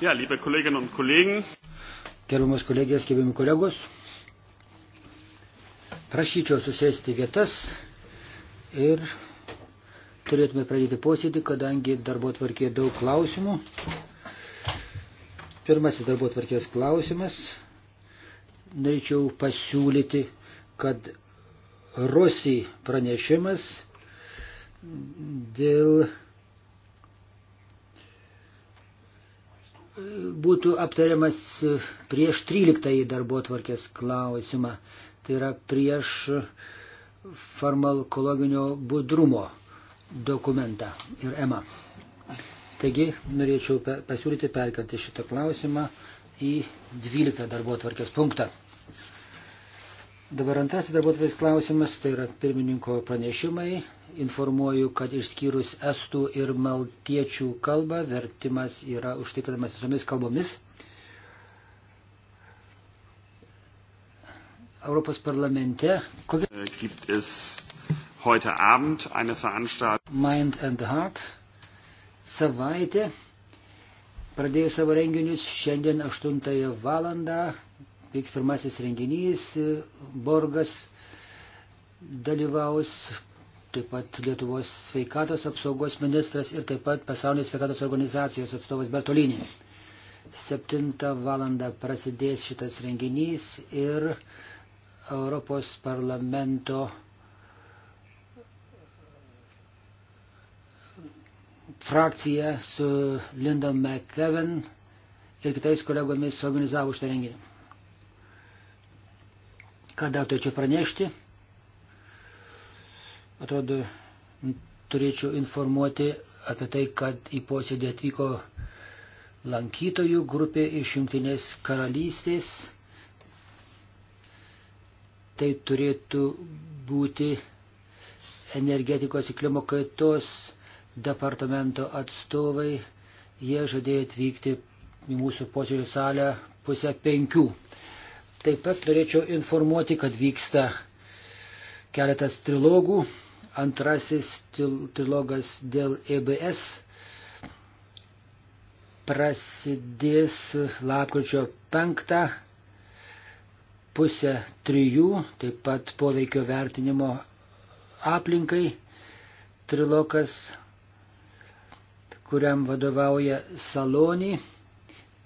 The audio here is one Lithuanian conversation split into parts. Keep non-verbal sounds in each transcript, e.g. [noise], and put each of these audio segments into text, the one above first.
Ja, liebe Kolleginnen und Kollegen. Gerbiamas kolegės, gerbiami kolegos, prašyčiau susėsti vietas ir turėtume pradėti posėdį, kadangi darbo tvarkėje daug klausimų. Pirmasis darbo tvarkės klausimas. Norėčiau pasiūlyti, kad Rusijai pranešimas dėl būtų aptariamas prieš 13 darbo tvarkės klausimą, tai yra prieš farmakologinio budrumo dokumentą ir EMA. Taigi norėčiau pasiūlyti perkelti šitą klausimą į 12 darbo tvarkės punktą. Dabar antrasis darbuotojas klausimas, tai yra pirmininko pranešimai. Informuoju, kad išskyrus estų ir maltiečių kalbą, vertimas yra užtikrinamas visomis kalbomis. Europos parlamente. Kokia... Äh, gibt es heute Abend eine Veranstaltung? Mind and Heart. Savaitė. Pradėjau savo renginius šiandien 8 valandą vyks pirmasis renginys, Borgas dalyvaus, taip pat Lietuvos sveikatos apsaugos ministras ir taip pat pasaulinės sveikatos organizacijos atstovas Bertolinė. 7 valandą prasidės šitas renginys ir Europos parlamento frakcija su Linda McKevin ir kitais kolegomis organizavo šitą renginį. Ką dar turėčiau pranešti? Atrodo, turėčiau informuoti apie tai, kad į posėdį atvyko lankytojų grupė iš Junktinės karalystės. Tai turėtų būti energetikos ir klimo kaitos departamento atstovai. Jie žadėjo atvykti į mūsų posėdžių salę pusę penkių. Taip pat norėčiau informuoti, kad vyksta keletas trilogų. Antrasis trilogas dėl EBS prasidės lapkričio penktą pusę trijų, taip pat poveikio vertinimo aplinkai trilokas, kuriam vadovauja Salonį,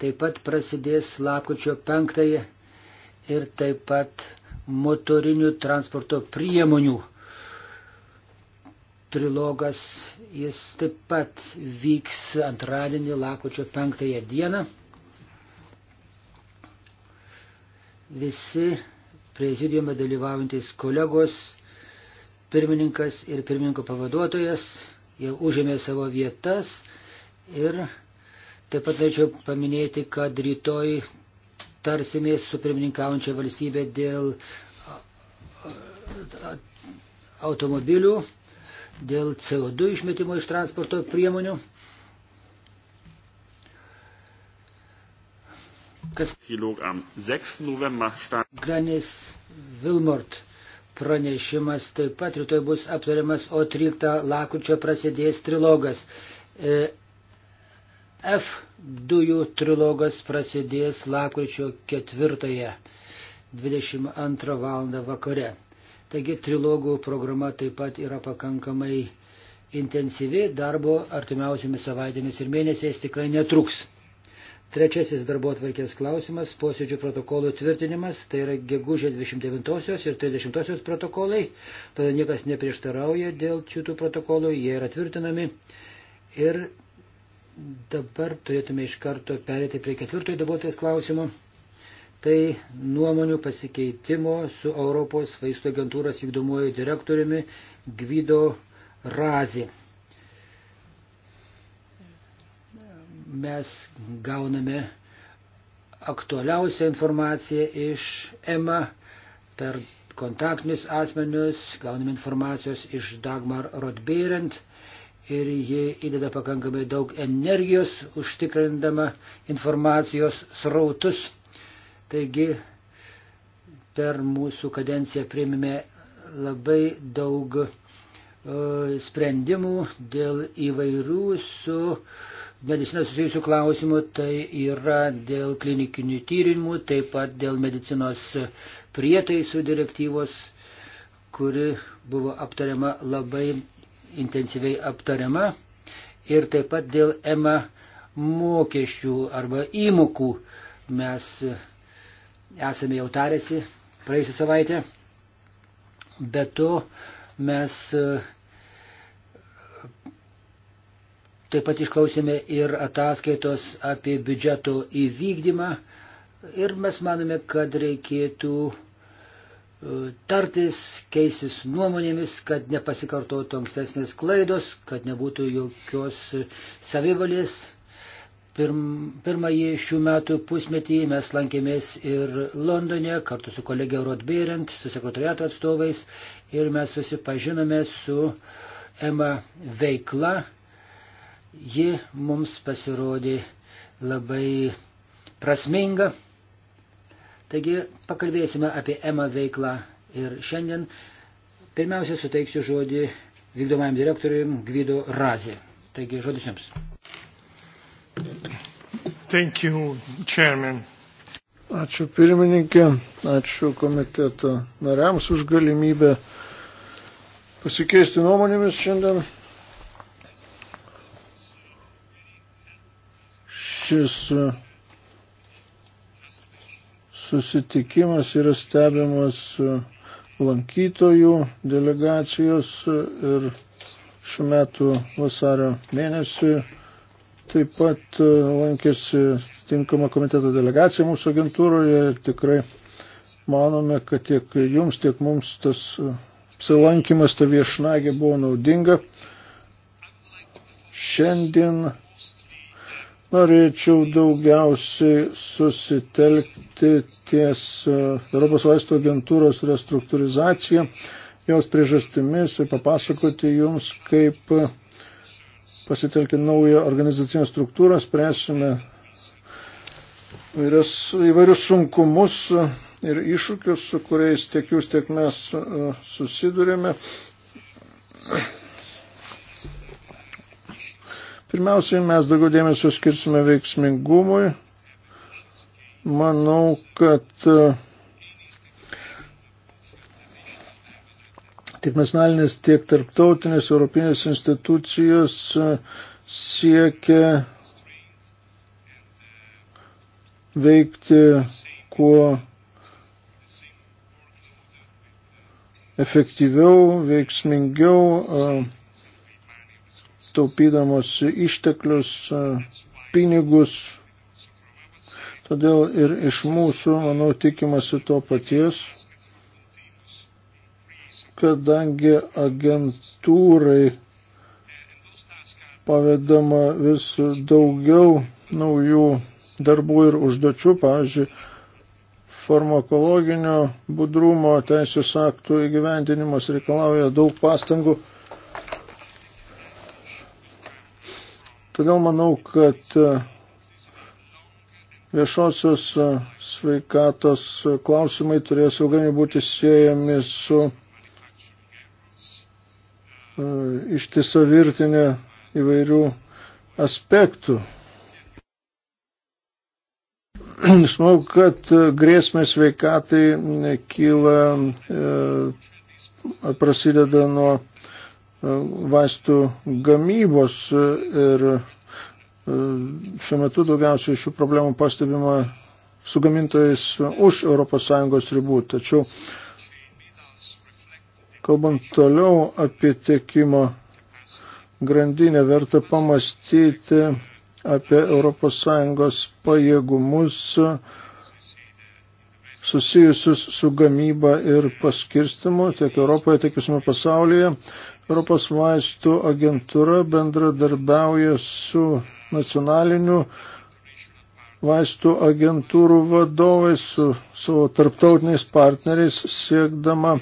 taip pat prasidės lapkričio penktąją ir taip pat motorinių transporto priemonių trilogas. Jis taip pat vyks antradienį, lakučio penktąją dieną. Visi prezidiume dalyvaujantis kolegos, pirmininkas ir pirmininko pavaduotojas jau užėmė savo vietas ir taip pat norėčiau paminėti, kad rytoj tarsimės su pirmininkaujančia valstybė dėl automobilių, dėl CO2 išmetimo iš transporto priemonių. Kas Glenis Vilmort pranešimas taip pat rytoj bus aptariamas, o 13 lakučio prasidės trilogas. E, F dujų trilogas prasidės lakryčio 4-ąją 22 val. vakare. Taigi trilogų programa taip pat yra pakankamai intensyvi, darbo artimiausiamis savaitėmis ir mėnesiais tikrai netruks. Trečiasis darbo atvarkės klausimas - posėdžių protokolų tvirtinimas, tai yra gegužės 29 ir 30 protokolai, tada niekas neprieštarauja dėl šitų protokolų, jie yra tvirtinami ir Dabar turėtume iš karto perėti prie ketvirtojo darbuotojas klausimo. Tai nuomonių pasikeitimo su Europos vaistų agentūros vykdomuoju direktoriumi Gvido Razi. Mes gauname aktualiausią informaciją iš EMA per kontaktinius asmenius, gauname informacijos iš Dagmar Rodbeirent ir ji įdeda pakankamai daug energijos, užtikrindama informacijos srautus. Taigi per mūsų kadenciją priimėme labai daug e, sprendimų dėl įvairių su medicina susijusių klausimų, tai yra dėl klinikinių tyrimų, taip pat dėl medicinos prietaisų direktyvos, kuri buvo aptariama labai intensyviai aptariama ir taip pat dėl EMA mokesčių arba įmokų mes e, esame jau tarėsi praėjusią savaitę. Be to mes e, taip pat išklausėme ir ataskaitos apie biudžeto įvykdymą ir mes manome, kad reikėtų tartis, keistis nuomonėmis, kad nepasikartotų ankstesnės klaidos, kad nebūtų jokios savivalės. Pirm, pirmąjį šių metų pusmetį mes lankėmės ir Londone kartu su kolegė Rodbėrent, su sekretariato atstovais ir mes susipažinome su Ema veikla. Ji mums pasirodė labai prasminga. Taigi pakalbėsime apie EMA veiklą ir šiandien pirmiausia suteiksiu žodį vykdomajam direktoriui Gvido Razė. Taigi žodis jums. Thank you, chairman. Ačiū pirmininkė, ačiū komiteto nariams už galimybę pasikeisti nuomonėmis šiandien. Šis uh, susitikimas yra stebimas e, lankytojų delegacijos e, ir šių metų vasario mėnesį taip pat e, lankėsi tinkama komiteto delegacija mūsų agentūroje ir tikrai manome, kad tiek jums, tiek mums tas apsilankimas, ta viešnagė buvo naudinga. Šiandien Norėčiau daugiausiai susitelkti ties e, Europos vaisto agentūros restruktūrizacija, jos priežastimis ir papasakoti jums, kaip pasitelkę naują organizacinę struktūrą spręsime įvairius, įvairius sunkumus ir iššūkius, su kuriais tiek jūs, tiek mes e, susidurėme. Pirmiausiai, mes daugiau dėmesio skirsime veiksmingumui. Manau, kad e, tiek nacionalinės, tiek tarptautinės europinės institucijos e, siekia veikti kuo efektyviau, veiksmingiau. Uh, taupydamos išteklius, e, pinigus. Todėl ir iš mūsų, manau, tikimasi to paties, kadangi agentūrai pavedama vis daugiau naujų darbų ir užduočių, pavyzdžiui, farmakologinio budrumo teisės aktų įgyvendinimas reikalauja daug pastangų Todėl manau, kad e, viešosios e, sveikatos klausimai turės ilgainiui būti siejami su e, ištisa virtinė įvairių aspektų. Žinau, [clears throat] kad grėsmės sveikatai kyla, prasideda nuo vaistų gamybos ir e, šiuo metu daugiausiai šių problemų pastebima su gamintojais už ES ribų. Tačiau, kalbant toliau apie tiekimo grandinę, verta pamastyti apie ES pajėgumus susijusius su gamyba ir paskirstimu tiek Europoje, tiek visame pasaulyje. Europos vaistų agentūra bendradarbiauja su nacionaliniu vaistų agentūrų vadovais, su savo tarptautiniais partneriais siekdama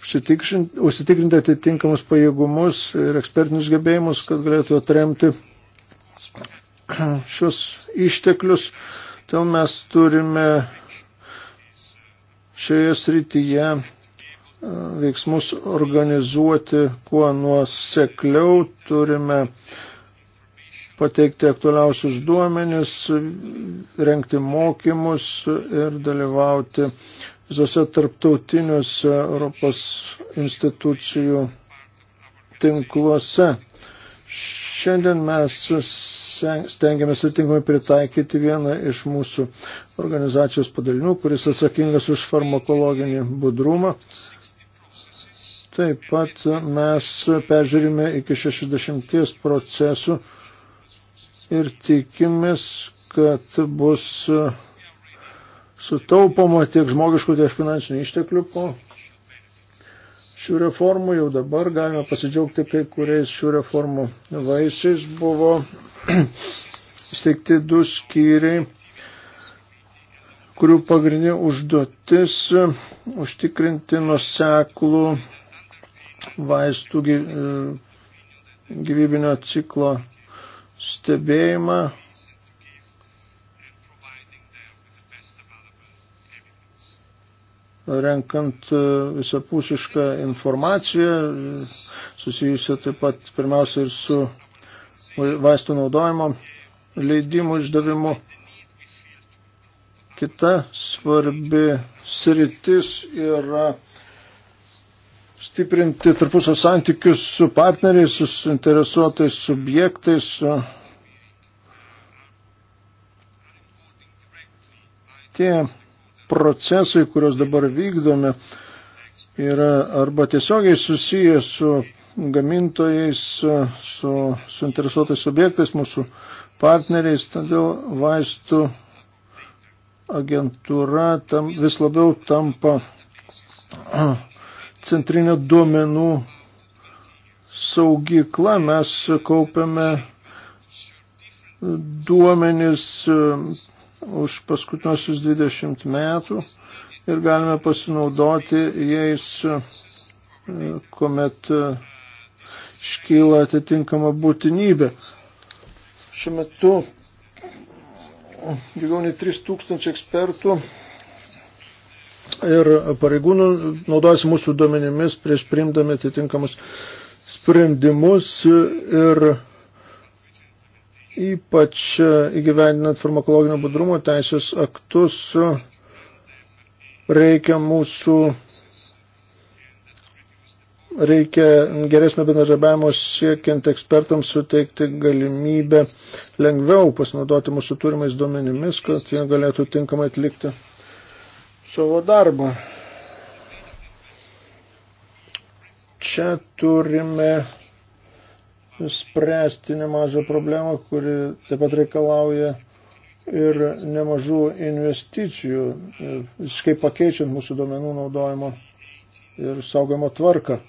užsitikrinti atitinkamus pajėgumus ir ekspertinius gebėjimus, kad galėtų atremti šios išteklius. Todėl mes turime šioje srityje E, veiksmus organizuoti kuo nuosekliau, turime pateikti aktualiausius duomenis, renkti mokymus ir dalyvauti visose tarptautiniuose Europos institucijų tinkluose. Šiandien mes stengiamės atitinkamai pritaikyti vieną iš mūsų organizacijos padalinių, kuris atsakingas už farmakologinį budrumą. Taip pat mes peržiūrime iki 60 procesų ir tikimės, kad bus sutaupoma tiek žmogiškų, tiek finansinių išteklių po šių reformų. Jau dabar galime pasidžiaugti kai kuriais šių reformų vaisiais. Buvo [clears throat] įsteigti du skyriai kurių pagrindinė užduotis užtikrinti nuseklų vaistų e, gyvybinio ciklo stebėjimą. renkant e, visapusišką informaciją, susijusią taip pat pirmiausia ir su vaistų naudojimo leidimų išdavimu. Kita svarbi sritis yra stiprinti tarpusio santykius su partneriais, su suinteresuotais subjektais. Su Tie procesai, kuriuos dabar vykdome, yra arba tiesiogiai susiję su gamintojais, su suinteresuotais subjektais, mūsų partneriais, todėl vaistų agentūra tam, vis labiau tampa centrinė duomenų saugykla. Mes kaupiame duomenis e, už paskutiniosius 20 metų ir galime pasinaudoti jais, e, kuomet e, iškyla atitinkama būtinybė. Šiuo metu daugiau nei 3000 ekspertų ir pareigūnų naudojasi mūsų duomenimis prieš priimdami atitinkamus sprendimus ir ypač įgyvendinant farmakologinio budrumo teisės aktus reikia mūsų reikia geresnio bendradarbiavimo siekiant ekspertams suteikti galimybę lengviau pasinaudoti mūsų turimais duomenimis, kad jie galėtų tinkamai atlikti savo darbą. Čia turime spręsti nemažą problemą, kuri taip pat reikalauja ir nemažų investicijų, e, visiškai pakeičiant mūsų domenų naudojimo ir saugojimo tvarką.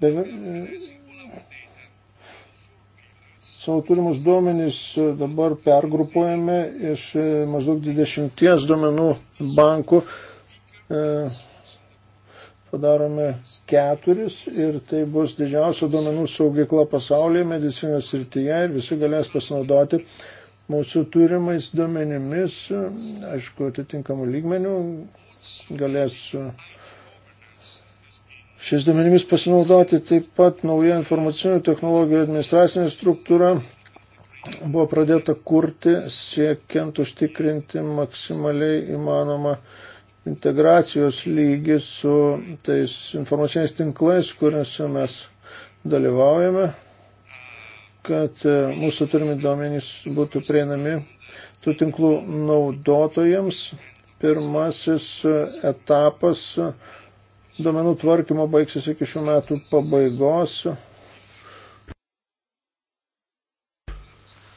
Be, savo turimus duomenys dabar pergrupuojame iš e, maždaug 20 duomenų bankų. E, padarome keturis ir tai bus didžiausia duomenų saugykla pasaulyje medicinos srityje ir visi galės pasinaudoti mūsų turimais duomenimis, aišku, atitinkamų lygmenių galės Šiais duomenimis pasinaudoti taip pat nauja informacinių technologijų administracinė struktūra buvo pradėta kurti siekiant užtikrinti maksimaliai įmanomą integracijos lygį su tais informaciniais tinklais, kuriuose mes dalyvaujame, kad e, mūsų turimi duomenys būtų prieinami tų tinklų naudotojams. Pirmasis e, etapas duomenų tvarkymo baigsis iki šių metų pabaigos.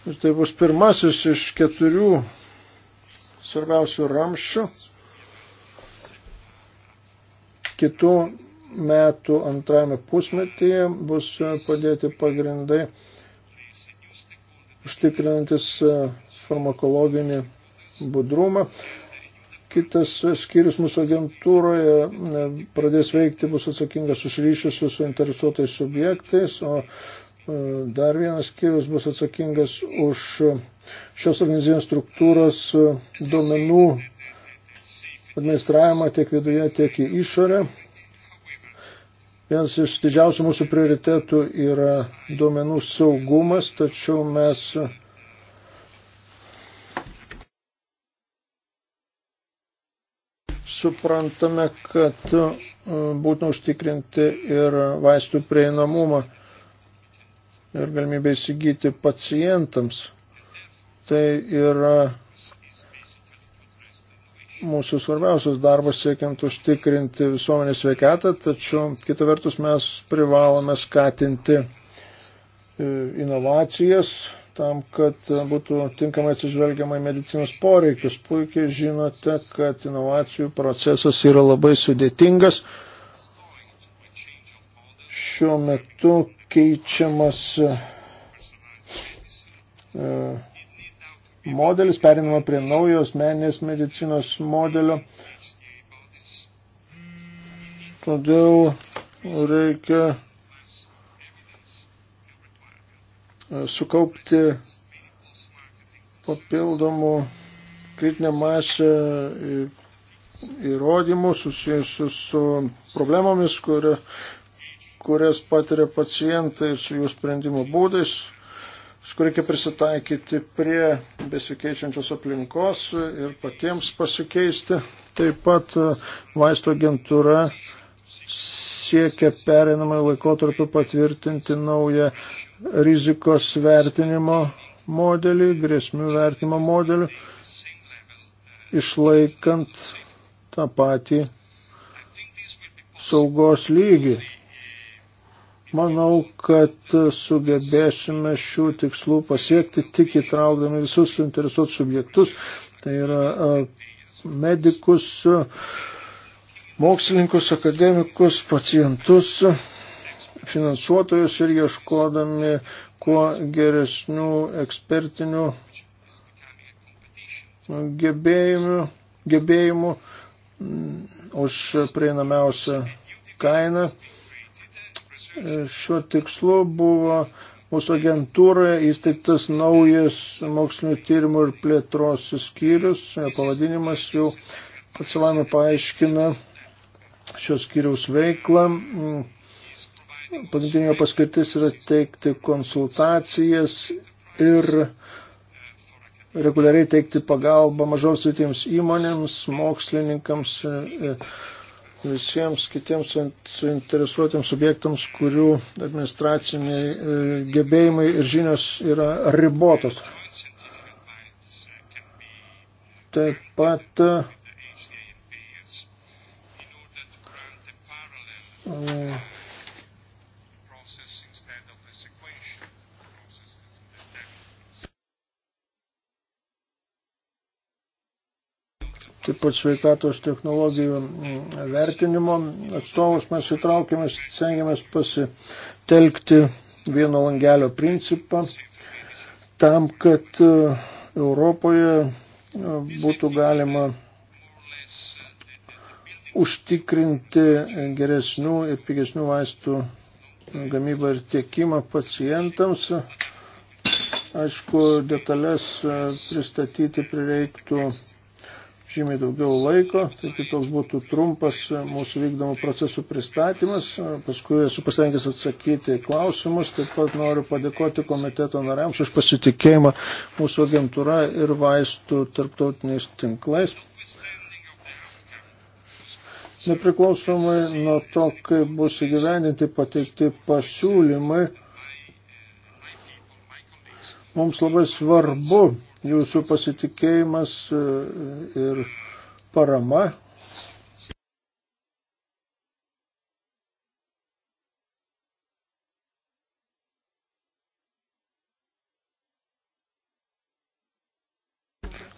Ir tai bus pirmasis iš keturių svarbiausių ramščių. Kitų metų antrame pusmetyje bus padėti pagrindai užtikrinantis farmakologinį budrumą. Kitas skyrius mūsų agentūroje e, pradės veikti, bus atsakingas už ryšius su suinteresuotais subjektais, o e, dar vienas skyrius bus atsakingas už šios organizacijos struktūros e, duomenų administravimą tiek viduje, tiek į išorę. Vienas iš didžiausių mūsų prioritetų yra duomenų saugumas, tačiau mes suprantame, kad e, būtina užtikrinti ir vaistų prieinamumą ir galimybę įsigyti pacientams. Tai yra mūsų svarbiausias darbas siekiant užtikrinti visuomenės sveikatą, tačiau kita vertus mes privalome skatinti e, inovacijas, tam, kad būtų tinkamai atsižvelgiamai medicinos poreikius. Puikiai žinote, kad inovacijų procesas yra labai sudėtingas. Šiuo metu keičiamas e, modelis, perinama prie naujos meninės medicinos modelio. Todėl reikia E, sukaupti papildomų kritinę masę įrodymų susijusių su problemomis, kuria, kurias patiria pacientai su jų sprendimo būdais, su kur reikia prisitaikyti prie besikeičiančios aplinkos ir patiems pasikeisti. Taip pat vaisto e, agentūra siekia perinamai laikotarpiu patvirtinti naują rizikos vertinimo modelį, grėsmių vertinimo modelį, išlaikant tą patį saugos lygį. Manau, kad sugebėsime šių tikslų pasiekti tik įtraukdami visus suinteresuotus subjektus, tai yra medikus, mokslininkus, akademikus, pacientus, finansuotojus ir ieškodami kuo geresnių ekspertinių gebėjimų, gebėjimų mm, už prieinamiausią kainą. Šiuo tikslu buvo mūsų agentūroje įsteigtas naujas mokslinio tyrimų ir plėtros skyrius. Pavadinimas jau pats savame paaiškina šios skiriaus veiklą. Pagrindinė paskirtis yra teikti konsultacijas ir reguliariai teikti pagalbą mažoms vietiems įmonėms, mokslininkams, visiems kitiems suinteresuotiems subjektams, kurių administraciniai e, gebėjimai ir žinios yra ribotos. Taip pat taip pat sveikatos technologijų mm, vertinimo atstovus mes įtraukėme, stengiamės pasitelkti vieno langelio principą tam, kad e, Europoje e, būtų galima užtikrinti geresnių ir pigesnių vaistų gamybą ir tiekimą pacientams. Aišku, detalės e, pristatyti prireiktų žymiai daugiau laiko, taigi toks būtų trumpas e, mūsų vykdomų procesų pristatymas. E, Paskui esu pasirengęs atsakyti klausimus, taip pat noriu padėkoti komiteto nariams už pasitikėjimą mūsų agentūra ir vaistų tarptautiniais tinklais. Nepriklausomai nuo to, kaip bus įgyvendinti pateikti pasiūlymai, mums labai svarbu jūsų pasitikėjimas e, ir parama.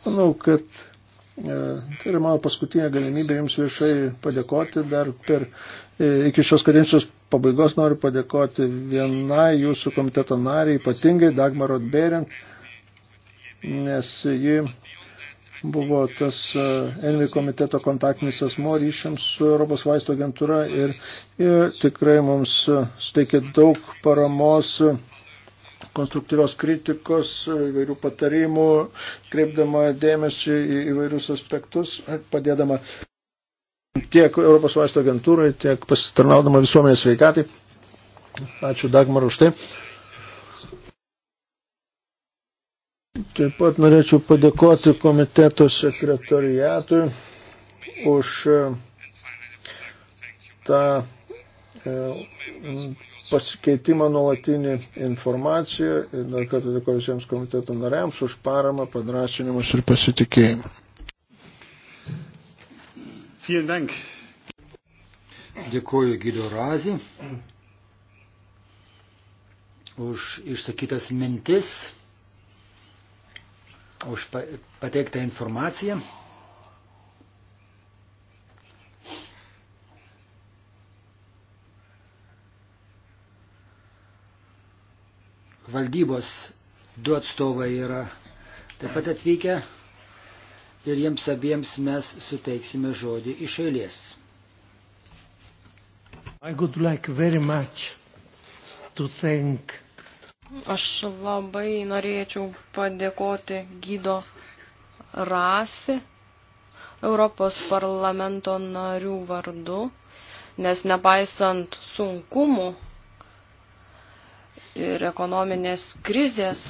Manau, kad E, tai yra mano paskutinė galimybė Jums viešai padėkoti. Dar per e, iki šios kadencijos pabaigos noriu padėkoti vienai Jūsų komiteto nariai, ypatingai Dagmarot Berent, nes ji buvo tas e, Envi komiteto kontaktinis asmo ryšiams su Europos vaisto agentūra ir, ir tikrai mums suteikė daug paramos konstruktyvios kritikos, įvairių patarimų, kreipdama dėmesį į įvairius aspektus, padėdama tiek Europos vaisto agentūrai, tiek pasitarnaudama visuomenės sveikatai. Ačiū Dagmar už tai. Taip pat norėčiau padėkoti komiteto sekretoriatui už tą e, pasikeitimą nuolatinį informaciją ir dar kartą dėkoju visiems komiteto nariams už paramą, padrasinimus ir pasitikėjimą. Dėkuoju Gilio Razį už išsakytas mintis, už pateiktą informaciją. valdybos du atstovai yra taip pat atvykę ir jiems abiems mes suteiksime žodį iš eilės. Like Aš labai norėčiau padėkoti Gydo Rasi Europos parlamento narių vardu, nes nepaisant sunkumų ir ekonominės krizės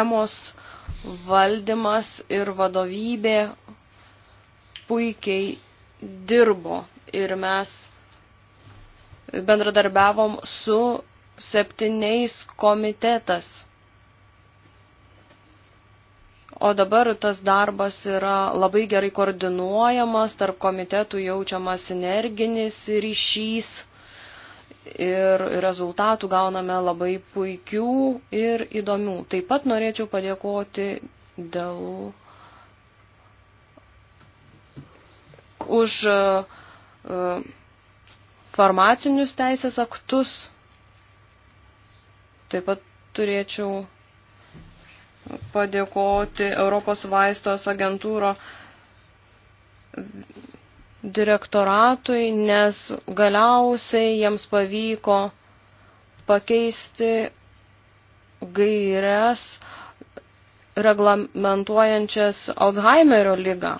emos valdymas ir vadovybė puikiai dirbo ir mes bendradarbiavom su septyniais komitetas. O dabar tas darbas yra labai gerai koordinuojamas, tarp komitetų jaučiamas energinis ryšys ir rezultatų gauname labai puikių ir įdomių. Taip pat norėčiau padėkoti dėl už e, e, farmacinius teisės aktus. Taip pat turėčiau padėkoti Europos vaistos agentūro direktoratui, nes galiausiai jiems pavyko pakeisti gairias reglamentuojančias Alzheimerio lygą.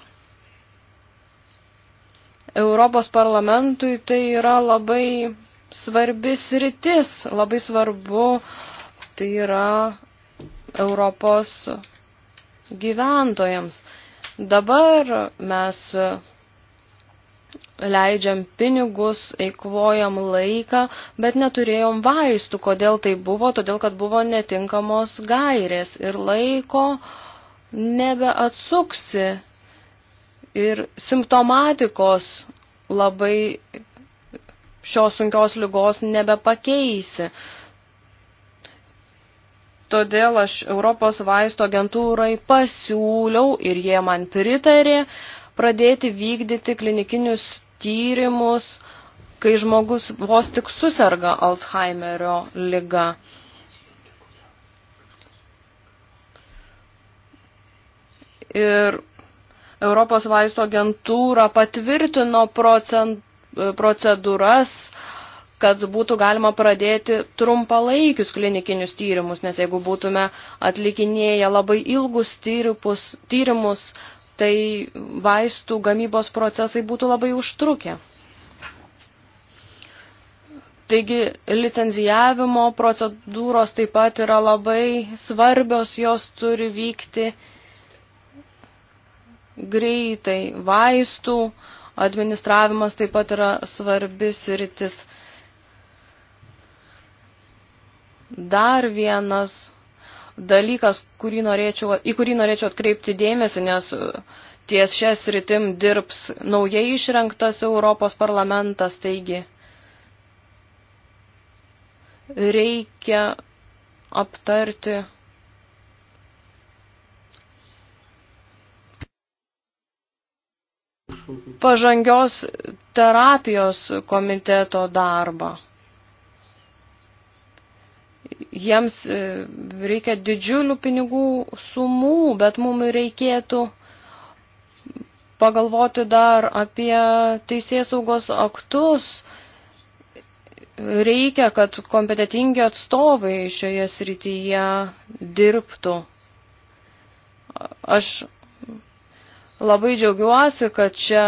Europos parlamentui tai yra labai svarbi sritis, labai svarbu, tai yra Europos gyventojams. Dabar mes leidžiam pinigus, eikvojam laiką, bet neturėjom vaistų. Kodėl tai buvo? Todėl, kad buvo netinkamos gairės ir laiko nebeatsuksi. Ir simptomatikos labai šios sunkios lygos nebepakeisi. Todėl aš Europos vaisto agentūrai pasiūliau ir jie man pritarė, pradėti vykdyti klinikinius tyrimus, kai žmogus vos tik susirga Alzheimerio lyga. Ir Europos vaisto agentūra patvirtino procent, procedūras, kad būtų galima pradėti trumpalaikius klinikinius tyrimus, nes jeigu būtume atlikinėję labai ilgus tyrimus, tyrimus tai vaistų gamybos procesai būtų labai užtrukę. Taigi licenzijavimo procedūros taip pat yra labai svarbios, jos turi vykti greitai. Vaistų administravimas taip pat yra svarbis rytis. Dar vienas dalykas, kurį norėčiau, į kurį norėčiau atkreipti dėmesį, nes uh, ties šias rytim dirbs naujai išrenktas Europos parlamentas, taigi reikia aptarti pažangios terapijos komiteto darbą jiems e, reikia didžiulių pinigų sumų, bet mums reikėtų pagalvoti dar apie teisėsaugos aktus. Reikia, kad kompetitingi atstovai šioje srityje dirbtų. Aš labai džiaugiuosi, kad čia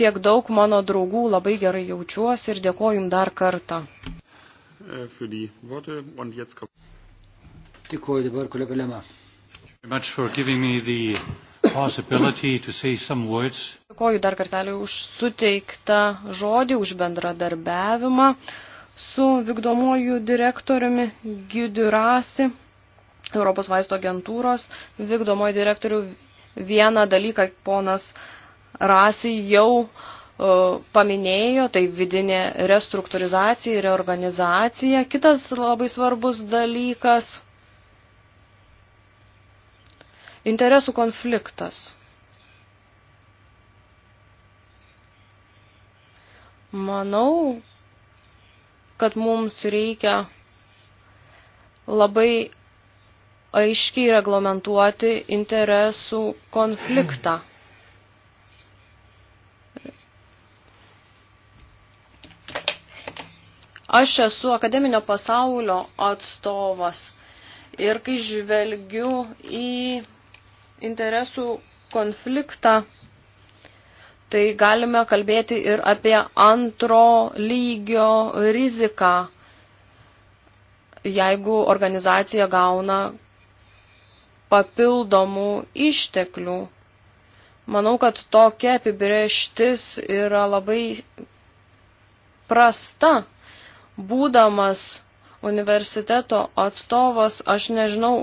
tiek daug mano draugų labai gerai jaučiuosi ir dėkoju jums dar kartą. Äh, für die Worte und jetzt kommt. Dėkuoju dabar kolega Lema. Dėkuoju dar kartelį už suteiktą žodį, už bendradarbiavimą su vykdomuoju direktoriumi Gidiu Rasi, Europos vaisto agentūros vykdomoji direktorių. Vieną dalyką ponas Rasi jau uh, paminėjo, tai vidinė restruktūrizacija ir reorganizacija. Kitas labai svarbus dalykas – interesų konfliktas. Manau, kad mums reikia labai aiškiai reglamentuoti interesų konfliktą. Aš esu akademinio pasaulio atstovas ir kai žvelgiu į interesų konfliktą, tai galime kalbėti ir apie antro lygio riziką, jeigu organizacija gauna papildomų išteklių. Manau, kad tokia apibrieštis yra labai prasta būdamas universiteto atstovas, aš nežinau,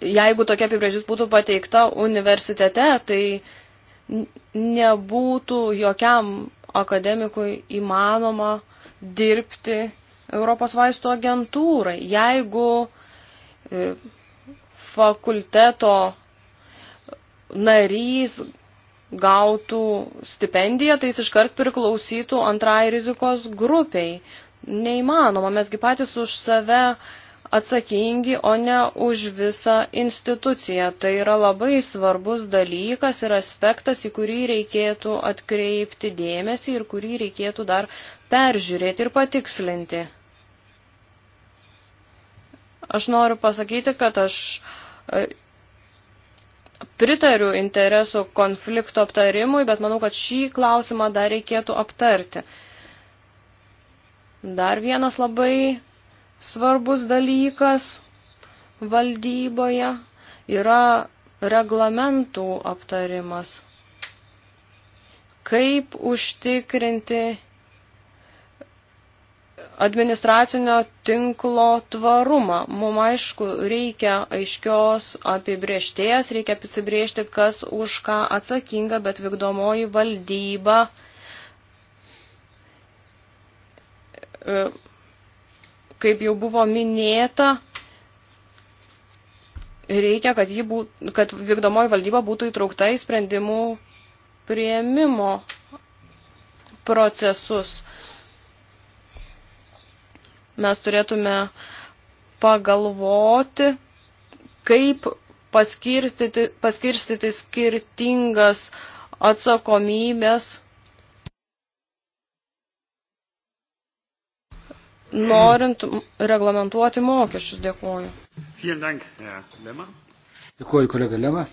jeigu tokia apibrėžis būtų pateikta universitete, tai nebūtų jokiam akademikui įmanoma dirbti Europos vaistų agentūrai. Jeigu e, fakulteto narys gautų stipendiją, tai jis iškart priklausytų antrai rizikos grupiai. Neįmanoma, mesgi patys už save atsakingi, o ne už visą instituciją. Tai yra labai svarbus dalykas ir aspektas, į kurį reikėtų atkreipti dėmesį ir kurį reikėtų dar peržiūrėti ir patikslinti. Aš noriu pasakyti, kad aš e, pritariu interesų konflikto aptarimui, bet manau, kad šį klausimą dar reikėtų aptarti. Dar vienas labai svarbus dalykas valdyboje yra reglamentų aptarimas. Kaip užtikrinti administracinio tinklo tvarumą. Mums aišku, reikia aiškios apibriešties, reikia apibriežti, kas už ką atsakinga, bet vykdomoji valdyba e, kaip jau buvo minėta, reikia, kad, jį būt, kad vykdomoji valdyba būtų įtraukta į sprendimų prieimimo procesus mes turėtume pagalvoti, kaip paskirstyti, paskirstyti skirtingas atsakomybės, norint reglamentuoti mokesčius. Dėkuoju. Dėkuoju, kolega Lema.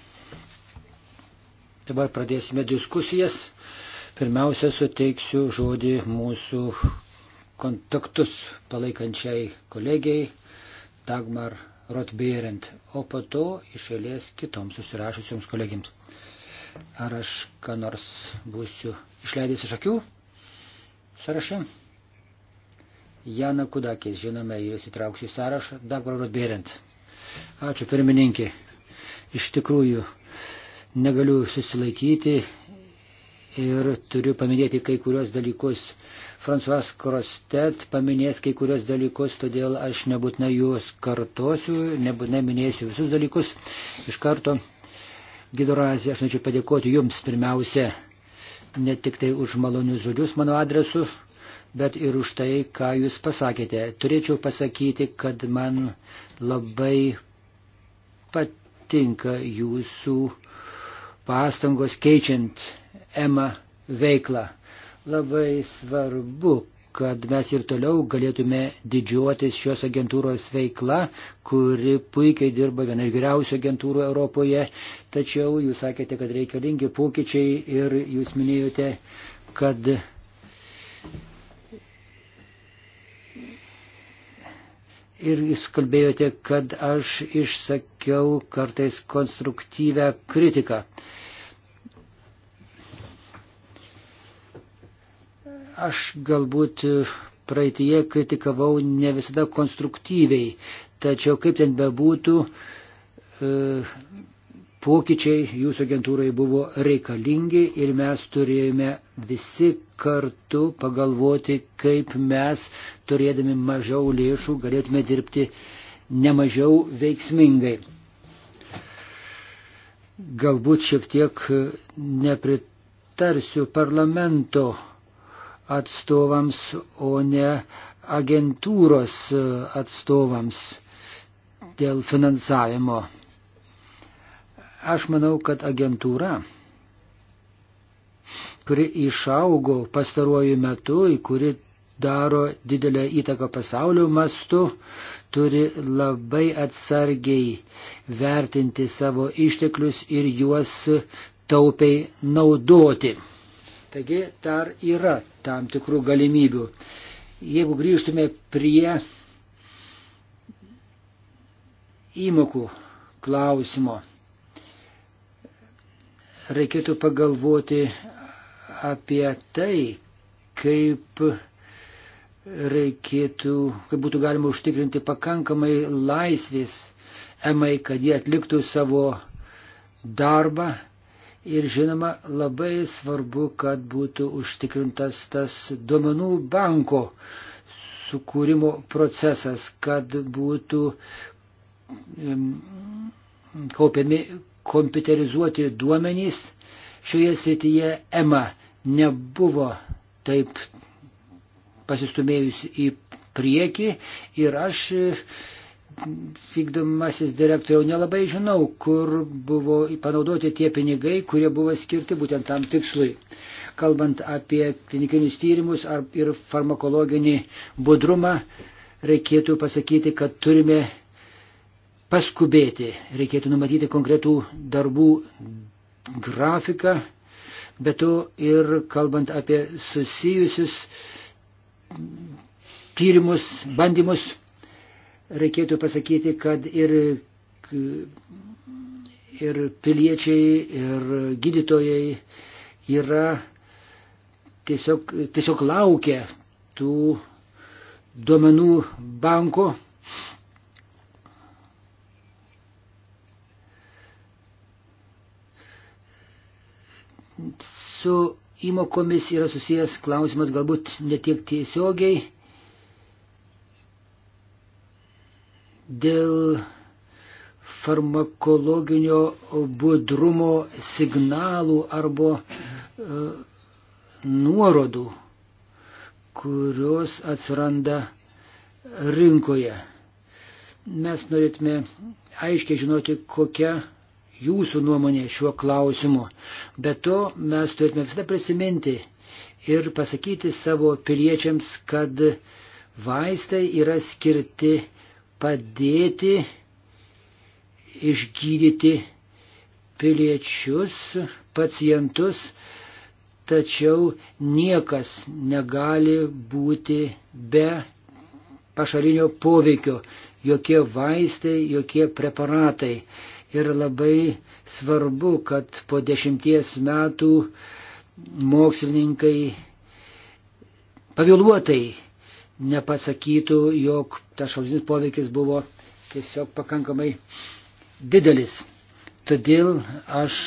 Dabar pradėsime diskusijas. Pirmiausia, suteiksiu žodį mūsų kontaktus palaikančiai kolegijai Dagmar Rotbėrent, o po to iš eilės kitoms susirašusioms kolegiams. Ar aš ką nors būsiu išleidęs iš akių? Sąrašė. Jana Kudakis, žinome, jūs įtrauksiu į sąrašą. Dagmar Rotbėrent. Ačiū pirmininkė. Iš tikrųjų, negaliu susilaikyti ir turiu paminėti kai kurios dalykus. Fransuas Krostet paminės kai kurios dalykus, todėl aš nebūtinai juos kartosiu, nebūtinai minėsiu visus dalykus. Iš karto, Gidorazė, aš norėčiau padėkoti Jums pirmiausia, ne tik tai už malonius žodžius mano adresu, bet ir už tai, ką Jūs pasakėte. Turėčiau pasakyti, kad man labai patinka Jūsų pastangos keičiant EMA veiklą. Labai svarbu, kad mes ir toliau galėtume didžiuotis šios agentūros veikla, kuri puikiai dirba viena iš geriausių agentūrų Europoje. Tačiau jūs sakėte, kad reikalingi pokyčiai ir jūs minėjote, kad ir jūs kalbėjote, kad aš išsakiau kartais konstruktyvę kritiką. Aš galbūt praeitie kritikavau ne visada konstruktyviai, tačiau kaip ten bebūtų, e, pokyčiai jūsų agentūrai buvo reikalingi ir mes turėjome visi kartu pagalvoti, kaip mes, turėdami mažiau lėšų, galėtume dirbti nemažiau veiksmingai. Galbūt šiek tiek nepritarsiu parlamento atstovams, o ne agentūros atstovams dėl finansavimo. Aš manau, kad agentūra, kuri išaugo pastaruoju metu ir kuri daro didelę įtaką pasaulio mastu, turi labai atsargiai vertinti savo išteklius ir juos taupiai naudoti. Taigi dar yra tam tikrų galimybių. Jeigu grįžtume prie įmokų klausimo, reikėtų pagalvoti apie tai, kaip reikėtų, kaip būtų galima užtikrinti pakankamai laisvės emai, kad jie atliktų savo darbą Ir žinoma, labai svarbu, kad būtų užtikrintas tas duomenų banko sukūrimo procesas, kad būtų kaupiami kompiuterizuoti duomenys. Šioje srityje EMA nebuvo taip pasistumėjusi į priekį ir aš vykdomasis direktoriau, nelabai žinau, kur buvo panaudoti tie pinigai, kurie buvo skirti būtent tam tikslui. Kalbant apie klinikinius tyrimus ar ir farmakologinį budrumą, reikėtų pasakyti, kad turime paskubėti, reikėtų numatyti konkretų darbų grafiką, bet to ir kalbant apie susijusius tyrimus, bandymus reikėtų pasakyti, kad ir, ir piliečiai, ir gydytojai yra tiesiog, tiesiog laukia tų duomenų banko. Su įmokomis yra susijęs klausimas galbūt netiek tiesiogiai, dėl farmakologinio budrumo signalų arba e, nuorodų, kurios atsiranda rinkoje. Mes norėtume aiškiai žinoti, kokia jūsų nuomonė šiuo klausimu. Be to mes turėtume visada prisiminti ir pasakyti savo piliečiams, kad vaistai yra skirti padėti išgydyti piliečius, pacientus, tačiau niekas negali būti be pašalinio poveikio, jokie vaistai, jokie preparatai. Ir labai svarbu, kad po dešimties metų mokslininkai pavėluotai nepasakytų, jog tas šalutinis poveikis buvo tiesiog pakankamai didelis. Todėl aš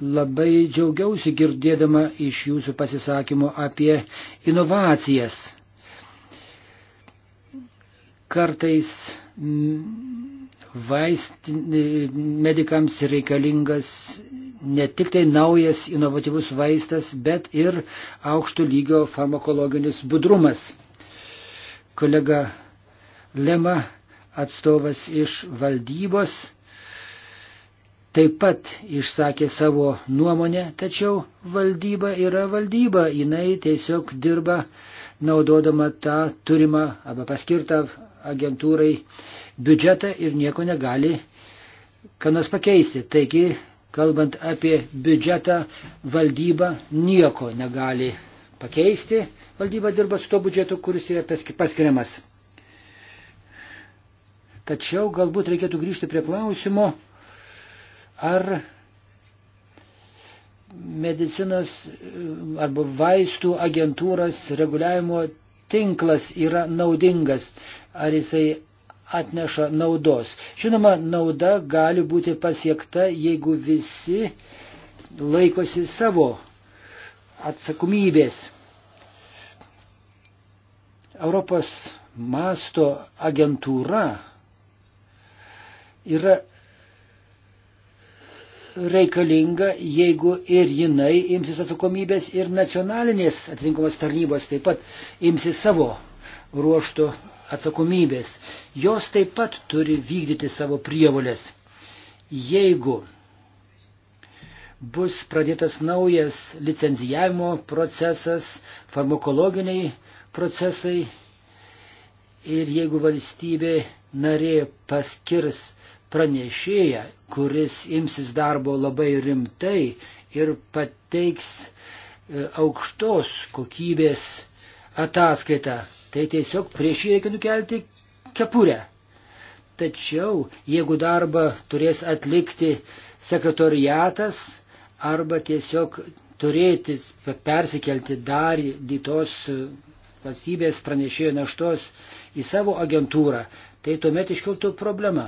labai džiaugiausi girdėdama iš jūsų pasisakymo apie inovacijas. Kartais vaist, medikams reikalingas ne tik tai naujas inovatyvus vaistas, bet ir aukšto lygio farmakologinis budrumas kolega Lema, atstovas iš valdybos, taip pat išsakė savo nuomonę, tačiau valdyba yra valdyba, jinai tiesiog dirba naudodama tą turimą arba paskirtą agentūrai biudžetą ir nieko negali ką nors pakeisti. Taigi, kalbant apie biudžetą, valdyba nieko negali pakeisti, valdyba dirba su to biudžetu, kuris yra paskiriamas. Tačiau galbūt reikėtų grįžti prie klausimo, ar medicinos arba vaistų agentūros reguliavimo tinklas yra naudingas, ar jisai atneša naudos. Žinoma, nauda gali būti pasiekta, jeigu visi laikosi savo atsakomybės. Europos masto agentūra yra reikalinga, jeigu ir jinai imsis atsakomybės ir nacionalinės atitinkamos tarnybos taip pat imsis savo ruošto atsakomybės. Jos taip pat turi vykdyti savo prievolės. Jeigu bus pradėtas naujas licenzijavimo procesas, farmakologiniai procesai. Ir jeigu valstybė narė paskirs pranešėją, kuris imsis darbo labai rimtai ir pateiks e, aukštos kokybės ataskaitą, tai tiesiog prieš jį reikia nukelti kepurę. Tačiau, jeigu darbą turės atlikti sekretoriatas, arba tiesiog turėti persikelti dar dytos valstybės pranešėjo naštos į savo agentūrą, tai tuomet iškiltų problema.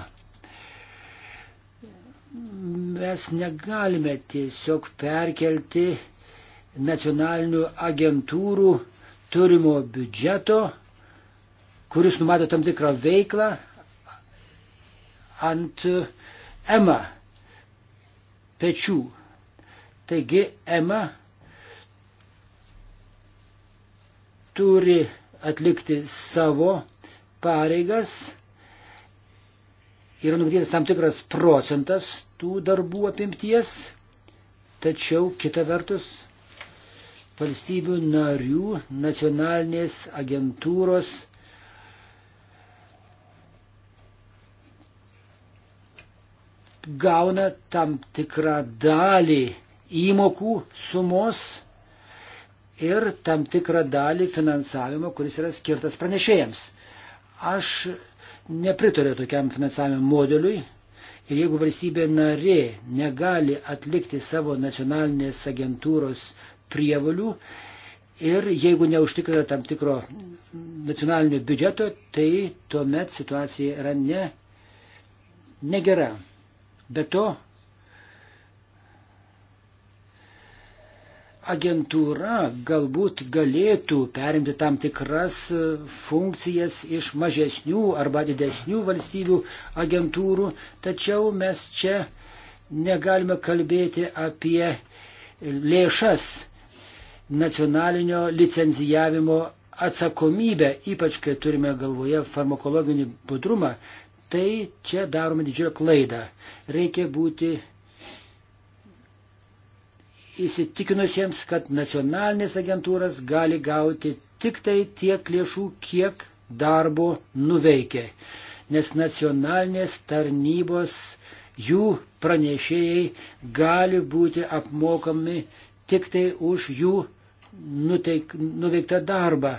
Mes negalime tiesiog perkelti nacionalinių agentūrų turimo biudžeto, kuris numato tam tikrą veiklą ant EMA pečių. Taigi EMA turi atlikti savo pareigas. Yra numatytas tam tikras procentas tų darbų apimties, tačiau kita vertus valstybių narių nacionalinės agentūros gauna tam tikrą dalį įmokų sumos ir tam tikrą dalį finansavimo, kuris yra skirtas pranešėjams. Aš nepritariu tokiam finansavimo modeliui ir jeigu valstybė narė negali atlikti savo nacionalinės agentūros prievalių ir jeigu neužtikrina tam tikro nacionalinio biudžeto, tai tuomet situacija yra ne, negera. Be to, agentūra galbūt galėtų perimti tam tikras e, funkcijas iš mažesnių arba didesnių valstybių agentūrų, tačiau mes čia negalime kalbėti apie lėšas nacionalinio licenzijavimo atsakomybę, ypač kai turime galvoje farmakologinį budrumą, tai čia darome didžiulę klaidą. Reikia būti įsitikinusiems, kad nacionalinės agentūras gali gauti tik tai tiek lėšų, kiek darbo nuveikė, nes nacionalinės tarnybos jų pranešėjai gali būti apmokami tik tai už jų nuteik, nuveiktą darbą.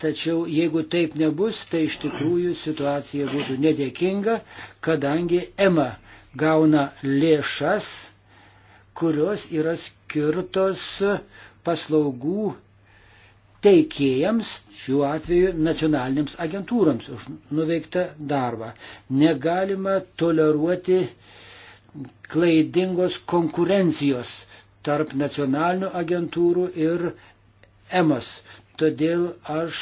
Tačiau jeigu taip nebus, tai iš tikrųjų situacija būtų nedėkinga, kadangi EMA gauna lėšas kurios yra skirtos paslaugų teikėjams, šiuo atveju nacionaliniams agentūrams už nuveiktą darbą. Negalima toleruoti klaidingos konkurencijos tarp nacionalinių agentūrų ir EMAS. Todėl aš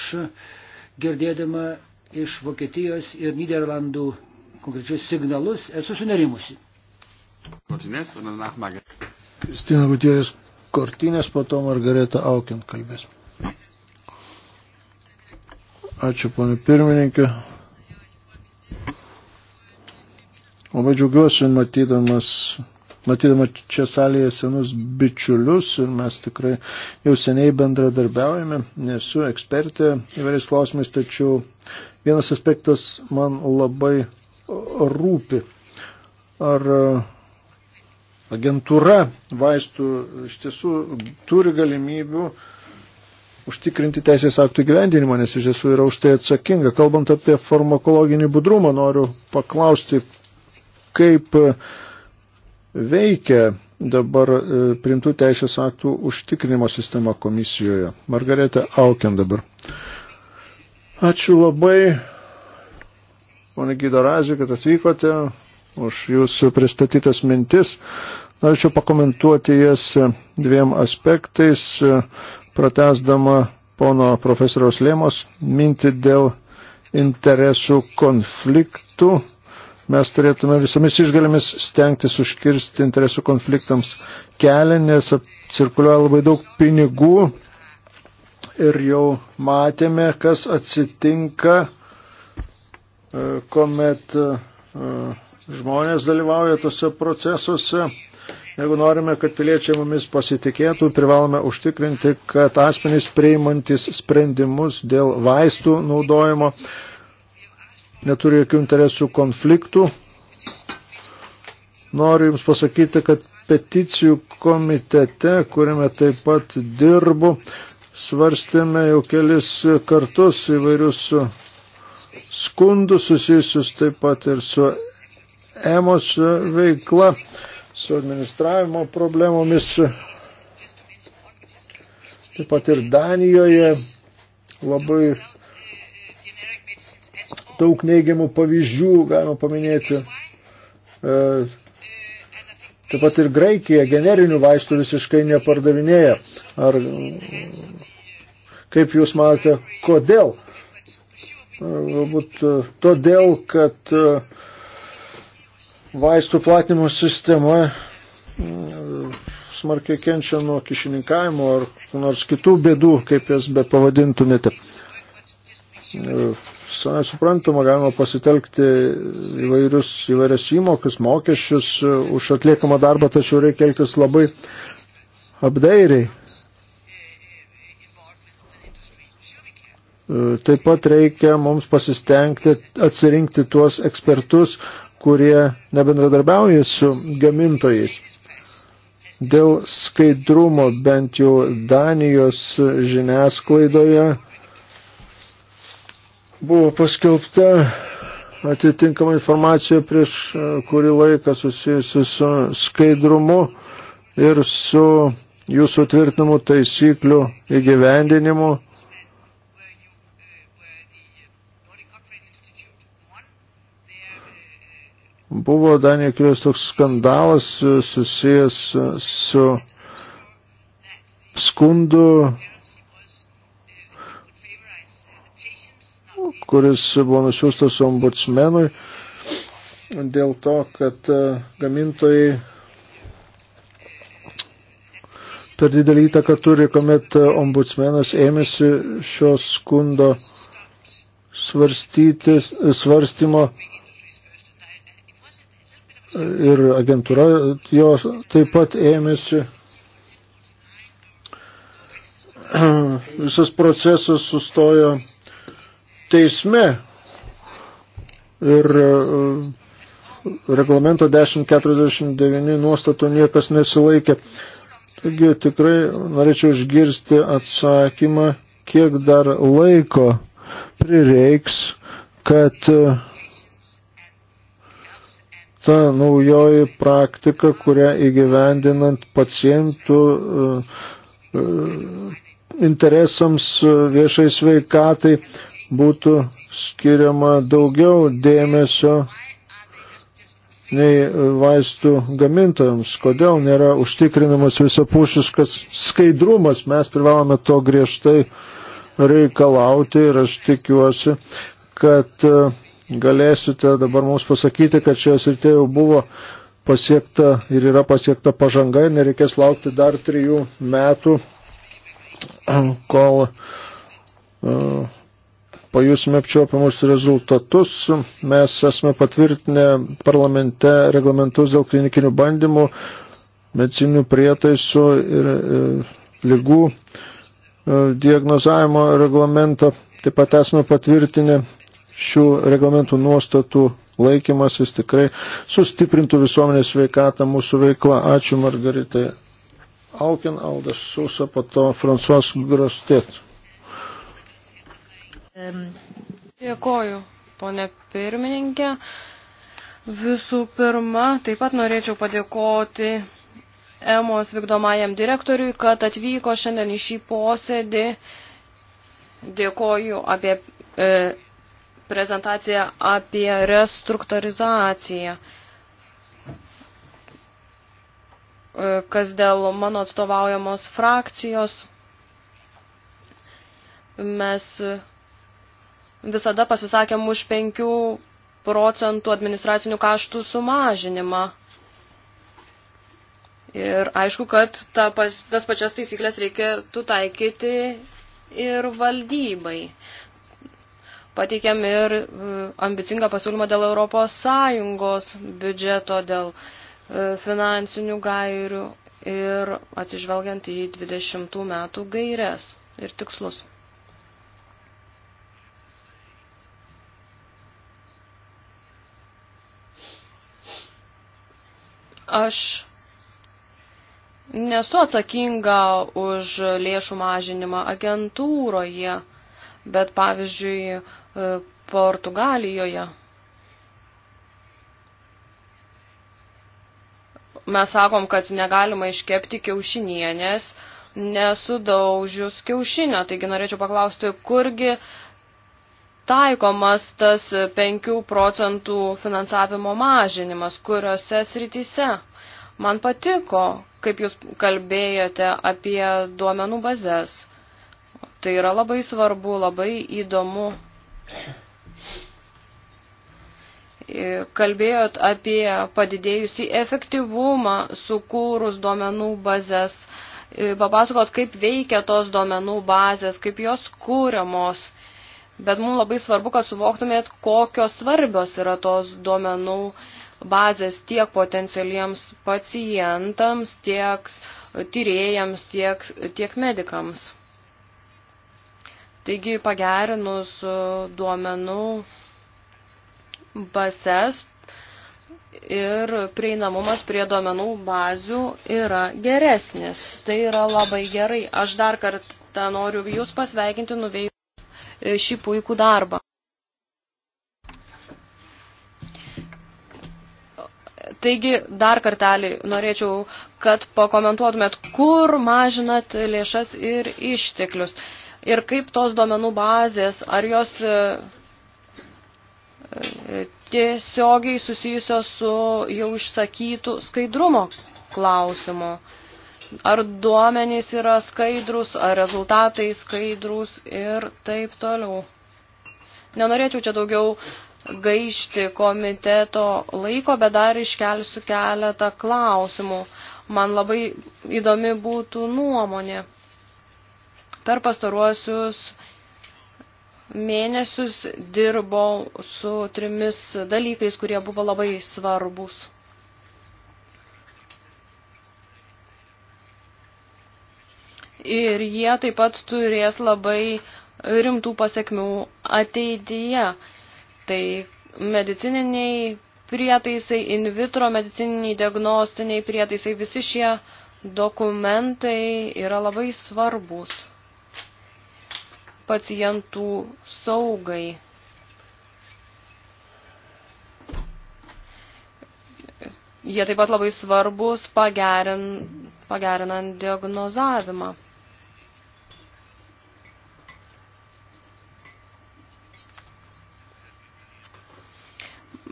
girdėdama iš Vokietijos ir Niderlandų konkrečius signalus esu sunerimusi. Kristina Gutierės Kortinės, po to Margareta Aukin kalbės. Ačiū, ponė pirmininkė. Labai džiaugiuosi matydamas, matydama čia salėje senus bičiulius ir mes tikrai jau seniai bendradarbiaujame. Nesu ekspertė įvairiais klausimais, tačiau vienas aspektas man labai rūpi. Ar uh, agentūra vaistų iš tiesų turi galimybių užtikrinti teisės aktų gyvendinimą, nes iš tiesų yra už tai atsakinga. Kalbant apie farmakologinį budrumą, noriu paklausti, kaip veikia dabar e, primtų teisės aktų užtikrinimo sistema komisijoje. Margareta Auken dabar. Ačiū labai, ponė Gydarazė, kad atvykote už jūsų pristatytas mintis. Norėčiau pakomentuoti jas dviem aspektais, pratesdama pono profesoriaus Lėmos mintį dėl interesų konfliktų. Mes turėtume visomis išgalėmis stengtis užkirsti interesų konfliktams kelią, nes cirkuliuoja labai daug pinigų ir jau matėme, kas atsitinka, e, kuomet uh, žmonės dalyvauja tose procesuose. Jeigu norime, kad piliečiai mumis pasitikėtų, privalome užtikrinti, kad asmenys priimantis sprendimus dėl vaistų naudojimo neturi jokių interesų konfliktų. Noriu Jums pasakyti, kad peticijų komitete, kuriame taip pat dirbu, svarstėme jau kelis kartus įvairius skundus susijusius taip pat ir su EMOS veikla, su administravimo problemomis. Taip pat ir Danijoje labai daug neigiamų pavyzdžių galima paminėti. E, taip pat ir Graikija generinių vaistų visiškai nepardavinėja. Ar kaip jūs matote, kodėl? E, galbūt e, todėl, kad uh, vaistų platinimo sistema mm, smarkiai kenčia nuo kišininkavimo ar nors kitų bėdų, kaip jas bet pavadintumėte. E, Sanai suprantama, galima pasitelkti įvairius, įvairias įmokas, mokesčius e, už atliekamą darbą, tačiau reikia elgtis labai apdairiai. E, taip pat reikia mums pasistengti atsirinkti tuos ekspertus, kurie nebendradarbiauja su gamintojais. Dėl skaidrumo bent jau Danijos žiniasklaidoje buvo paskelbta atitinkama informacija prieš e, kurį laiką susijusi su skaidrumu ir su jūsų tvirtinamų taisyklių įgyvendinimu Buvo Danijoje kilęs toks skandalas e, susijęs e, su skundu, kuris buvo nusiųstas ombudsmenui dėl to, kad e, gamintojai per didelį įtaką turi, kuomet ombudsmenas ėmėsi šio skundo svarstyti, svarstymo ir agentūra jos taip pat ėmėsi [clears throat] visas procesas sustojo teisme ir e, reglamento 1049 nuostato niekas nesilaikė. Taigi tikrai norėčiau išgirsti atsakymą, kiek dar laiko prireiks, kad uh, ta naujoji praktika, kurią įgyvendinant pacientų e, e, interesams e, viešai sveikatai būtų skiriama daugiau dėmesio nei vaistų gamintojams. Kodėl nėra užtikrinamas visapušiškas skaidrumas, mes privalome to griežtai reikalauti ir aš tikiuosi, kad uh, galėsite dabar mums pasakyti, kad šioje srityje jau buvo pasiekta ir yra pasiekta pažanga ir nereikės laukti dar trijų metų, [clears throat] kol uh, pajusime apčiopiamus rezultatus. Mes esame patvirtinę parlamente reglamentus dėl klinikinių bandymų, medicinių prietaisų ir uh, e, lygų uh, e, diagnozavimo reglamentą. Taip pat esame patvirtinę šių reglamentų nuostatų laikymasis tikrai sustiprintų visuomenės sveikatą mūsų veiklą. Ačiū Margaritai Aukin, Aldas Susa, po to Fransuas Grostet. Dėkoju, ponė pirmininkė. Visų pirma, taip pat norėčiau padėkoti EMOS vykdomajam direktoriui, kad atvyko šiandien į šį posėdį. Dėkoju apie e, prezentaciją apie restruktūrizaciją. Kas dėl mano atstovaujamos frakcijos, mes visada pasisakėm už 5 procentų administracinių kaštų sumažinimą. Ir aišku, kad ta pas, tas pačias taisyklės reikėtų taikyti ir valdybai pateikėm ir e, ambicingą pasiūlymą dėl Europos Sąjungos biudžeto, dėl e, finansinių gairių ir atsižvelgiant į 20 metų gairias ir tikslus. Aš nesu atsakinga už lėšų mažinimą agentūroje bet pavyzdžiui e, Portugalijoje mes sakom, kad negalima iškepti kiaušinienės, nesudaužius kiaušinio. Taigi norėčiau paklausti, kurgi taikomas tas 5 procentų finansavimo mažinimas, kuriuose srityse. Man patiko, kaip jūs kalbėjote apie duomenų bazės. Tai yra labai svarbu, labai įdomu. E, kalbėjot apie padidėjusį efektyvumą sukūrus duomenų bazės. E, papasakot, kaip veikia tos duomenų bazės, kaip jos kūriamos. Bet mums labai svarbu, kad suvoktumėt, kokios svarbios yra tos duomenų bazės tiek potencialiems pacientams, tiek tyrėjams, tiek, tiek medikams. Taigi pagerinus e, duomenų bases ir prieinamumas prie duomenų bazių yra geresnis. Tai yra labai gerai. Aš dar kartą noriu Jūs pasveikinti nuveikus šį puikų darbą. Taigi, dar kartelį norėčiau, kad pakomentuotumėt, kur mažinat lėšas ir išteklius. Uh, ir kaip tos duomenų bazės, ar jos e, e, tiesiogiai susijusios su jau išsakytų skaidrumo klausimu. Ar duomenys yra skaidrus, ar rezultatai skaidrus ir taip toliau. Nenorėčiau čia daugiau gaišti komiteto laiko, bet dar iškelsiu keletą klausimų. Man labai įdomi būtų nuomonė. Per pastaruosius mėnesius dirbau su trimis dalykais, kurie buvo labai svarbus. Ir jie taip pat turės labai rimtų pasiekmių ateityje. Tai medicininiai prietaisai, in vitro medicininiai diagnostiniai prietaisai, visi šie dokumentai yra labai svarbus pacientų saugai. Jie taip pat labai svarbus pagerin, pagerinant diagnozavimą.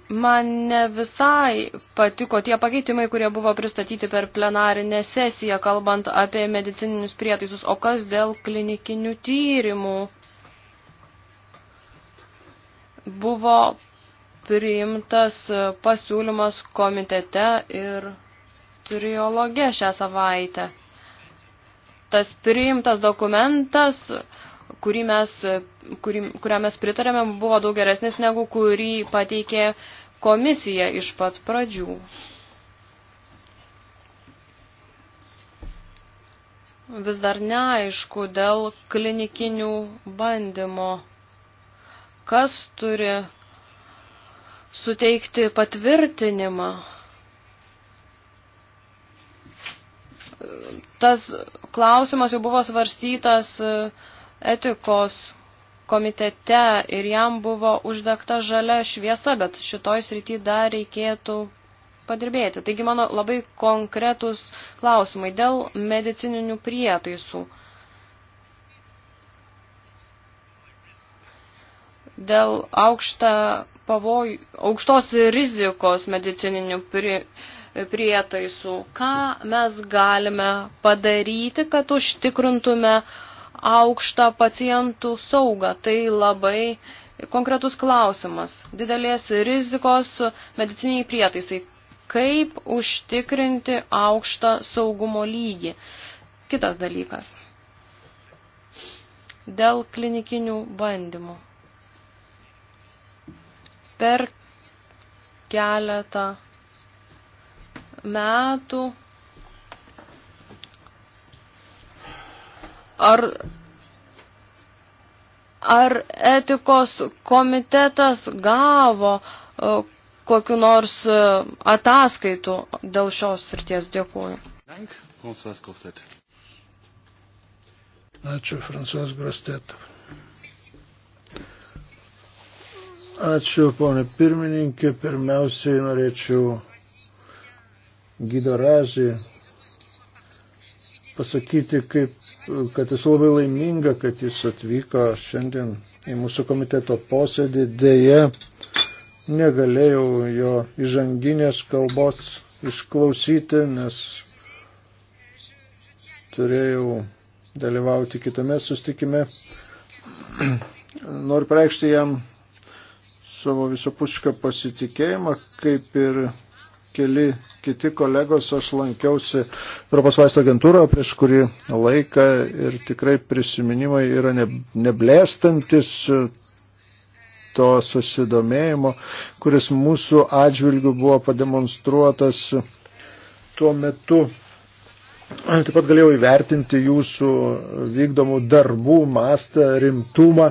Man ne visai patiko tie pakeitimai, kurie buvo pristatyti per plenarinę sesiją, kalbant apie medicininius prietaisus, o kas dėl klinikinių tyrimų. Buvo priimtas pasiūlymas komitete ir triologe šią savaitę. Tas priimtas dokumentas kurį mes, kurį, kurią mes pritarėme, buvo daug geresnis negu kurį pateikė komisija iš pat pradžių. Vis dar neaišku dėl klinikinių bandymų, kas turi suteikti patvirtinimą. Tas klausimas jau buvo svarstytas uh, etikos komitete ir jam buvo uždegta žalia šviesa, bet šitoj srity dar reikėtų padirbėti. Taigi mano labai konkretus klausimai dėl medicininių prietaisų. Dėl aukštą pavojų, aukštos rizikos medicininių pri, prietaisų, ką mes galime padaryti, kad užtikrintume uh, aukštą pacientų saugą. Tai labai konkretus klausimas. Didelės rizikos mediciniai prietaisai. Kaip užtikrinti aukštą saugumo lygį? Kitas dalykas. Dėl klinikinių bandymų. Per keletą metų ar, ar etikos komitetas gavo e, kokiu nors e, ataskaitų dėl šios srities. Dėkuoju. Ačiū, Fransuos Grostet. Ačiū, ponė pirmininkė. Pirmiausiai norėčiau Gidorazį pasakyti, kaip, kad esu labai laiminga, kad jis atvyko šiandien į mūsų komiteto posėdį. Deja, negalėjau jo įžanginės kalbos išklausyti, nes turėjau dalyvauti kitame sustikime. Noriu preikšti jam savo visapušką pasitikėjimą, kaip ir keli kiti kolegos, aš lankiausi Europos vaisto agentūroje prieš kurį laiką ir tikrai prisiminimai yra neblėstantis to susidomėjimo, kuris mūsų atžvilgių buvo pademonstruotas tuo metu. Taip pat galėjau įvertinti jūsų vykdomų darbų mastą, rimtumą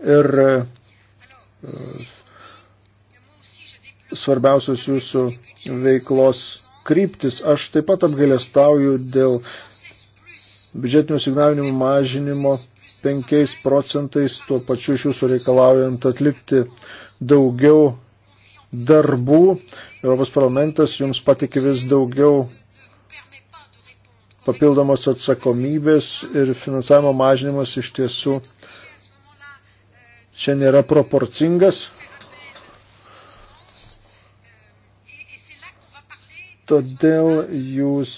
ir svarbiausios jūsų veiklos kryptis. Aš taip pat apgailestauju dėl biudžetinių signalinimų mažinimo 5 procentais, tuo pačiu iš jūsų reikalaujant atlikti daugiau darbų. Europos parlamentas jums patikė vis daugiau papildomos atsakomybės ir finansavimo mažinimas iš tiesų čia nėra proporcingas. todėl jūs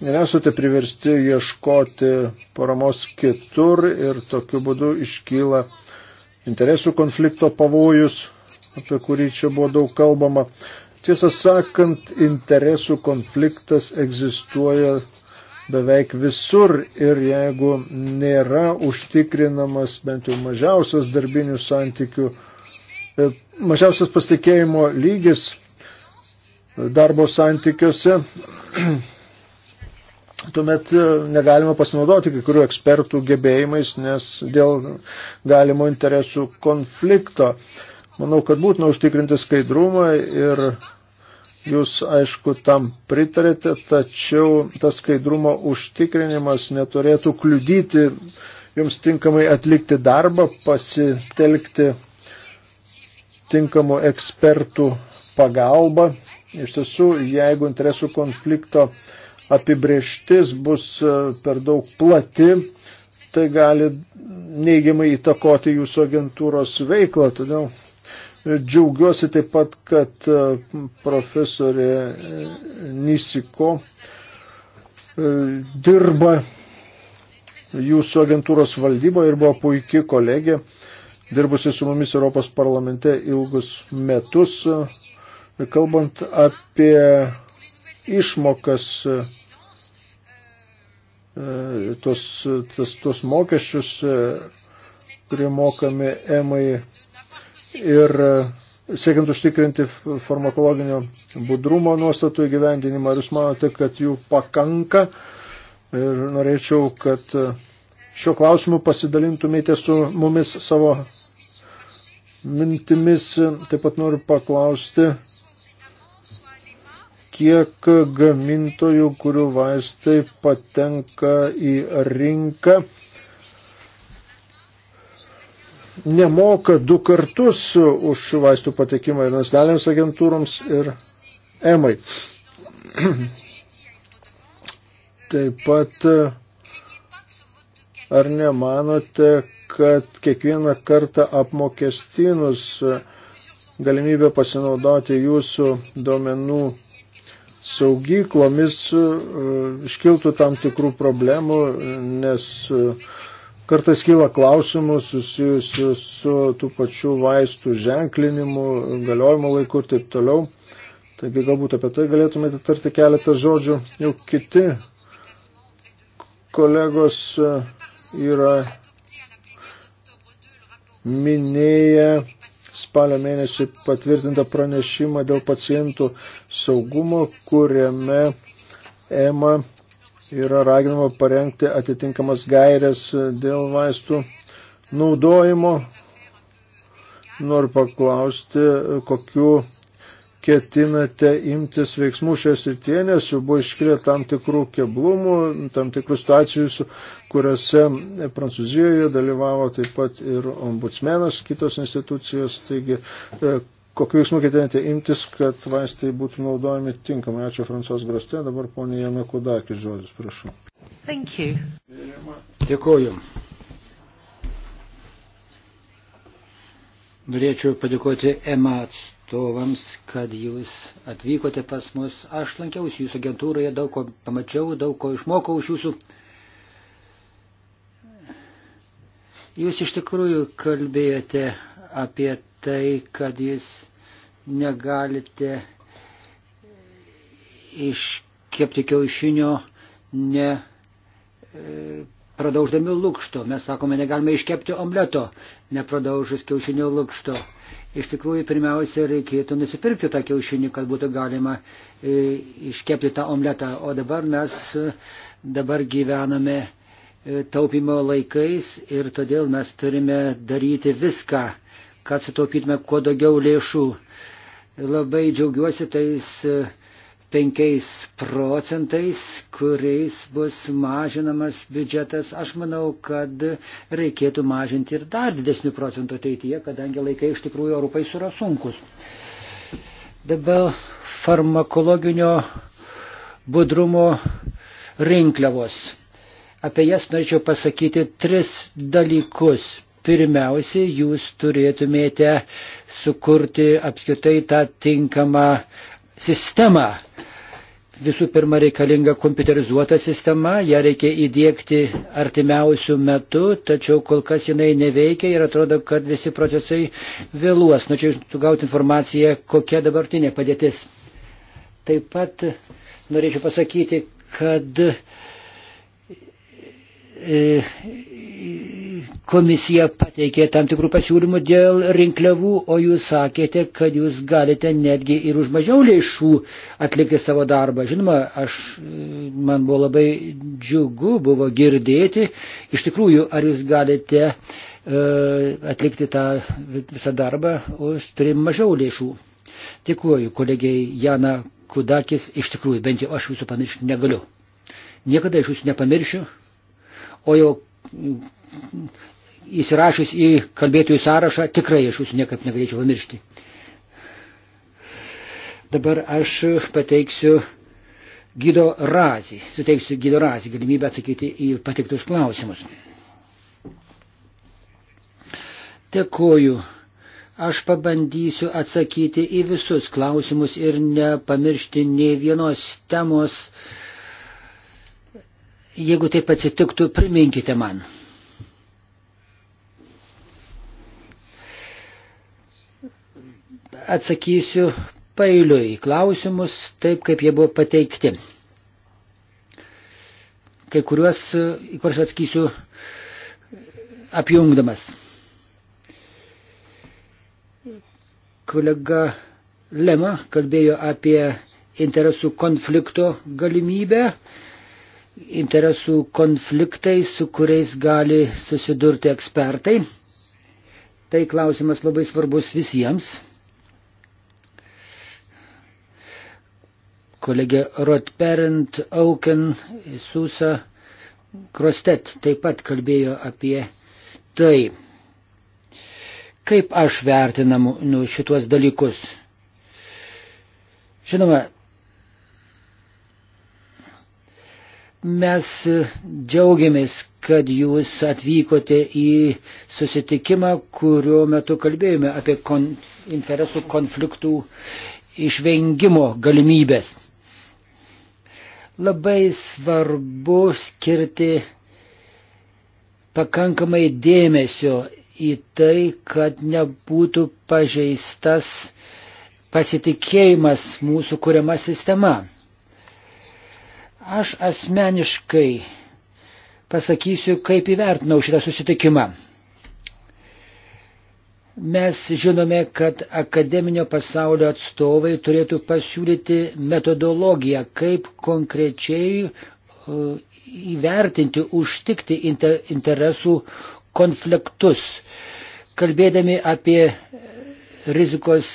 nesate eh, [clears throat] priversti ieškoti paramos kitur ir tokiu būdu iškyla interesų konflikto pavojus, apie kurį čia buvo daug kalbama. Tiesą sakant, interesų konfliktas egzistuoja beveik visur ir jeigu nėra užtikrinamas bent jau mažiausias darbinių santykių, e, mažiausias pasitikėjimo lygis, darbo santykiuose, tuomet e, negalima pasinaudoti kai kurių ekspertų gebėjimais, nes dėl galimo interesų konflikto. Manau, kad būtina užtikrinti skaidrumą ir jūs, aišku, tam pritarėte, tačiau tas skaidrumo užtikrinimas neturėtų kliudyti jums tinkamai atlikti darbą, pasitelkti tinkamų ekspertų pagalbą Iš tiesų, jeigu interesų konflikto apibrieštis bus e, per daug plati, tai gali neigiamai įtakoti jūsų agentūros veiklą. Todėl e, džiaugiuosi taip pat, kad e, profesorė Nisiko dirba jūsų agentūros valdyboje ir buvo puikia kolegė, dirbusi su mumis Europos parlamente ilgus metus. Kalbant apie išmokas, e, tuos, tuos, tuos mokesčius, e, kurie mokami EMAI ir e, siekiant užtikrinti farmakologinio budrumo nuostatų įgyvendinimą, ar jūs manote, kad jų pakanka ir norėčiau, kad šiuo klausimu pasidalintumėte su mumis savo mintimis. Taip pat noriu paklausti, kiek gamintojų, kurių vaistai patenka į rinką, nemoka du kartus už šių vaistų patekimą ir nacionalinėms agentūroms ir EMAI. Taip pat, ar nemanote, kad kiekvieną kartą apmokestinus galimybę pasinaudoti jūsų duomenų saugyklomis e, iškiltų tam tikrų problemų, nes e, kartais kyla klausimų susijusių su tų pačių vaistų ženklinimu, galiojimo laiku ir taip toliau. Taigi galbūt apie tai galėtumėte tarti keletą žodžių. Jau kiti kolegos e, yra minėję spalio mėnesį patvirtintą pranešimą dėl pacientų saugumo, kuriame EMA yra raginama parengti atitinkamas gairias dėl vaistų naudojimo. Noriu paklausti, kokiu ketinate imtis veiksmų šioje srityje, nes jau buvo iškilę tam tikrų keblumų, tam tikrų situacijų, kuriuose Prancūzijoje dalyvavo taip pat ir ombudsmenas, kitos institucijos. Taigi, e, kokiu veiksmu ketinate imtis, kad vaistai būtų naudojami tinkamai? Ačiū Fransos Grastė, dabar ponė Jana Kudakis žodis, prašau. Thank you. Dėkuoju. Norėčiau padėkoti EMA atstovams, kad jūs atvykote pas mus. Aš lankiausi jūsų agentūroje, daug ko pamačiau, daug ko išmokau iš jūsų. Jūs iš tikrųjų kalbėjote apie tai, kad jūs negalite iškepti kiaušinio ne e, pradauždami lūkšto. Mes sakome, negalime iškepti omleto, nepradaužus kiaušinio lūkšto. Iš tikrųjų, pirmiausia, reikėtų nusipirkti tą kiaušinį, kad būtų galima e, iškepti tą omletą. O dabar mes e, dabar gyvename e, taupimo laikais ir todėl mes turime daryti viską, kad sutaupytume kuo daugiau lėšų. Labai džiaugiuosi tais uh, 5 procentais, kuriais bus mažinamas biudžetas. Aš manau, kad reikėtų mažinti ir dar didesnių procentų ateityje, kadangi laikai iš tikrųjų Europai yra sunkus. Dabar farmakologinio budrumo rinkliavos. Apie jas norėčiau pasakyti tris dalykus. Pirmiausia, jūs turėtumėte sukurti apskritai tą tinkamą uh, sistemą. Visų pirma, reikalinga kompiuterizuota sistema, ją reikia įdėkti artimiausių metų, tačiau kol kas jinai neveikia ir atrodo, kad visi procesai vėluos. Norėčiau nu, sugauti informaciją, kokia dabartinė padėtis. Taip pat norėčiau pasakyti, kad e, komisija pateikė tam tikrų pasiūlymų dėl rinkliavų, o jūs sakėte, kad jūs galite netgi ir už mažiau lėšų atlikti savo darbą. Žinoma, aš, e, man buvo labai džiugu buvo girdėti. Iš tikrųjų, ar jūs galite e, atlikti tą visą darbą, už turim mažiau lėšų. Dėkuoju kolegiai Jana Kudakis, iš tikrųjų, bent jau aš jūsų pamiršti negaliu. Niekada iš jūsų nepamiršiu. O jau įsirašęs į kalbėtojų sąrašą, tikrai aš jūsų niekaip negalėčiau pamiršti. Dabar aš pateiksiu Gido Razį, suteiksiu Gido Razį galimybę atsakyti į patiktus klausimus. Dėkuoju. Aš pabandysiu atsakyti į visus klausimus ir nepamiršti nei vienos temos. Jeigu taip atsitiktų, priminkite man. atsakysiu pailiui į klausimus taip, kaip jie buvo pateikti. Kai kuriuos, į kuriuos atsakysiu apjungdamas. Kolega Lema kalbėjo apie interesų konflikto galimybę, interesų konfliktai, su kuriais gali susidurti ekspertai. Tai klausimas labai svarbus visiems. kolegė Rotperent, Auken, Susa, Krostet taip pat kalbėjo apie tai. Kaip aš vertinamu nu, šitos dalykus? Žinoma, mes džiaugiamės, kad jūs atvykote į susitikimą, kurio metu kalbėjome apie kon, interesų konfliktų išvengimo galimybės. Labai svarbu skirti pakankamai dėmesio į tai, kad nebūtų pažeistas pasitikėjimas mūsų kuriama sistema. Aš asmeniškai pasakysiu, kaip įvertinau šitą susitikimą. Mes žinome, kad akademinio pasaulio atstovai turėtų pasiūlyti metodologiją, kaip konkrečiai e, įvertinti, užtikti interesų konfliktus. Kalbėdami apie rizikos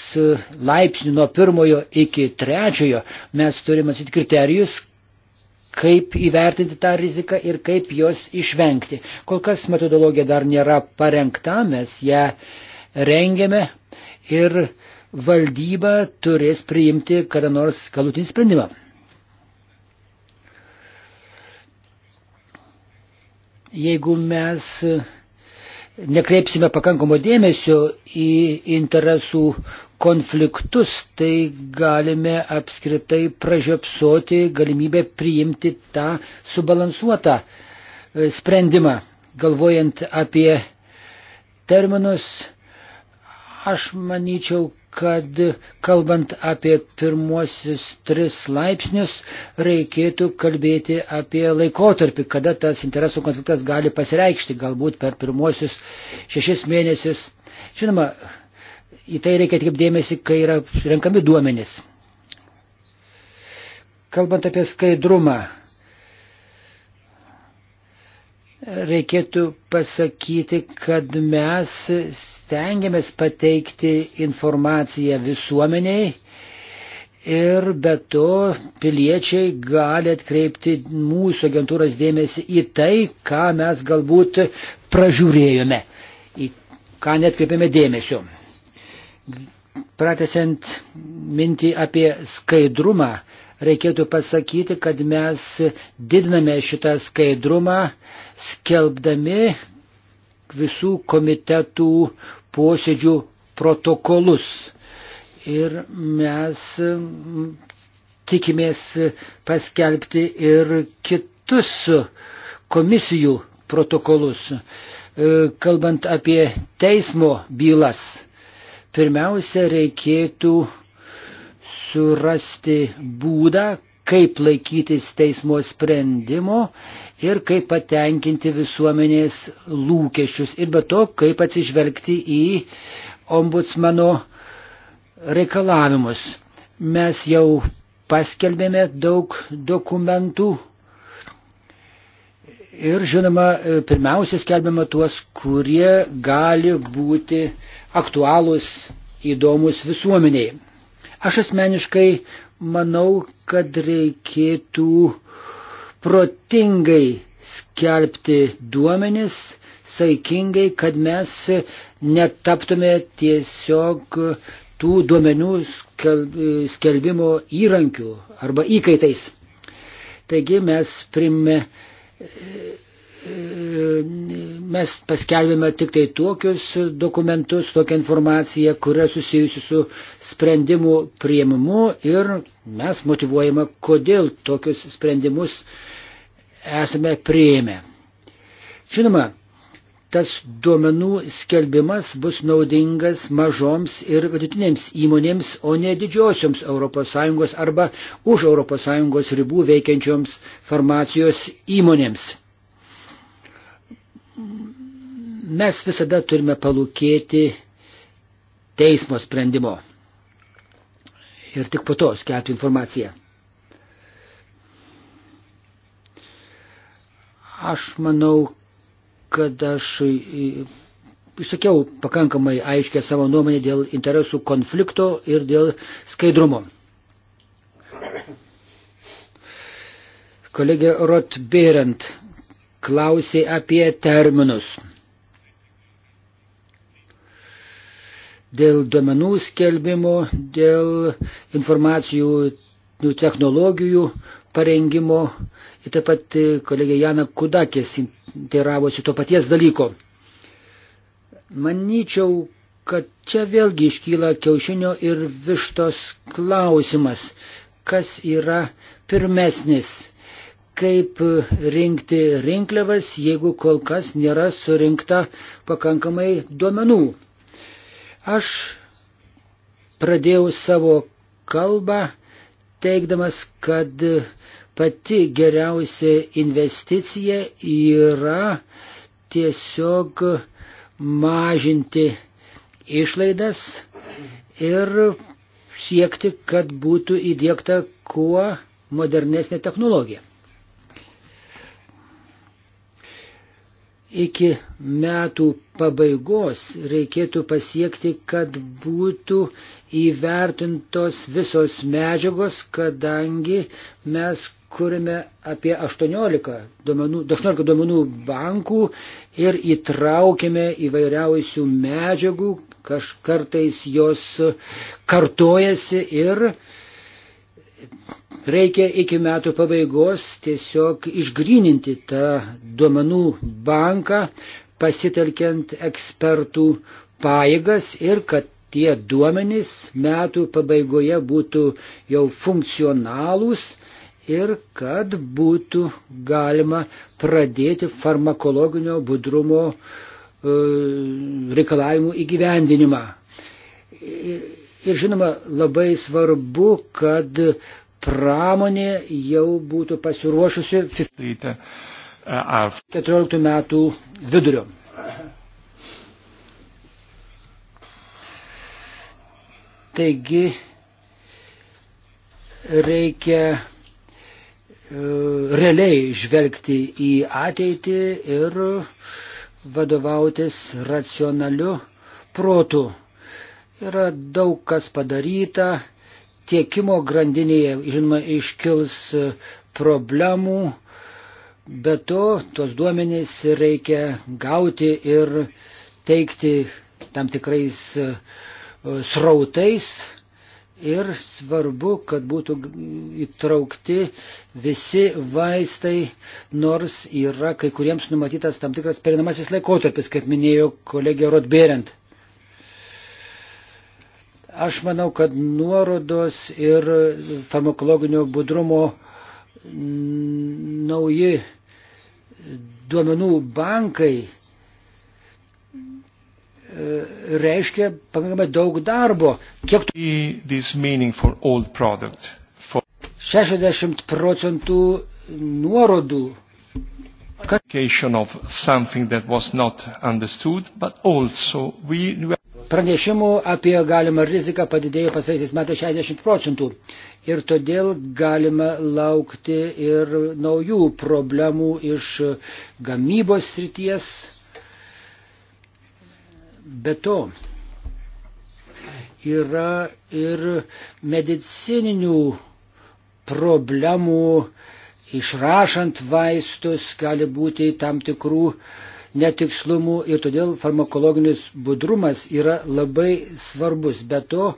laipsnių nuo pirmojo iki trečiojo, mes turime atsit kriterijus, kaip įvertinti tą riziką ir kaip jos išvengti. Kol kas metodologija dar nėra parengta, mes ją. Ja rengiame ir valdyba turės priimti kada nors galutinį sprendimą. Jeigu mes nekreipsime pakankamo dėmesio į interesų konfliktus, tai galime apskritai pražiopsoti galimybę priimti tą subalansuotą e, sprendimą, galvojant apie terminus Aš manyčiau, kad kalbant apie pirmuosius tris laipsnius, reikėtų kalbėti apie laikotarpį, kada tas interesų konfliktas gali pasireikšti, galbūt per pirmuosius šešis mėnesius. Žinoma, į tai reikia atkreipti dėmesį, kai yra renkami duomenys. Kalbant apie skaidrumą, reikėtų pasakyti, kad mes stengiamės pateikti informaciją visuomeniai ir be to piliečiai gali atkreipti mūsų agentūros dėmesį į tai, ką mes galbūt pražiūrėjome, į ką netkreipėme dėmesio. Pratesiant mintį apie skaidrumą, reikėtų pasakyti, kad mes didiname šitą skaidrumą, skelbdami visų komitetų posėdžių protokolus. Ir mes mm, tikimės paskelbti ir kitus komisijų protokolus. E, kalbant apie teismo bylas, pirmiausia reikėtų surasti būdą, kaip laikytis teismo sprendimo ir kaip patenkinti visuomenės lūkesčius ir be to, kaip atsižvelgti į ombudsmano reikalavimus. Mes jau paskelbėme daug dokumentų ir, žinoma, pirmiausia skelbėme tuos, kurie gali būti aktualūs, įdomus visuomeniai. Aš asmeniškai manau, kad reikėtų protingai skelbti duomenis, saikingai, kad mes netaptume tiesiog tų duomenų skelbimo įrankių arba įkaitais. Taigi mes primė, mes paskelbėme tik tai tokius dokumentus, tokią informaciją, kuria susijusi su sprendimu prieimimu ir mes motivuojame, kodėl tokius sprendimus uh, esame prieėmę. Žinoma, tas duomenų skelbimas bus naudingas mažoms ir vidutinėms įmonėms, o ne didžiosioms ES arba už ES ribų veikiančioms farmacijos įmonėms. Mes visada turime palūkėti teismo sprendimo ir tik po to skelbti informaciją. Aš manau, kad aš e, išsakiau pakankamai aiškę savo nuomonę dėl interesų konflikto ir dėl skaidrumo. Kolegė Rotbėrent klausė apie terminus. Dėl duomenų skelbimo, dėl informacijų technologijų parengimo. Ir taip pat e, kolegė Jana Kudakės teiravosi to paties dalyko. Manyčiau, kad čia vėlgi iškyla kiaušinio ir vištos klausimas, kas yra pirmesnis, kaip rinkti rinkliavas, jeigu kol kas nėra surinkta pakankamai duomenų. Aš pradėjau savo kalbą teikdamas, kad pati geriausia investicija yra tiesiog mažinti išlaidas ir siekti, kad būtų įdėkta kuo modernesnė technologija. Iki metų pabaigos reikėtų pasiekti, kad būtų įvertintos visos medžiagos, kadangi mes kuriame apie 18 duomenų, 18 duomenų bankų ir įtraukėme įvairiausių medžiagų, kažkartais jos kartojasi ir reikia iki metų pabaigos tiesiog išgrininti tą duomenų banką, pasitelkiant ekspertų pajėgas ir kad tie duomenys metų pabaigoje būtų jau funkcionalūs ir kad būtų galima pradėti farmakologinio budrumo e, reikalavimų įgyvendinimą. Ir, ir žinoma, labai svarbu, kad pramonė jau būtų pasiruošusi 14 e, metų vidurio. Taigi reikia e, realiai žvelgti į ateitį ir vadovautis racionaliu protu. Yra daug kas padaryta, tiekimo grandinėje, žinoma, iškils e, problemų, bet to tuos duomenys reikia gauti ir teikti tam tikrais uh, srautais ir svarbu, kad būtų įtraukti visi vaistai, nors yra kai kuriems numatytas tam tikras perinamasis laikotarpis, kaip minėjo kolegė Rodbėrent. Aš manau, kad nuorodos ir farmakologinio budrumo nauji duomenų bankai E, reiškia pakankamai daug darbo. Kiek... 60 procentų nuorodų. Kad... Pranešimų apie galimą riziką padidėjo pasaisiais metais 60 procentų ir todėl galima laukti ir naujų problemų iš gamybos srities Be to, yra ir medicininių problemų, išrašant vaistus gali būti tam tikrų netikslumų ir todėl farmakologinis budrumas yra labai svarbus. Be to,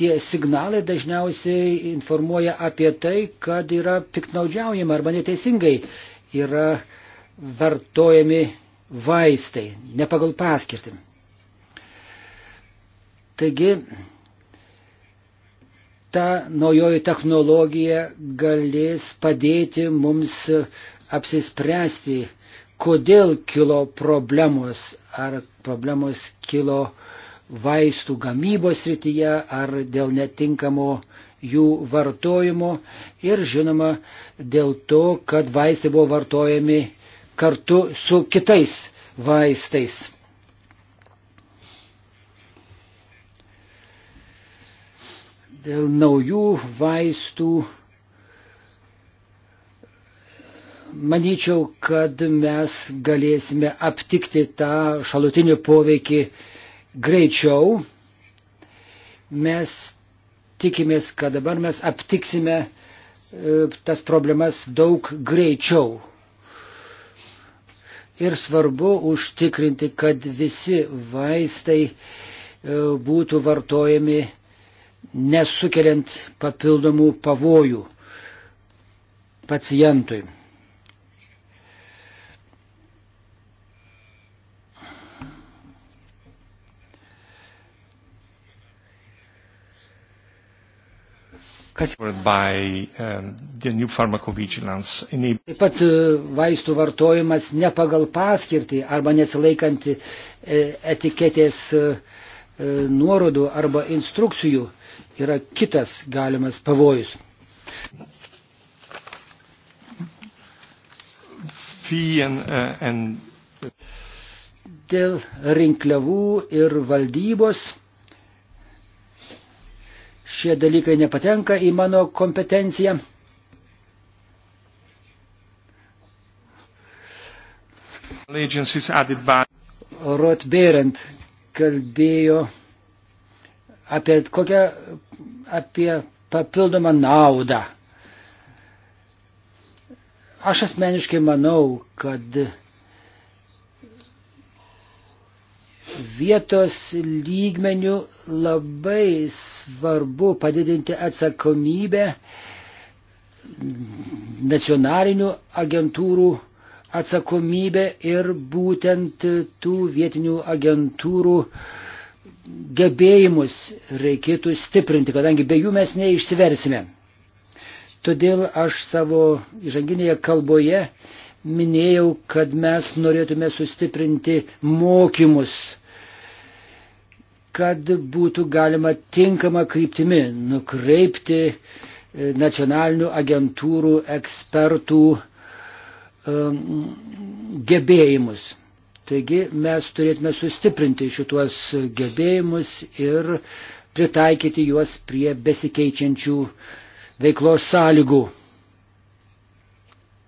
tie signalai dažniausiai informuoja apie tai, kad yra piknaudžiaujama arba neteisingai yra vartojami vaistai, ne pagal paskirtim. Taigi, ta naujoji technologija galės padėti mums apsispręsti, kodėl kilo problemos, ar problemos kilo vaistų gamybos srityje, ar dėl netinkamo jų vartojimo ir žinoma dėl to, kad vaistai buvo vartojami kartu su kitais vaistais. dėl naujų vaistų manyčiau, kad mes galėsime aptikti tą šalutinį poveikį greičiau. Mes tikimės, kad dabar mes aptiksime e, tas problemas daug greičiau. Ir svarbu užtikrinti, kad visi vaistai e, būtų vartojami nesukeliant papildomų pavojų pacientui. Kas... By, um, Taip pat e, vaistų vartojimas ne pagal paskirtį arba nesilaikanti e, etiketės uh, E, nuorodų arba instrukcijų yra kitas galimas pavojus. E, Dėl rinkliavų ir valdybos šie dalykai nepatenka į mano kompetenciją. Rotbėrent kalbėjo apie kokią, apie papildomą naudą. Aš asmeniškai manau, kad vietos lygmenių labai svarbu padidinti atsakomybę nacionalinių agentūrų atsakomybė ir būtent tų vietinių agentūrų gebėjimus reikėtų stiprinti, kadangi be jų mes neišsiversime. Todėl aš savo įžanginėje kalboje minėjau, kad mes norėtume sustiprinti mokymus, kad būtų galima tinkamą kryptimi nukreipti e, nacionalinių agentūrų ekspertų Um, gebėjimus. Taigi mes turėtume sustiprinti šituos gebėjimus ir pritaikyti juos prie besikeičiančių veiklos sąlygų.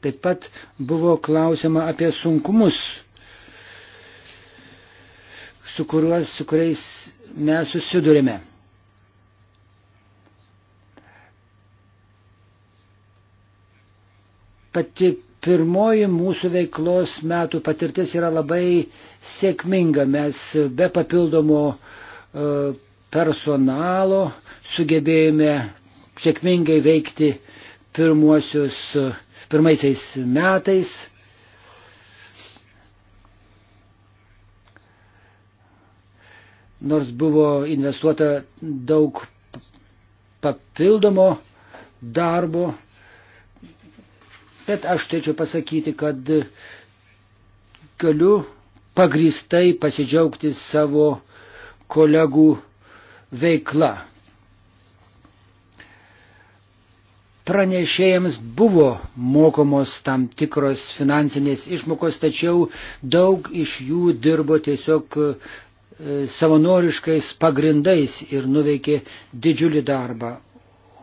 Taip pat buvo klausima apie sunkumus, su, kuriuos, su kuriais mes susidurime. Pati pirmoji mūsų veiklos metų patirtis yra labai sėkminga. Mes be papildomo e, personalo sugebėjome sėkmingai veikti pirmuosius, e, pirmaisiais metais. Nors buvo investuota daug papildomo darbo, Bet aš turėčiau pasakyti, kad galiu pagristai pasidžiaugti savo kolegų veikla. Pranešėjams buvo mokomos tam tikros finansinės išmokos, tačiau daug iš jų dirbo tiesiog e, savanoriškais pagrindais ir nuveikė didžiulį darbą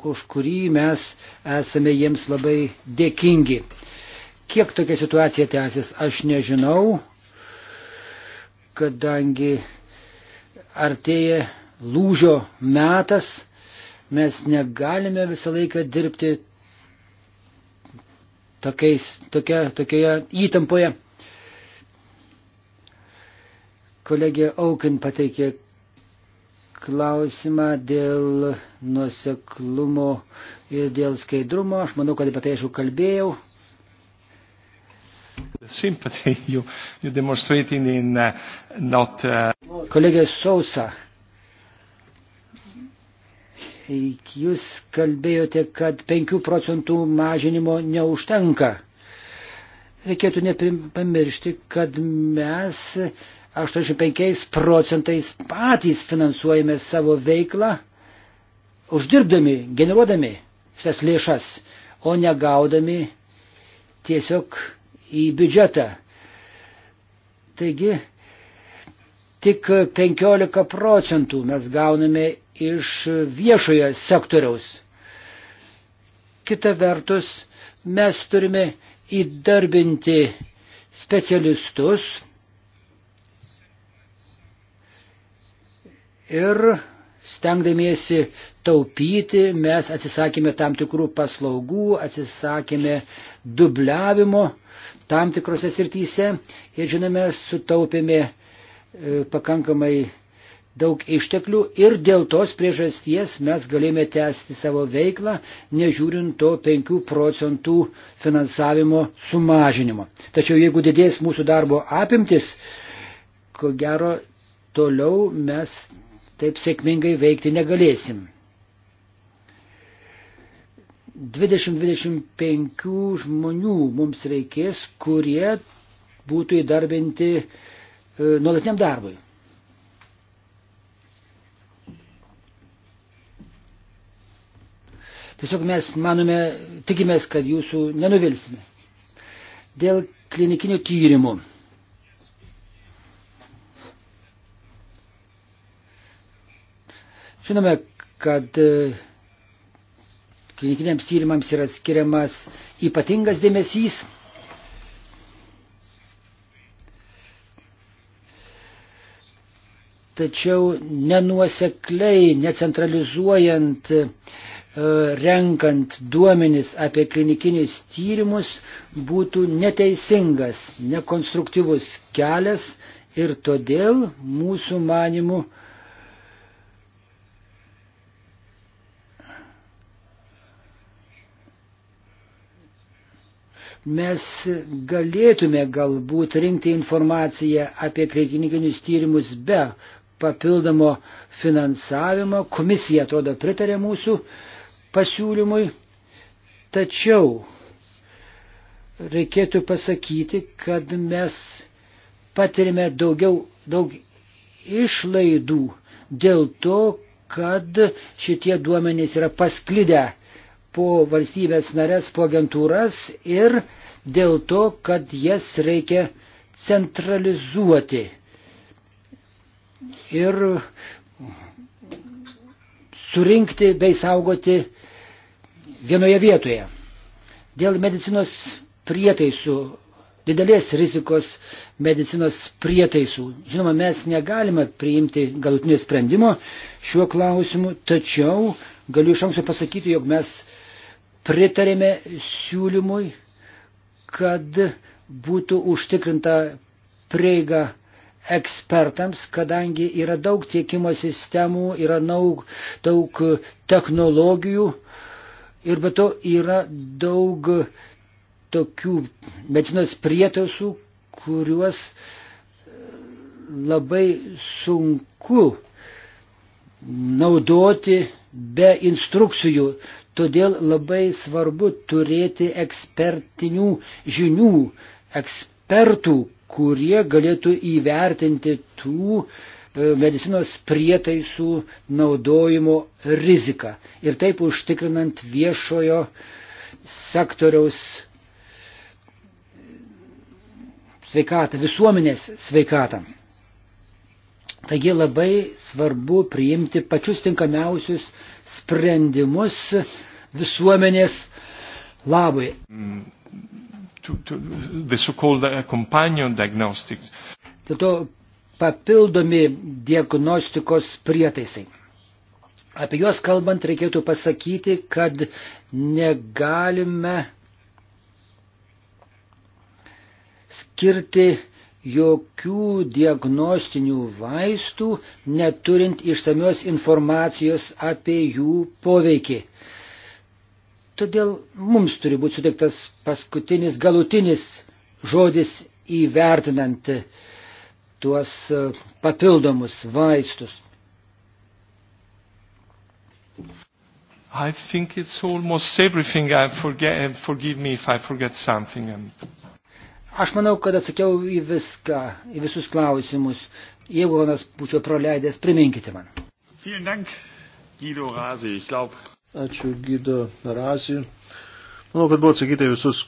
už kurį mes esame jiems labai dėkingi. Kiek tokia situacija tęsis, aš nežinau, kadangi artėja lūžio metas, mes negalime visą laiką dirbti tokiais, tokia, tokioje įtampoje. Kolegė Aukin pateikė klausimą dėl nuseklumo ir dėl skaidrumo. Aš manau, kad apie tai aš jau kalbėjau. [laughs] You, you in, uh, not, uh... Kolegė Sausa, jūs kalbėjote, kad 5 procentų mažinimo neužtenka. Reikėtų nepamiršti, kad mes 85 procentais patys finansuojame savo veiklą uždirbdami, generuodami šitas lėšas, o negaudami tiesiog į biudžetą. Taigi, tik 15 procentų mes gauname iš viešojo sektoriaus. Kita vertus, mes turime įdarbinti specialistus ir stengdamiesi taupyti, mes atsisakėme tam tikrų paslaugų, atsisakėme dubliavimo tam tikrose srityse ir žinome, sutaupėme e, pakankamai daug išteklių ir dėl tos priežasties mes galėjome tęsti savo veiklą, nežiūrint to 5 procentų finansavimo sumažinimo. Tačiau jeigu didės mūsų darbo apimtis, ko gero toliau mes taip sėkmingai veikti negalėsim. 20-25 žmonių mums reikės, kurie būtų įdarbinti e, nuolatiniam darbui. Tiesiog mes manome, tikimės, kad jūsų nenuvilsime. Dėl klinikinių tyrimų. Žinome, kad e, klinikiniams tyrimams yra skiriamas ypatingas dėmesys. Tačiau nenuosekliai, necentralizuojant, e, renkant duomenis apie klinikinius tyrimus būtų neteisingas, nekonstruktyvus kelias ir todėl mūsų manimų Mes galėtume galbūt rinkti informaciją apie klinikinius tyrimus be papildomo finansavimo. Komisija, atrodo, pritarė mūsų pasiūlymui. Tačiau reikėtų pasakyti, kad mes patirime daugiau, daug išlaidų dėl to, kad šitie duomenys yra pasklidę po valstybės narės, po agentūras ir dėl to, kad jas reikia centralizuoti. Ir surinkti bei saugoti vienoje vietoje. Dėl medicinos prietaisų, didelės rizikos medicinos prietaisų. Žinoma, mes negalime priimti galutinio sprendimo šiuo klausimu, tačiau galiu iš anksto pasakyti, jog mes pritarėme siūlymui, kad būtų užtikrinta prieiga ekspertams, kadangi yra daug tiekimo sistemų, yra daug, daug technologijų ir be to yra daug tokių medicinos prietaisų, kuriuos labai sunku naudoti be instrukcijų. Todėl labai svarbu turėti ekspertinių žinių, ekspertų, kurie galėtų įvertinti tų e, medicinos prietaisų naudojimo riziką ir taip užtikrinant viešojo sektoriaus sveikatą, visuomenės sveikatą. Taigi labai svarbu priimti pačius tinkamiausius sprendimus visuomenės labui. Tato uh, papildomi diagnostikos prietaisai. Apie juos kalbant reikėtų pasakyti, kad negalime skirti jokių diagnostinių vaistų, neturint išsamios informacijos apie jų poveikį. Todėl mums turi būti suteiktas paskutinis galutinis žodis įvertinant tuos e, papildomus vaistus. I think it's almost everything. I forget, eh, forgive me if I forget something. Aš manau, kad atsakiau į viską, į visus klausimus. Jeigu vienas būčiau praleidęs, priminkite man. Vielen Dank, Guido Razi. Ich glaube, Ačiū Gydo Rasi. Manau, kad buvo atsakyta visus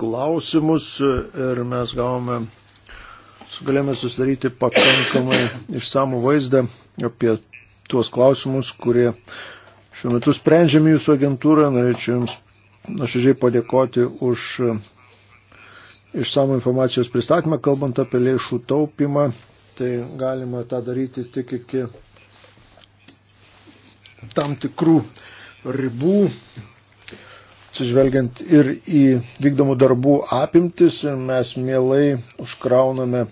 klausimus ir mes gavome, galėjome susidaryti pakankamai išsamų vaizdą apie tuos klausimus, kurie šiuo metu sprendžiami jūsų agentūrą. Norėčiau Jums nuoširdžiai padėkoti už išsamų informacijos pristatymą, kalbant apie lėšų taupimą. Tai galima tą daryti tik iki tam tikrų ribų, atsižvelgiant ir į vykdomų darbų apimtis, mes mielai užkrauname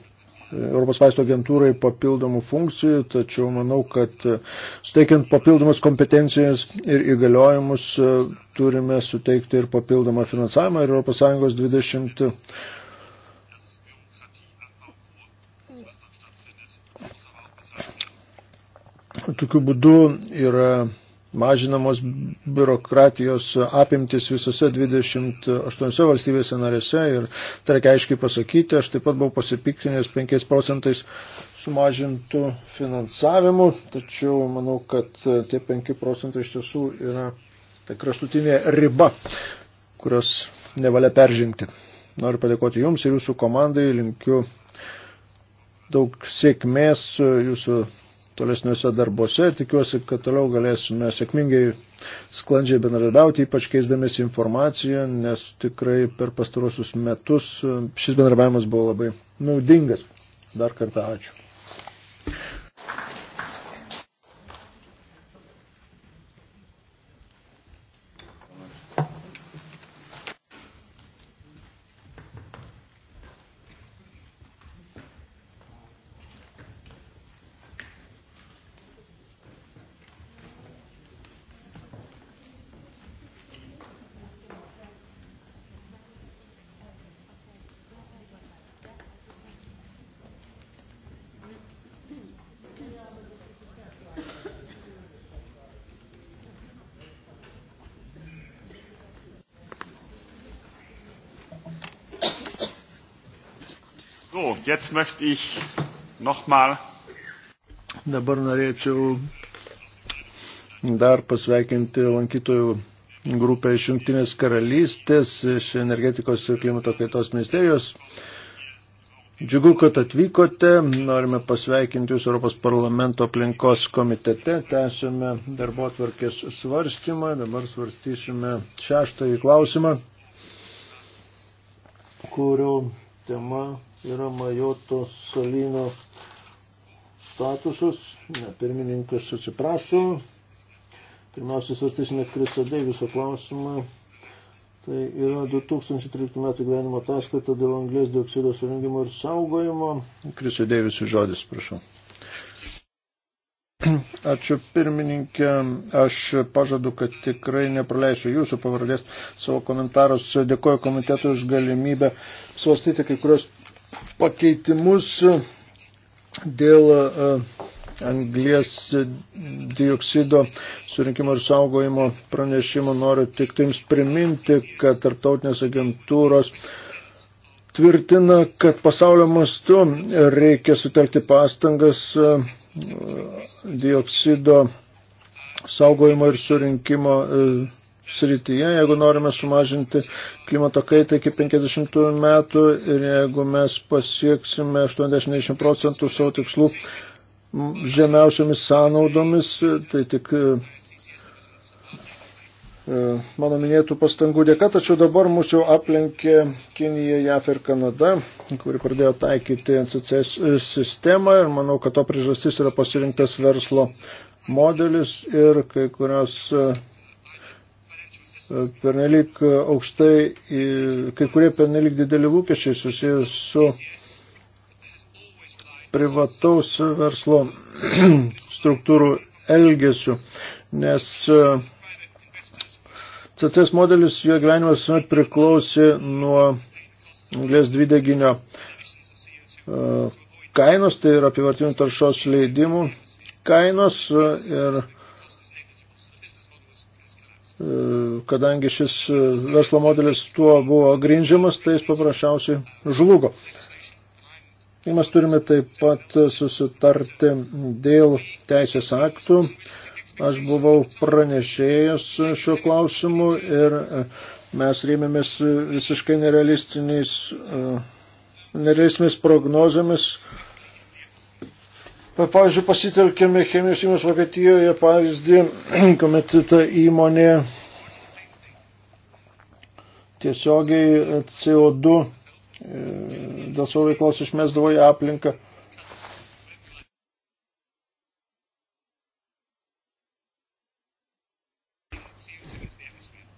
Europos vaisto agentūrai papildomų funkcijų, tačiau manau, kad suteikiant papildomas kompetencijas ir įgaliojimus turime suteikti ir papildomą finansavimą ir ES 20 Tokiu būdu yra mažinamos biurokratijos apimtis visose 28 valstybėse narėse ir tai reikia aiškiai pasakyti, aš taip pat buvau pasipiktinęs 5 procentais sumažintų finansavimu, tačiau manau, kad tie 5 procentai iš tiesų yra ta kraštutinė riba, kurios nevalia peržengti. Noriu padėkoti Jums ir Jūsų komandai, linkiu daug sėkmės Jūsų tolesniuose darbuose ir tikiuosi, kad toliau galėsime sėkmingai sklandžiai bendradarbiauti, ypač keisdamės informaciją, nes tikrai per pastarosius metus šis bendradarbiavimas buvo labai naudingas. Dar kartą ačiū. Jetzt möchte ich nochmal. Dabar norėčiau dar pasveikinti lankytojų grupę iš Junktinės karalystės, iš energetikos ir klimato kaitos ministerijos. Džiugu, kad atvykote. Norime pasveikinti Jūs Europos parlamento aplinkos komitete. Tęsime darbo atvarkės svarstymą. Dabar svarstysime šeštąjį klausimą, kurio tema yra Majoto Salino statusas. Ne, pirmininkas atsiprašo. Pirmiausia, svarstysime Kriso Deiviso klausimą. Tai yra 2013 metų gyvenimo ataskaita dėl anglės dioksido surinkimo ir saugojimo. Kriso Deivisų žodis, prašau. Ačiū pirmininkė, aš pažadu, kad tikrai nepraleisiu jūsų pavardės savo komentarus. Dėkoju komitetui už galimybę svastyti kai kurios pakeitimus dėl e, anglės dioksido surinkimo ir saugojimo pranešimo noriu tik tai jums priminti, kad tarptautinės agentūros tvirtina, kad pasaulio mastu reikia sutelkti pastangas e, dioksido saugojimo ir surinkimo e, srityje, jeigu norime sumažinti klimato kaitą iki 50 metų ir jeigu mes pasieksime 80 procentų savo tikslų žemiausiamis sąnaudomis, tai tik e, e, mano minėtų pastangų dėka, tačiau dabar mūsų jau aplenkė Kinija, JAF ir Kanada, kuri pradėjo taikyti NCCS sistemą ir manau, kad to priežastis yra pasirinktas verslo modelis ir kai kurios e, pernelik aukštai, kai kurie pernelik dideli lūkesčiai susijęs su privataus verslo [clears throat] struktūrų elgesiu, nes e, CCS modelis jo gyvenimas visuomet priklausė nuo anglės dvideginio e, kainos, tai yra apivartinių taršos leidimų kainos e, ir E, kadangi šis e, verslo modelis tuo buvo grindžiamas, tai jis paprasčiausiai žlugo. Ir mes turime taip pat susitarti dėl teisės aktų. Aš buvau pranešėjęs šiuo klausimu ir e, mes rėmėmės visiškai nerealistiniais, nerealistiniais prognozėmis, Pavyzdžiui, pasitelkėme chemijos įmonės Vokietijoje pavyzdį, [clears throat] kuomet ta įmonė tiesiogiai CO2 e, dėl savo veiklos išmestavo į aplinką.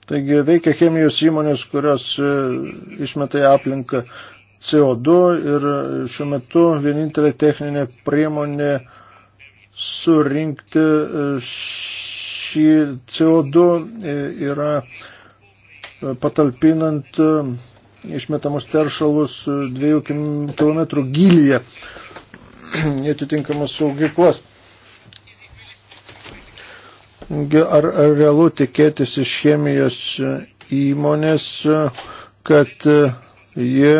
Taigi veikia chemijos įmonės, kurios e, išmeta į aplinką CO2 ir šiuo metu vienintelė techninė priemonė surinkti e, šį CO2 e, yra e, patalpinant išmetamus teršalus dviejų kilometrų gilyje [clears throat] į atitinkamas saugyklas. Ar, ar realu tikėtis iš chemijos įmonės, kad ji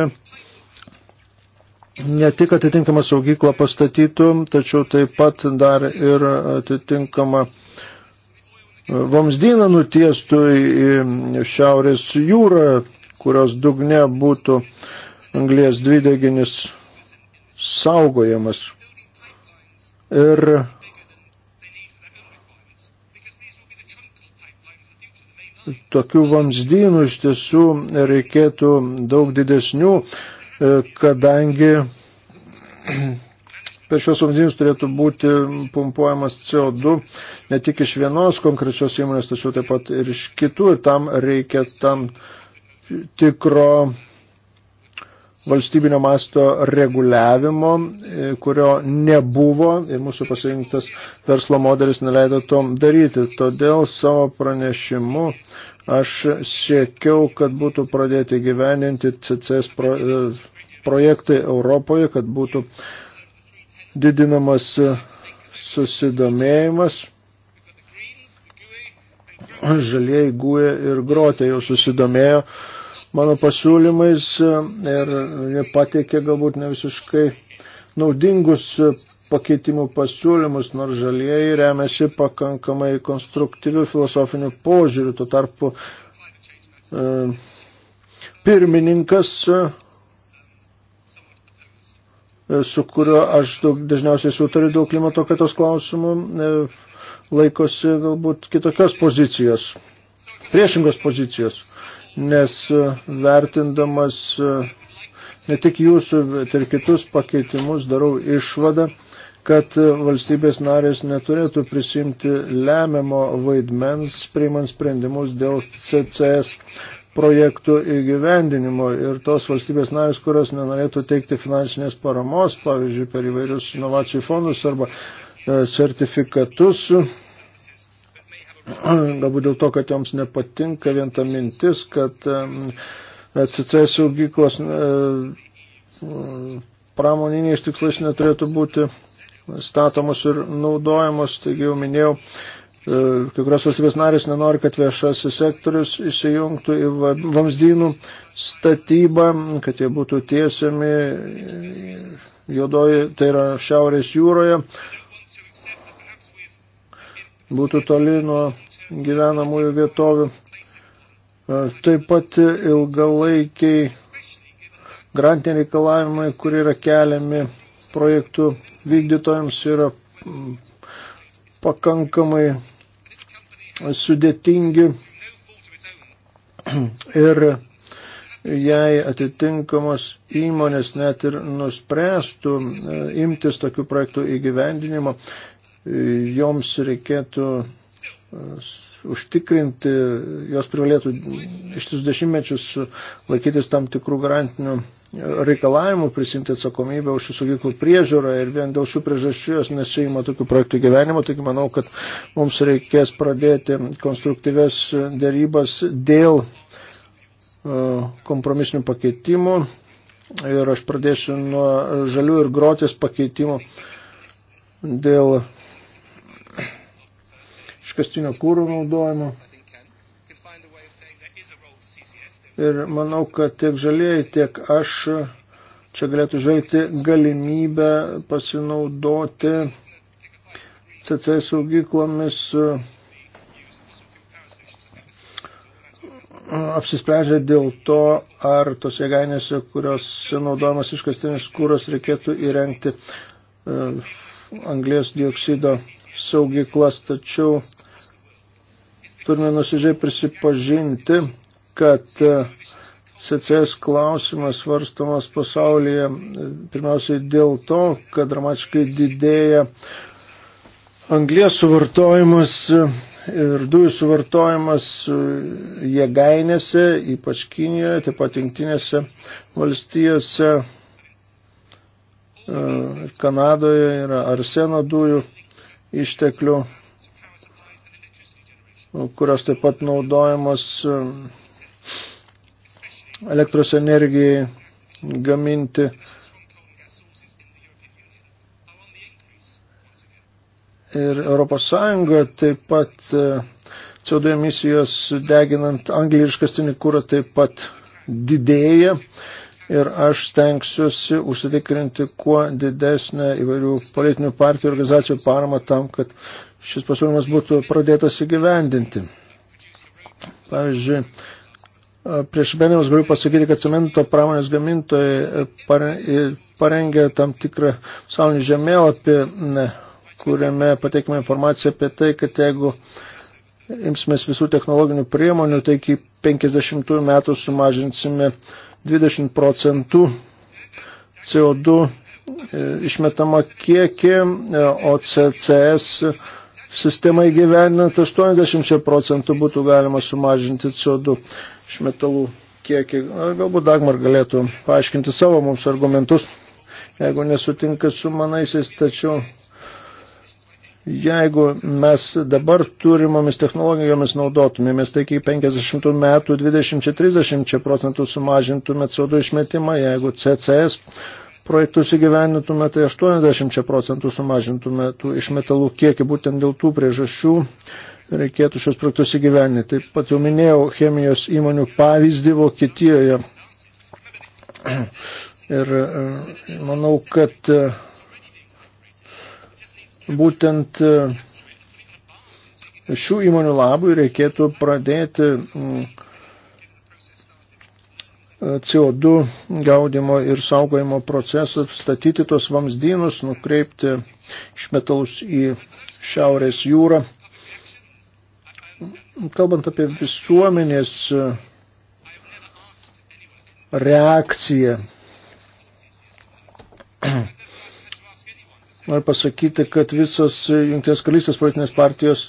ne tik atitinkamą saugyklą pastatytų, tačiau taip pat dar ir atitinkamą vamzdyną nutiestų į Šiaurės jūrą, kurios dugne būtų anglės dvideginis saugojamas. Ir tokių vamzdynų iš tiesų reikėtų daug didesnių E, kadangi [clears throat] per šios vamzdynus turėtų būti pumpuojamas CO2 ne tik iš vienos konkrečios įmonės, tačiau taip pat ir iš kitų. Ir tam reikia tam tikro valstybinio masto reguliavimo, e, kurio nebuvo ir mūsų pasirinktas verslo modelis neleido to daryti. Todėl savo pranešimu Aš siekiau, kad būtų pradėti gyveninti CCS pro, e, projektai Europoje, kad būtų didinamas susidomėjimas. Žalieji guė ir grotė jau susidomėjo mano pasiūlymais ir jie pateikė galbūt ne visiškai naudingus pakeitimų pasiūlymus, nors žalieji remiasi pakankamai konstruktyvių filosofinių požiūrių. Tuo tarpu e, pirmininkas, e, su kuriuo aš daug, dažniausiai sutariu daug klimato kaitos klausimų, e, laikosi galbūt kitokios pozicijos, priešingos pozicijos, nes e, vertindamas e, ne tik jūsų, bet ir kitus pakeitimus darau išvadą, kad valstybės narės neturėtų prisimti lemiamo vaidmens, priimant sprendimus dėl CCS projektų įgyvendinimo ir tos valstybės narės, kurios nenorėtų teikti finansinės paramos, pavyzdžiui, per įvairius inovacijų fondus arba e, sertifikatus, [clears throat] galbūt dėl to, kad joms nepatinka vien ta mintis, kad CC e, saugyklos e, pramoniniais tikslais neturėtų būti statomos ir naudojamos, taigi jau minėjau, e, kai kurios valstybės narės nenori, kad viešasis sektorius įsijungtų į vamzdynų statybą, kad jie būtų tiesiami juodoji, tai yra Šiaurės jūroje, būtų toli nuo gyvenamųjų vietovių. E, taip pat ilgalaikiai grantiniai reikalavimai, kurie yra keliami projektų vykdytojams yra mm, pakankamai sudėtingi ir jei atitinkamos įmonės net ir nuspręstų e, imtis tokių projektų įgyvendinimo, e, joms reikėtų e, užtikrinti, jos privalėtų ištis dešimtmečius laikytis tam tikrų garantinių reikalavimų, prisimti atsakomybę už šių saugyklų priežiūrą ir vien dėl šių priežasčių jos nesijima tokių projektų gyvenimo, taigi manau, kad mums reikės pradėti konstruktyves dėrybas dėl e, kompromisinių pakeitimų ir aš pradėsiu nuo žalių ir grotės pakeitimų dėl iškastinio kūro naudojimo. Ir manau, kad tiek žalieji, tiek aš čia galėtų žvelgti galimybę pasinaudoti CC saugyklomis apsisprendžia dėl to, ar tos jėgainėse, kurios naudojamas iškastinis kūros, reikėtų įrengti anglės dioksido saugyklas. Tačiau turime nusižiai prisipažinti, kad e, CCS klausimas svarstomas pasaulyje e, pirmiausiai dėl to, kad dramatiškai didėja anglės suvartojimas e, ir dujų suvartojimas jėgainėse, ypač Kinijoje, taip pat jungtinėse valstijose, Kanadoje yra arseno dujų išteklių kurios taip pat naudojamos e, elektros energijai gaminti. Ir Europos Sąjunga taip pat e, CO2 emisijos deginant angliškastinį kūrą taip pat didėja ir aš stengsiuosi užsitikrinti kuo didesnę įvairių politinių partijų organizacijų paramą tam, kad šis pasiūlymas būtų pradėtas įgyvendinti. Pavyzdžiui, prieš benėjimus galiu pasakyti, kad cemento pramonės gamintojai e, e, parengė tam tikrą saulinį žemėlapį, kuriame pateikime informaciją apie tai, kad jeigu imsimės visų technologinių priemonių, tai iki 50 metų sumažinsime 20 procentų CO2 e, išmetama kiekį, o CCS sistemą įgyveninant 80 procentų būtų galima sumažinti CO2 iš metalų kiekį. Galbūt Dagmar galėtų paaiškinti savo mums argumentus, jeigu nesutinka su manaisiais, tačiau jeigu mes dabar turimomis technologijomis naudotumėmės, tai iki 50 metų 20-30 procentų sumažintume CO2 išmetimą, jeigu CCS projektus įgyvenintume, tai 80 procentų sumažintume tų išmetalų kiekį. Būtent dėl tų priežasčių reikėtų šios projektus įgyveninti. Taip pat jau minėjau chemijos įmonių pavyzdį Vokietijoje. Ir e, manau, kad e, būtent e, šių įmonių labui reikėtų pradėti mm, CO2 gaudimo ir saugojimo procesą, statyti tos vamzdynus, nukreipti išmetalus į Šiaurės jūrą. Kalbant apie visuomenės e, reakciją, [clears throat] noriu pasakyti, kad visas Junktinės karalystės politinės partijos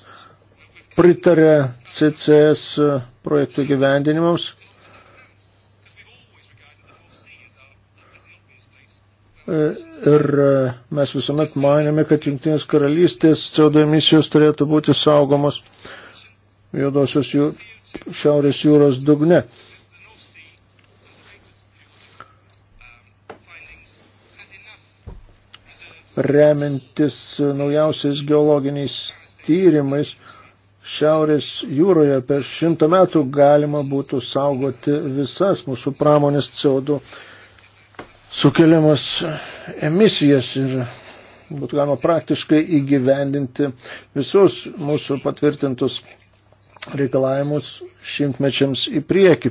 pritarė CCS e, projektų gyvendinimams Ir e, mes visuomet manėme, kad jungtinės karalystės CO2 emisijos turėtų būti saugomos juodosios jų, šiaurės jūros dugne. Remintis naujausiais geologiniais tyrimais, Šiaurės jūroje per šimtą metų galima būtų saugoti visas mūsų pramonės CO2 sukeliamas emisijas ir būtų galima praktiškai įgyvendinti visus mūsų patvirtintus reikalavimus šimtmečiams į priekį.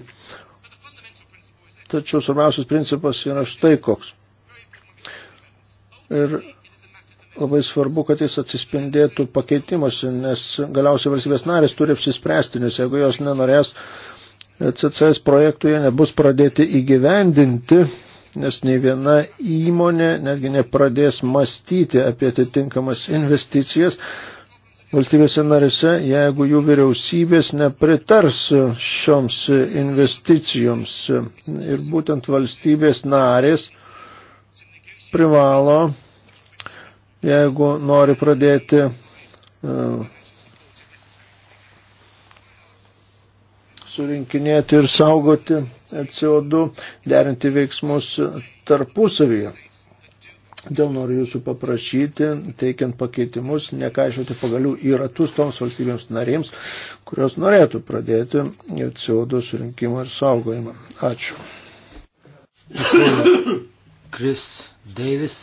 Tačiau svarbiausias principas yra štai koks. Ir labai svarbu, kad jis atsispindėtų pakeitimuose, nes galiausiai valstybės narės turi apsispręsti, nes jeigu jos nenorės CCS projektų, jie nebus pradėti įgyvendinti nes nei viena įmonė netgi nepradės mąstyti apie atitinkamas investicijas valstybėse narise, jeigu jų vyriausybės nepritars šioms investicijoms. Ir būtent valstybės narės privalo, jeigu nori pradėti e, surinkinėti ir saugoti CO2, derinti veiksmus tarpusavyje. Dėl noriu jūsų paprašyti, teikiant pakeitimus, nekaišiuoti pagalių į ratus toms valstybėms narėms, kurios norėtų pradėti CO2 surinkimą ir saugojimą. Ačiū. Kris Davis,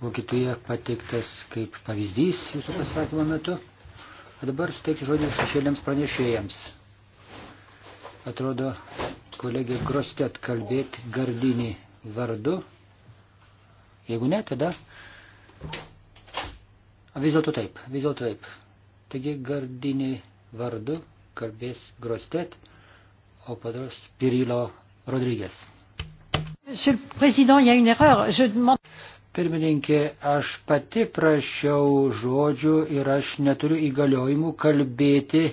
Vokietija pateiktas kaip pavyzdys jūsų pasakymo metu. O dabar suteikiu žodį šešėliams pranešėjams. Atrodo, kolegė Grostet kalbėk gardinį vardu. Jeigu ne, tada. Vis dėlto taip, vis dėlto taip. Taigi gardinį vardu kalbės Grostet, o padaros Pirilo Rodrygės. Pirmininkė, aš pati prašiau žodžių ir aš neturiu įgaliojimų kalbėti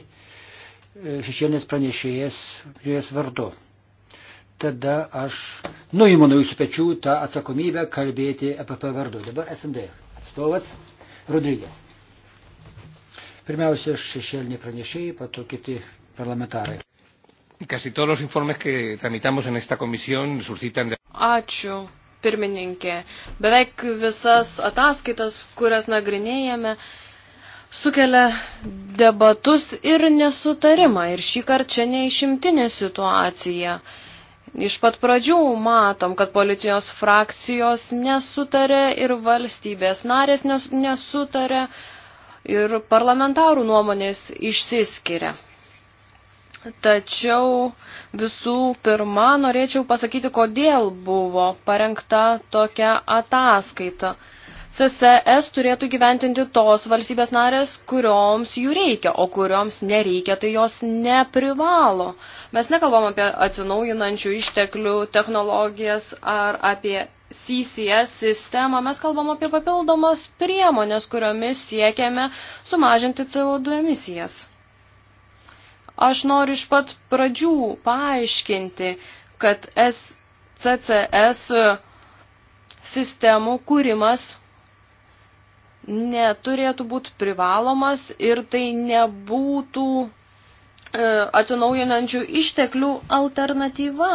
šešėlės pranešėjas jos vardu. Tada aš nuimu nuo jūsų pečių tą atsakomybę kalbėti apie pavardu. Dabar SND atstovas Rodrygės. Pirmiausia, šešėlinė pranešėjai, pato kiti parlamentarai. Casi todos los informes que tramitamos en esta comisión suscitan. Ačiū pirmininkė. Beveik visas ataskaitas, kurias nagrinėjame, sukelia debatus ir nesutarimą. Ir šį kartą čia neišimtinė situacija. Iš pat pradžių matom, kad policijos frakcijos nesutarė ir valstybės narės nesutarė ir parlamentarų nuomonės išsiskiria. Tačiau visų pirma norėčiau pasakyti, kodėl buvo parengta tokia ataskaita. CCS turėtų gyventinti tos valstybės narės, kurioms jų reikia, o kurioms nereikia, tai jos neprivalo. Mes nekalbam apie atsinaujinančių išteklių technologijas ar apie CCS sistemą, mes kalbam apie papildomas priemonės, kuriomis siekiame sumažinti CO2 emisijas. Aš noriu iš pat pradžių paaiškinti, kad SCCS sistemų kūrimas neturėtų būti privalomas ir tai nebūtų e, atsinaujinančių išteklių alternatyva.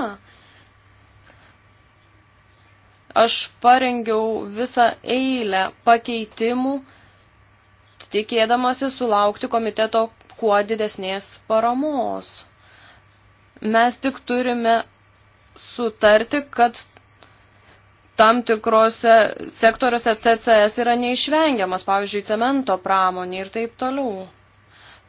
Aš parengiau visą eilę pakeitimų, tikėdamasi sulaukti komiteto kuo didesnės paramos. Mes tik turime sutarti, kad tam tikrose sektoriuose CCS yra neišvengiamas, pavyzdžiui, cemento pramonė ir taip toliau.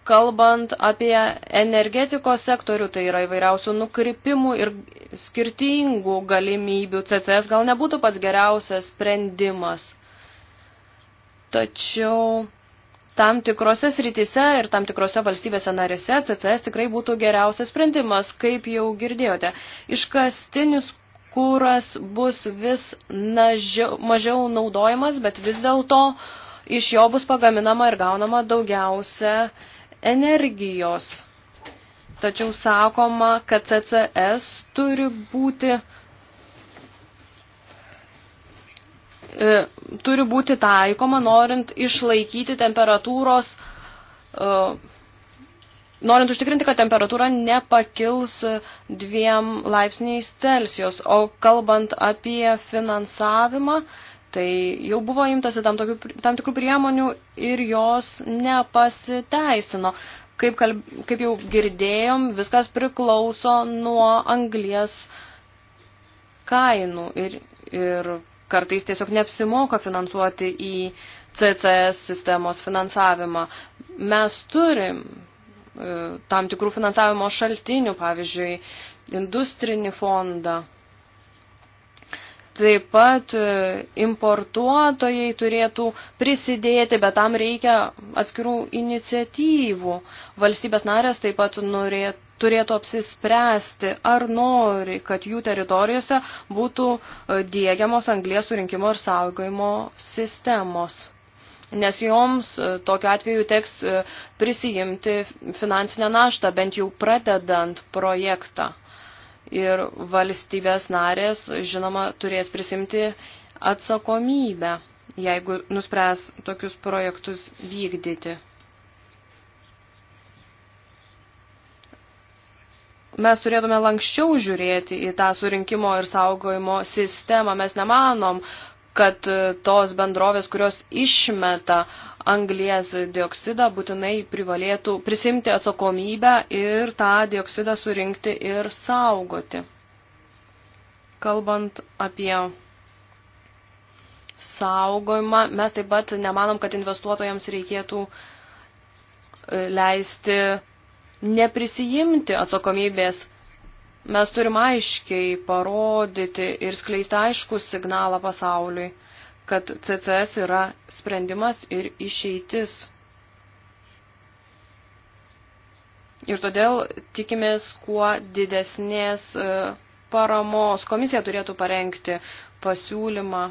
Kalbant apie energetikos sektorių, tai yra įvairiausių nukrypimų ir skirtingų galimybių. CCS gal nebūtų pats geriausias sprendimas. Tačiau tam tikrose srityse ir tam tikrose valstybėse narėse CCS tikrai būtų geriausias sprendimas, kaip jau girdėjote. Iškastinis kuras bus vis nažiau, mažiau naudojamas, bet vis dėlto iš jo bus pagaminama ir gaunama daugiausia energijos. Tačiau sakoma, kad CCS turi būti e, turi būti taikoma, norint išlaikyti temperatūros uh, norint užtikrinti, kad temperatūra nepakils dviem laipsniais Celsijos. O kalbant apie finansavimą, tai jau buvo imtasi tam, tokių, tam tikrų priemonių ir jos nepasiteisino. Kaip, kalb, kaip jau girdėjom, viskas priklauso nuo anglies kainų ir, ir kartais tiesiog neapsimoka finansuoti į CCS sistemos finansavimą. Mes turim E, tam tikrų finansavimo šaltinių, pavyzdžiui, industrinį fondą. Taip pat e, importuotojai turėtų prisidėti, bet tam reikia atskirų iniciatyvų. Valstybės narės taip pat norėtų turėtų apsispręsti, ar nori, kad jų teritorijose būtų e, dėgiamos anglės surinkimo ir saugojimo sistemos nes joms e, tokiu atveju teks e, prisijimti finansinę naštą, bent jau pradedant projektą. Ir valstybės narės, žinoma, turės prisimti atsakomybę, jeigu nuspręs tokius projektus vykdyti. mes turėtume lankščiau žiūrėti į tą surinkimo ir saugojimo sistemą. Mes nemanom, kad e, tos bendrovės, kurios išmeta anglies dioksidą, būtinai privalėtų prisimti atsakomybę ir tą dioksidą surinkti ir saugoti. Kalbant apie saugojimą, mes taip pat nemanom, kad investuotojams reikėtų e, leisti neprisijimti atsakomybės Mes turim aiškiai parodyti ir skleisti aišku signalą pasauliui, kad CCS yra sprendimas ir išeitis. Ir todėl tikimės kuo didesnės e, paramos. Komisija turėtų parengti pasiūlymą.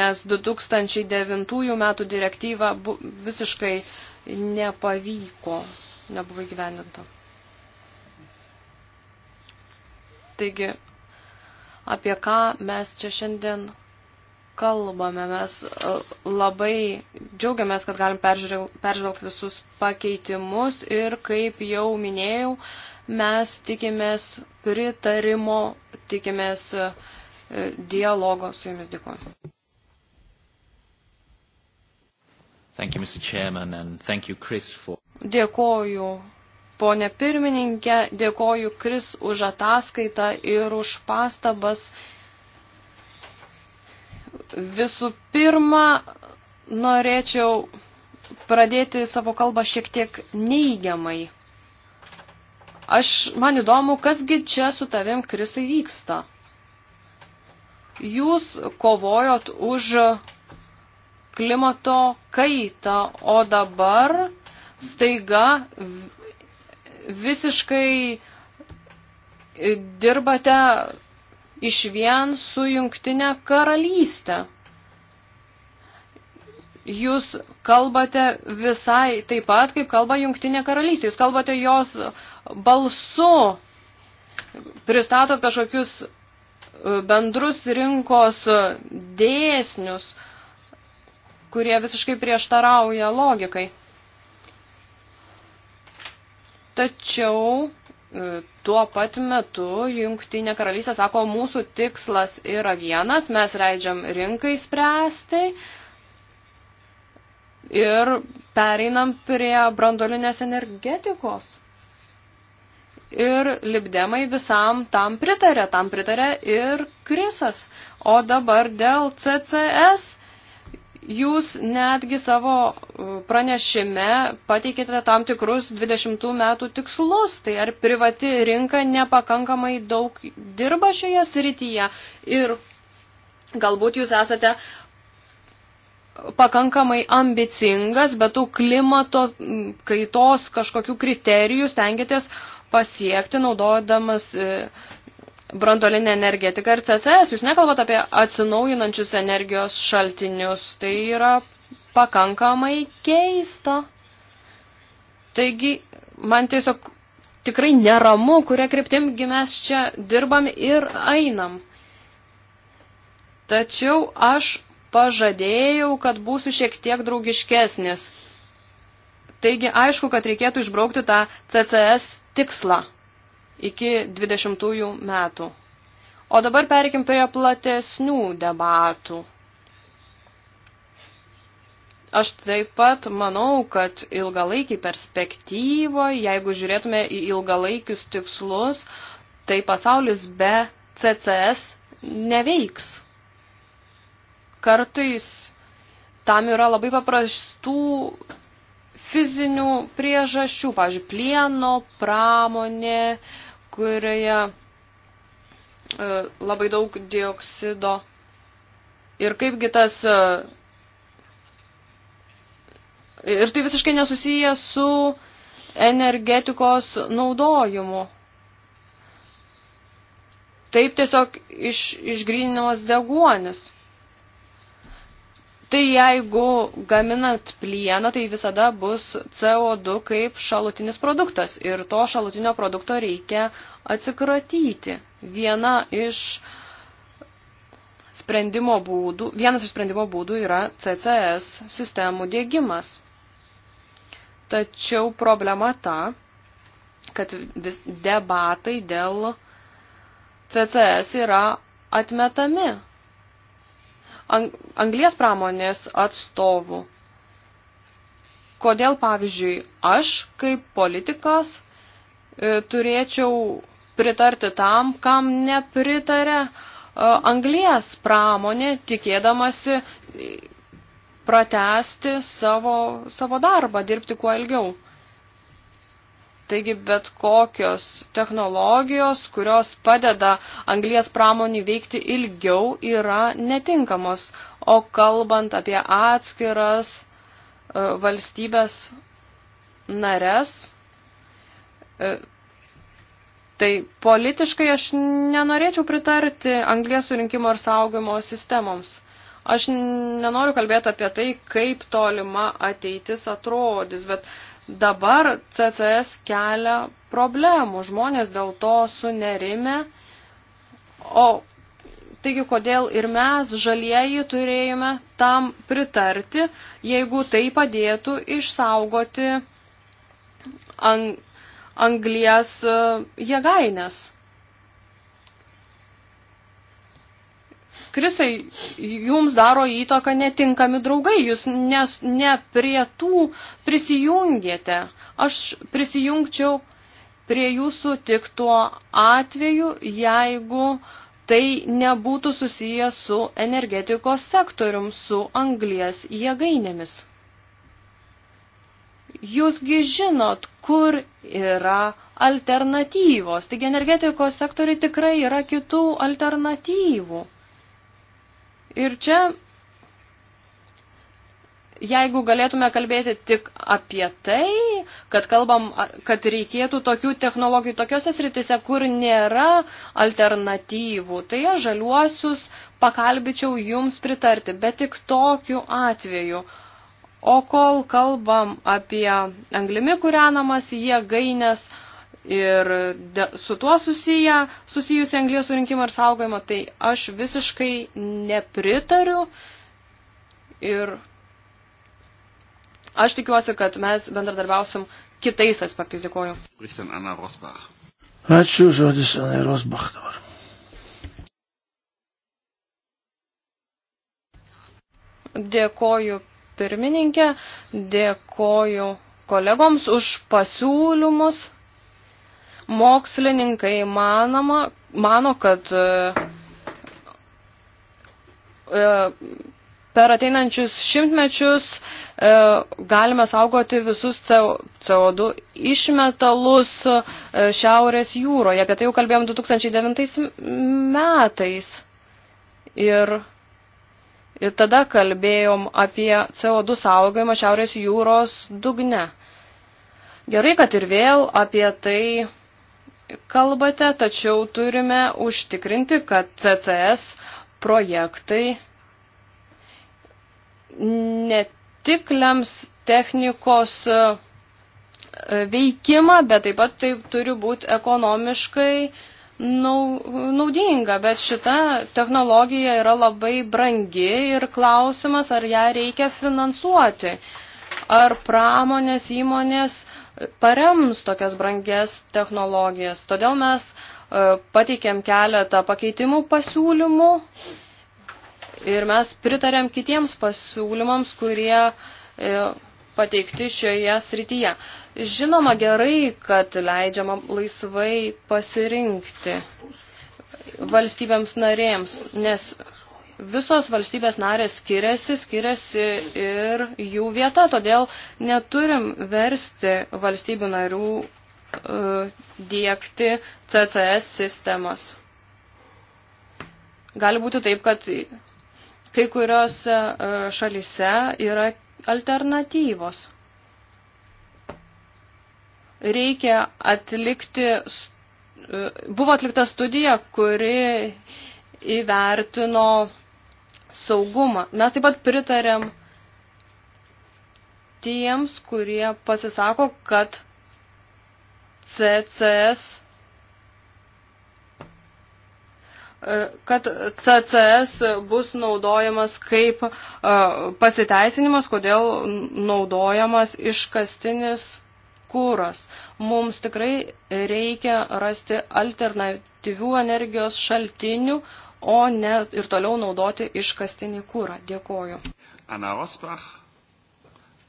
Nes 2009 metų direktyva visiškai uh, nepavyko, nebuvo įgyvendinta. Taigi, apie ką mes čia šiandien kalbame. Mes e, labai džiaugiamės, kad galim peržvelgti visus pakeitimus ir, kaip jau minėjau, mes tikimės pritarimo, tikimės e, dialogo su jumis. Dėkuoju. Thank you, Mr. Chairman, and thank you, Chris, for... Dėkoju, ponė pirmininkė, dėkoju, Kris, už ataskaitą ir už pastabas. Visų pirma, norėčiau pradėti savo kalbą šiek tiek neigiamai. Aš, man įdomu, kasgi čia su tavim, Krisai, vyksta. Jūs kovojot už klimato kaitą, o dabar staiga visiškai dirbate iš vien su jungtinė karalystė. Jūs kalbate visai taip pat, kaip kalba jungtinė karalystė. Jūs kalbate jos balsu, pristatot kažkokius bendrus rinkos dėsnius, kurie visiškai prieštarauja logikai. Tačiau e, tuo pat metu jungtinė karalystė sako, mūsų tikslas yra vienas, mes leidžiam rinkai spręsti ir pereinam prie brandolinės energetikos. Ir libdemai visam tam pritarė, tam pritarė ir Krisas. O dabar dėl CCS Jūs netgi savo e, pranešime pateikėte tam tikrus 20 metų tikslus, tai ar privati rinka nepakankamai daug dirba šioje srityje ir galbūt jūs esate pakankamai ambicingas, bet tų klimato kaitos kažkokių kriterijų stengiatės pasiekti, naudodamas e, brandolinė energetika ir CCS. Jūs nekalbat apie atsinaujinančius energijos šaltinius. Tai yra pakankamai keista. Taigi, man tiesiog tikrai neramu, kuria kryptimgi mes čia dirbam ir einam. Tačiau aš pažadėjau, kad būsiu šiek tiek draugiškesnis. Taigi, aišku, kad reikėtų išbraukti tą CCS tikslą iki 20 metų. O dabar perikim prie platesnių debatų. Aš taip pat manau, kad ilgalaikį perspektyvoje, jeigu žiūrėtume į ilgalaikius tikslus, tai pasaulis be CCS neveiks. Kartais tam yra labai paprastų fizinių priežasčių, pavyzdžiui, plieno pramonė, uh, kurioje e, labai daug dioksido. Ir kaipgi tas. E, ir tai visiškai nesusiję su energetikos naudojimu. Taip tiesiog iš, išgryninamas deguonis. Tai jeigu gaminant plieną, tai visada bus CO2 kaip šalutinis produktas ir to šalutinio produkto reikia atsikratyti. Viena iš sprendimo būdų, vienas iš sprendimo būdų yra CCS sistemų dėgymas. Tačiau problema ta, kad vis debatai dėl CCS yra atmetami anglies pramonės atstovų. Kodėl, pavyzdžiui, aš kaip politikas e, turėčiau pritarti tam, kam nepritarė e, anglies pramonė, tikėdamasi e, pratesti savo, savo darbą, dirbti kuo ilgiau. Taigi bet kokios technologijos, kurios padeda anglijas pramonį veikti ilgiau, yra netinkamos. O kalbant apie atskiras e, valstybės nares, e, tai politiškai aš nenorėčiau pritarti anglės surinkimo ir saugimo sistemoms. Aš nenoriu kalbėti apie tai, kaip tolima ateitis atrodys, bet Dabar CCS kelia problemų, žmonės dėl to sunerime, o taigi kodėl ir mes žalieji turėjome tam pritarti, jeigu tai padėtų išsaugoti ang anglies e, jėgainės. Krisai, jums daro įtaką netinkami draugai, jūs nes, ne prie tų prisijungėte. Aš prisijungčiau prie jūsų tik tuo atveju, jeigu tai nebūtų susiję su energetikos sektorium, su anglies jėgainėmis. Jūsgi žinot, kur yra alternatyvos. Taigi energetikos sektoriai tikrai yra kitų alternatyvų. Ir čia, jeigu galėtume kalbėti tik apie tai, kad kalbam, kad reikėtų tokių technologijų tokiose sritise, kur nėra alternatyvų, tai aš žaliuosius pakalbičiau jums pritarti, bet tik tokiu atveju. O kol kalbam apie anglimi kūrenamas jėgainės, gainės, ir de, su tuo susiję, susijusi anglės surinkimą ir saugojimą, tai aš visiškai nepritariu ir aš tikiuosi, kad mes bendradarbiausim kitais aspektais. Dėkuoju. Ačiū, žodis Anai Rosbach dabar. Dėkoju pirmininkė, dėkoju kolegoms už pasiūlymus. Mokslininkai manoma, mano, kad e, e, per ateinančius šimtmečius e, galime saugoti visus CO2 išmetalus Šiaurės jūroje. Apie tai jau kalbėjom 2009 metais. Ir Ir tada kalbėjom apie CO2 saugojimą Šiaurės jūros dugne. Gerai, kad ir vėl apie tai kalbate, tačiau turime užtikrinti, kad CCS projektai ne tik lems technikos e, veikimą, bet taip pat tai turi būti ekonomiškai naudinga, bet šita technologija yra labai brangi ir klausimas, ar ją reikia finansuoti. Ar pramonės įmonės parems tokias brangias technologijas. Todėl mes e, pateikėm keletą pakeitimų pasiūlymų ir mes pritarėm kitiems pasiūlymams, kurie e, pateikti šioje srityje. Žinoma gerai, kad leidžiama laisvai pasirinkti valstybėms narėms, nes visos valstybės narės skiriasi, skiriasi ir jų vieta, todėl neturim versti valstybių narių e, dėkti CCS sistemas. Gali būti taip, kad kai kuriuose e, šalyse yra alternatyvos. Reikia atlikti, e, buvo atlikta studija, kuri įvertino saugumą. Mes taip pat pritarėm tiems, kurie pasisako, kad CCS e, kad CCS bus naudojamas kaip e, pasiteisinimas, kodėl naudojamas iškastinis kūras. Mums tikrai reikia rasti alternatyvių energijos šaltinių, o ne ir toliau naudoti iškastinį kūrą. Dėkoju. Anna Rosbach.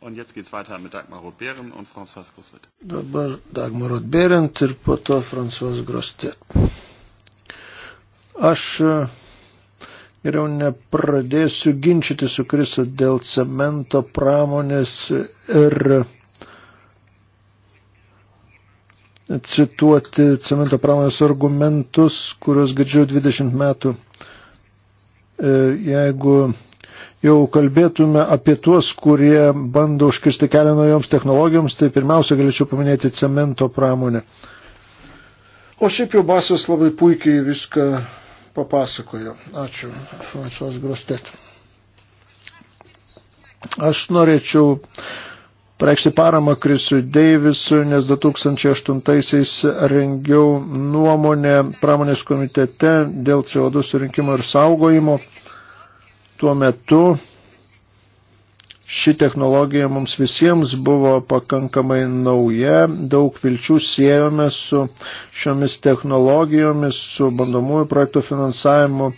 Und jetzt geht's weiter mit Dagmar Rotbeeren und François Grosset. Dabar Dagmar Rotbeeren ir po to François Grosset. Aš e, geriau nepradėsiu ginčyti su Kristu dėl cemento pramonės ir cituoti cemento pramonės argumentus, kuriuos girdžiu 20 metų. E, jeigu jau kalbėtume apie tuos, kurie bando užkirsti kelią naujoms technologijoms, tai pirmiausia galėčiau paminėti cemento pramonę. O šiaip jau Basas labai puikiai viską papasakojo. Ačiū, Fransuos Grostet. Aš norėčiau pareikšti paramą Krisui Deivisui, nes 2008-aisiais rengiau nuomonę pramonės komitete dėl CO2 surinkimo ir saugojimo. Tuo metu ši technologija mums visiems buvo pakankamai nauja, daug vilčių siejome su šiomis technologijomis, su bandomųjų projektų finansavimu.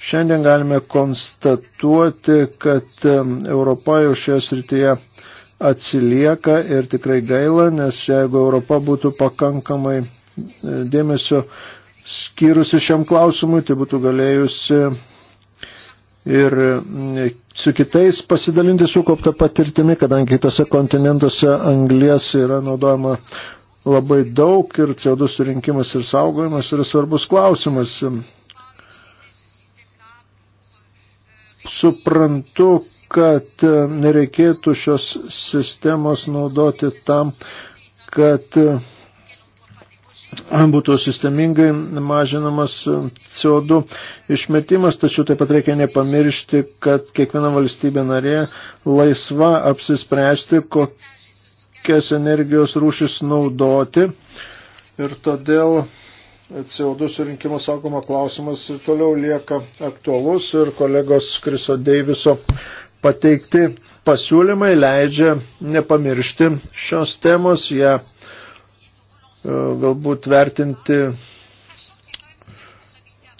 Šiandien galime konstatuoti, kad um, Europa jau šioje srityje atsilieka ir tikrai gaila, nes jeigu Europa būtų pakankamai e, dėmesio skyrusi šiam klausimui, tai būtų galėjusi ir e, su kitais pasidalinti sukauptą patirtimi, kadangi kitose kontinentuose anglies yra naudojama labai daug ir CO2 surinkimas ir saugojimas yra svarbus klausimas. Suprantu, kad e, nereikėtų šios sistemos naudoti tam, kad e, būtų sistemingai mažinamas e, CO2 išmetimas, tačiau taip pat reikia nepamiršti, kad kiekviena valstybė narė laisva apsispręsti, kokias energijos rūšis naudoti. Ir todėl CO2 surinkimo saugumo klausimas ir toliau lieka aktualus ir kolegos Kriso Deiviso pateikti pasiūlymai leidžia nepamiršti šios temos, ją e, galbūt vertinti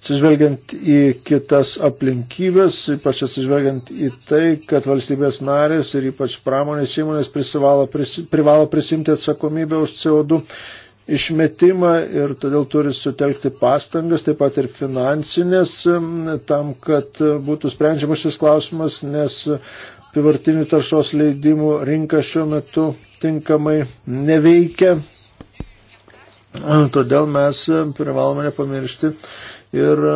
atsižvelgiant į kitas aplinkybės, ypač atsižvelgiant į tai, kad valstybės narės ir ypač pramonės įmonės prisivalo, prisi, privalo prisimti atsakomybę už CO2 išmetimą ir todėl turi sutelkti pastangas, taip pat ir finansinės, tam, kad būtų sprendžiamas šis klausimas, nes pivartinių taršos leidimų rinka šiuo metu tinkamai neveikia. Todėl mes privalome nepamiršti ir e,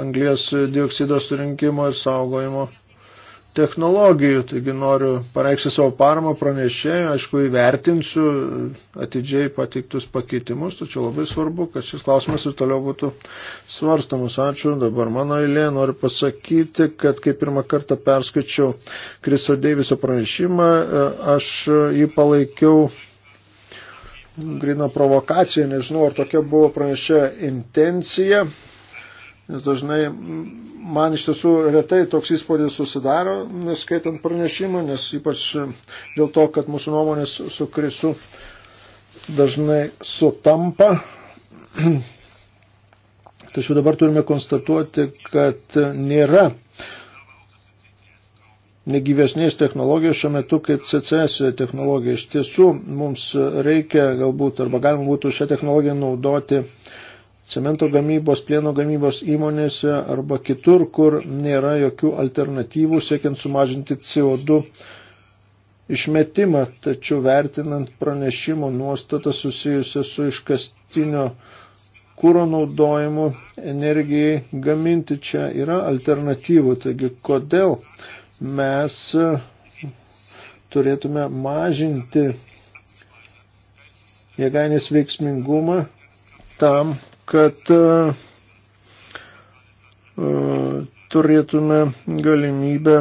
anglės dioksido surinkimo ir saugojimo technologijų. Taigi noriu pareikšti savo paramą pranešėjų, aišku, įvertinsiu atidžiai patiktus pakeitimus, tačiau labai svarbu, kad šis klausimas ir toliau būtų svarstamas. Ačiū. Dabar mano eilė. Noriu pasakyti, kad kai pirmą kartą perskaičiau Kriso Deiviso pranešimą, aš jį palaikiau grina provokacija, nežinau, ar tokia buvo pranešė intencija nes dažnai man iš tiesų retai toks įspūdis susidaro, skaitant pranešimą, nes ypač dėl to, kad mūsų nuomonės su krisu dažnai sutampa. [clears throat] Tačiau dabar turime konstatuoti, kad nėra negyvesnės technologijos šiuo metu kaip CCS technologija. Iš tiesų mums reikia galbūt arba galima būtų šią technologiją naudoti cemento gamybos, plieno gamybos įmonėse arba kitur, kur nėra jokių alternatyvų siekiant sumažinti CO2 išmetimą, tačiau vertinant pranešimo nuostatą susijusią su iškastinio kūro naudojimu energijai gaminti čia yra alternatyvų. Taigi, kodėl mes turėtume mažinti jėgainės veiksmingumą tam, kad e, e, turėtume galimybę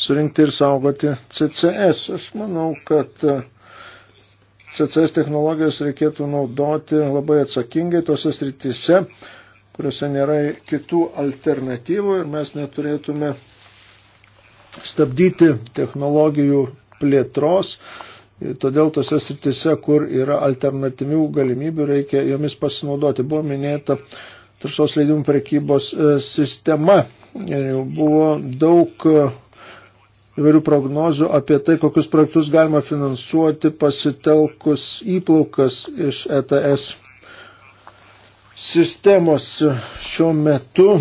surinkti ir saugoti CCS. Aš manau, kad e, CCS technologijos reikėtų naudoti labai atsakingai tose srityse, kuriuose nėra kitų alternatyvų ir mes neturėtume stabdyti technologijų plėtros, Todėl tose sritise, kur yra alternatyvių galimybių, reikia jomis pasinaudoti. Buvo minėta taršos leidimų prekybos e, sistema. Buvo daug e, įvairių prognozių apie tai, kokius projektus galima finansuoti pasitelkus įplaukas iš ETS sistemos šiuo metu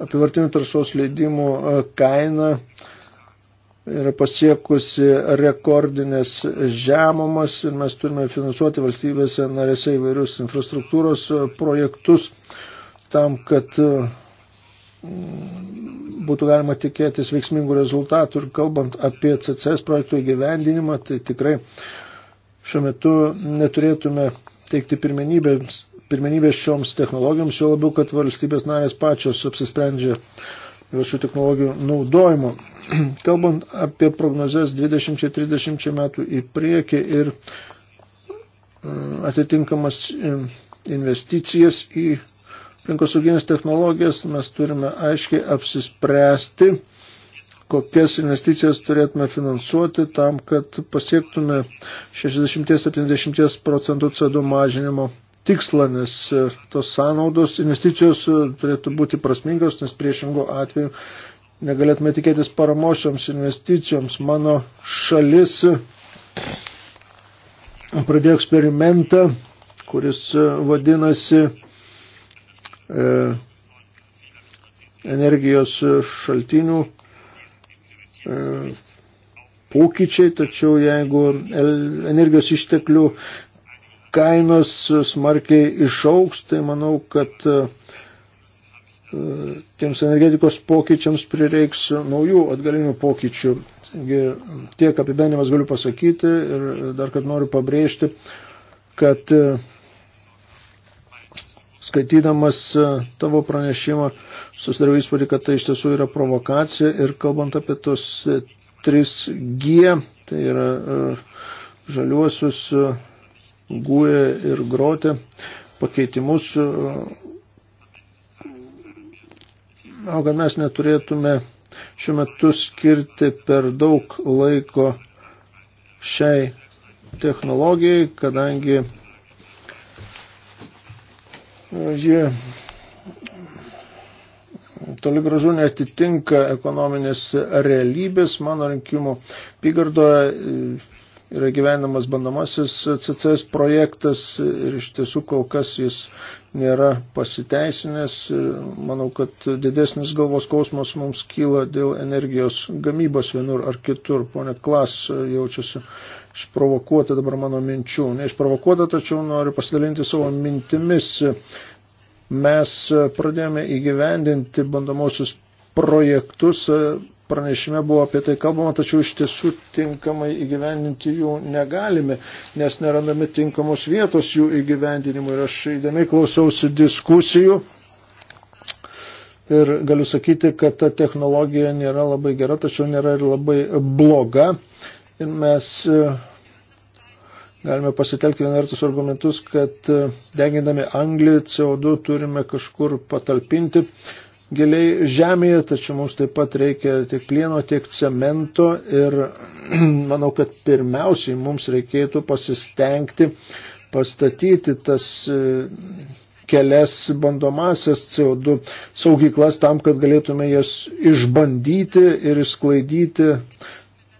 apivartinių taršos leidimų e, kaina yra pasiekusi rekordinės žemumas ir mes turime finansuoti valstybėse narėse įvairius infrastruktūros e, projektus tam, kad e, būtų galima tikėtis veiksmingų rezultatų ir kalbant apie CCS projektų įgyvendinimą, tai tikrai šiuo metu neturėtume teikti pirmenybės, pirmenybės šioms technologijoms, jo labiau, kad valstybės narės pačios apsisprendžia ir šių technologijų naudojimo. [clears throat] Kalbant apie prognozes 20-30 metų į priekį ir mm, atitinkamas mm, investicijas į aplinkosauginės technologijas, mes turime aiškiai apsispręsti, kokias investicijas turėtume finansuoti tam, kad pasiektume 60-70 procentų CO2 mažinimo tikslą, nes e, tos sąnaudos investicijos e, turėtų būti prasmingos, nes priešingų atveju negalėtume tikėtis paramošioms investicijoms. Mano šalis e, pradėjo eksperimentą, kuris vadinasi e, energijos šaltinių e, pokyčiai, tačiau jeigu energijos išteklių kainos smarkiai išauks, tai manau, kad e, tiems energetikos pokyčiams prireiks naujų atgalinių pokyčių. Taigi, tiek apibendrimas galiu pasakyti ir dar kad noriu pabrėžti, kad e, skaitydamas e, tavo pranešimą susidariau įspūdį, kad tai iš tiesų yra provokacija ir kalbant apie tos 3G, tai yra žaliuosius Gūė ir Grotė pakeitimus. E, o kad mes neturėtume šiuo metu skirti per daug laiko šiai technologijai, kadangi e, ji toli gražu netitinka ekonominės realybės. Mano rinkimų pigardoje yra gyvenamas bandomasis CCS projektas ir iš tiesų kol kas jis nėra pasiteisinęs. Manau, kad didesnis galvos kausmas mums kyla dėl energijos gamybos vienur ar kitur. Pone Klas jaučiasi išprovokuota dabar mano minčių. Neišprovokuota, tačiau noriu pasidalinti savo mintimis. Mes pradėjome įgyvendinti bandomosius projektus pranešime buvo apie tai kalbama, tačiau iš tiesų tinkamai įgyvendinti jų negalime, nes nerandame tinkamos vietos jų įgyvendinimui. Ir aš įdėmiai klausiausi diskusijų ir galiu sakyti, kad ta technologija nėra labai gera, tačiau nėra ir labai bloga. Ir mes e, galime pasitelkti vieną vertus argumentus, kad e, degindami anglį CO2 turime kažkur patalpinti giliai žemėje, tačiau mums taip pat reikia tiek plieno, tiek cemento ir [clears throat] manau, kad pirmiausiai mums reikėtų pasistengti pastatyti tas e, kelias bandomasias CO2 saugyklas tam, kad galėtume jas išbandyti ir išsklaidyti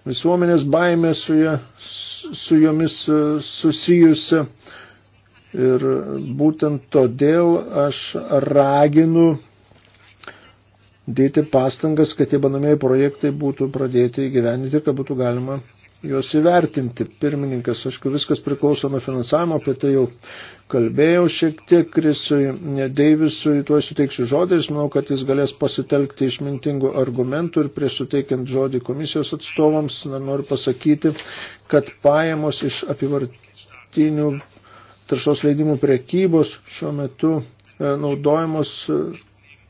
visuomenės baimę su, ja, su jomis e, susijusią. Ir būtent todėl aš raginu dėti pastangas, kad tie bandomieji projektai būtų pradėti įgyvendinti ir kad būtų galima juos įvertinti. Pirmininkas, aišku, viskas priklauso nuo finansavimo, apie tai jau kalbėjau šiek tiek Krisui Deivisui, tuo suteiksiu žodį, jis manau, kad jis galės pasitelkti išmintingų argumentų ir prieš suteikiant žodį komisijos atstovams, dar noriu pasakyti, kad pajamos iš apivartinių taršos leidimų prekybos šiuo metu e, naudojamos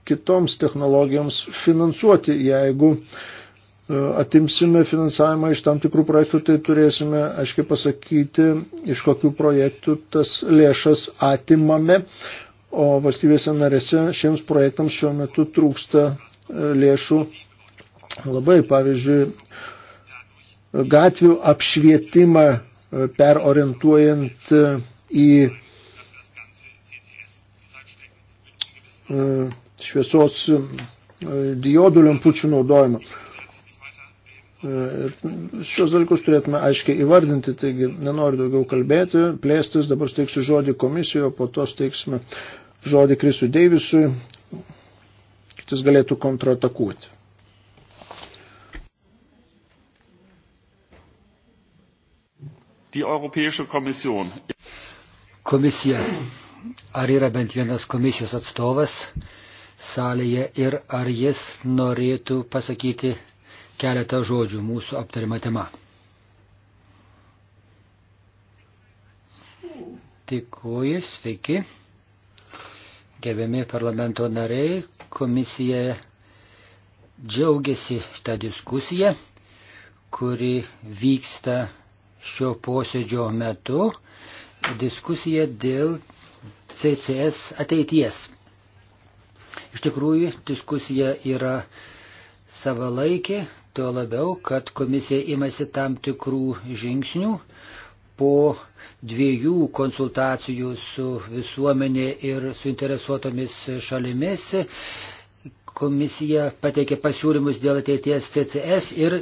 kitoms technologijoms finansuoti. Jeigu e, atimsime finansavimą iš tam tikrų projektų, tai turėsime aiškiai pasakyti, iš kokių projektų tas lėšas atimame, o valstybėse narėse šiems projektams šiuo metu trūksta e, lėšų labai, pavyzdžiui, gatvių apšvietimą e, perorientuojant į šviesos e, diodų lempučių naudojimą. Ir e, šios dalykus turėtume aiškiai įvardinti, taigi nenoriu daugiau kalbėti, plėstis, dabar steiksiu žodį komisijoje, po to steiksime žodį Krisui Deivisui, kad jis galėtų kontratakuoti. Die Europäische Kommission. Komisija. Ar yra bent vienas komisijos atstovas? salėje ir ar jis norėtų pasakyti keletą žodžių mūsų aptariamą temą. Tikuoju, sveiki. Gerbiami parlamento nariai, komisija džiaugiasi šitą diskusiją, kuri vyksta šio posėdžio metu. Diskusija dėl CCS ateities Iš tikrųjų, diskusija yra savalaikė, tuo labiau, kad komisija imasi tam tikrų žingsnių po dviejų konsultacijų su visuomenė ir suinteresuotomis šalimis. Komisija pateikė pasiūlymus dėl ateities CCS ir.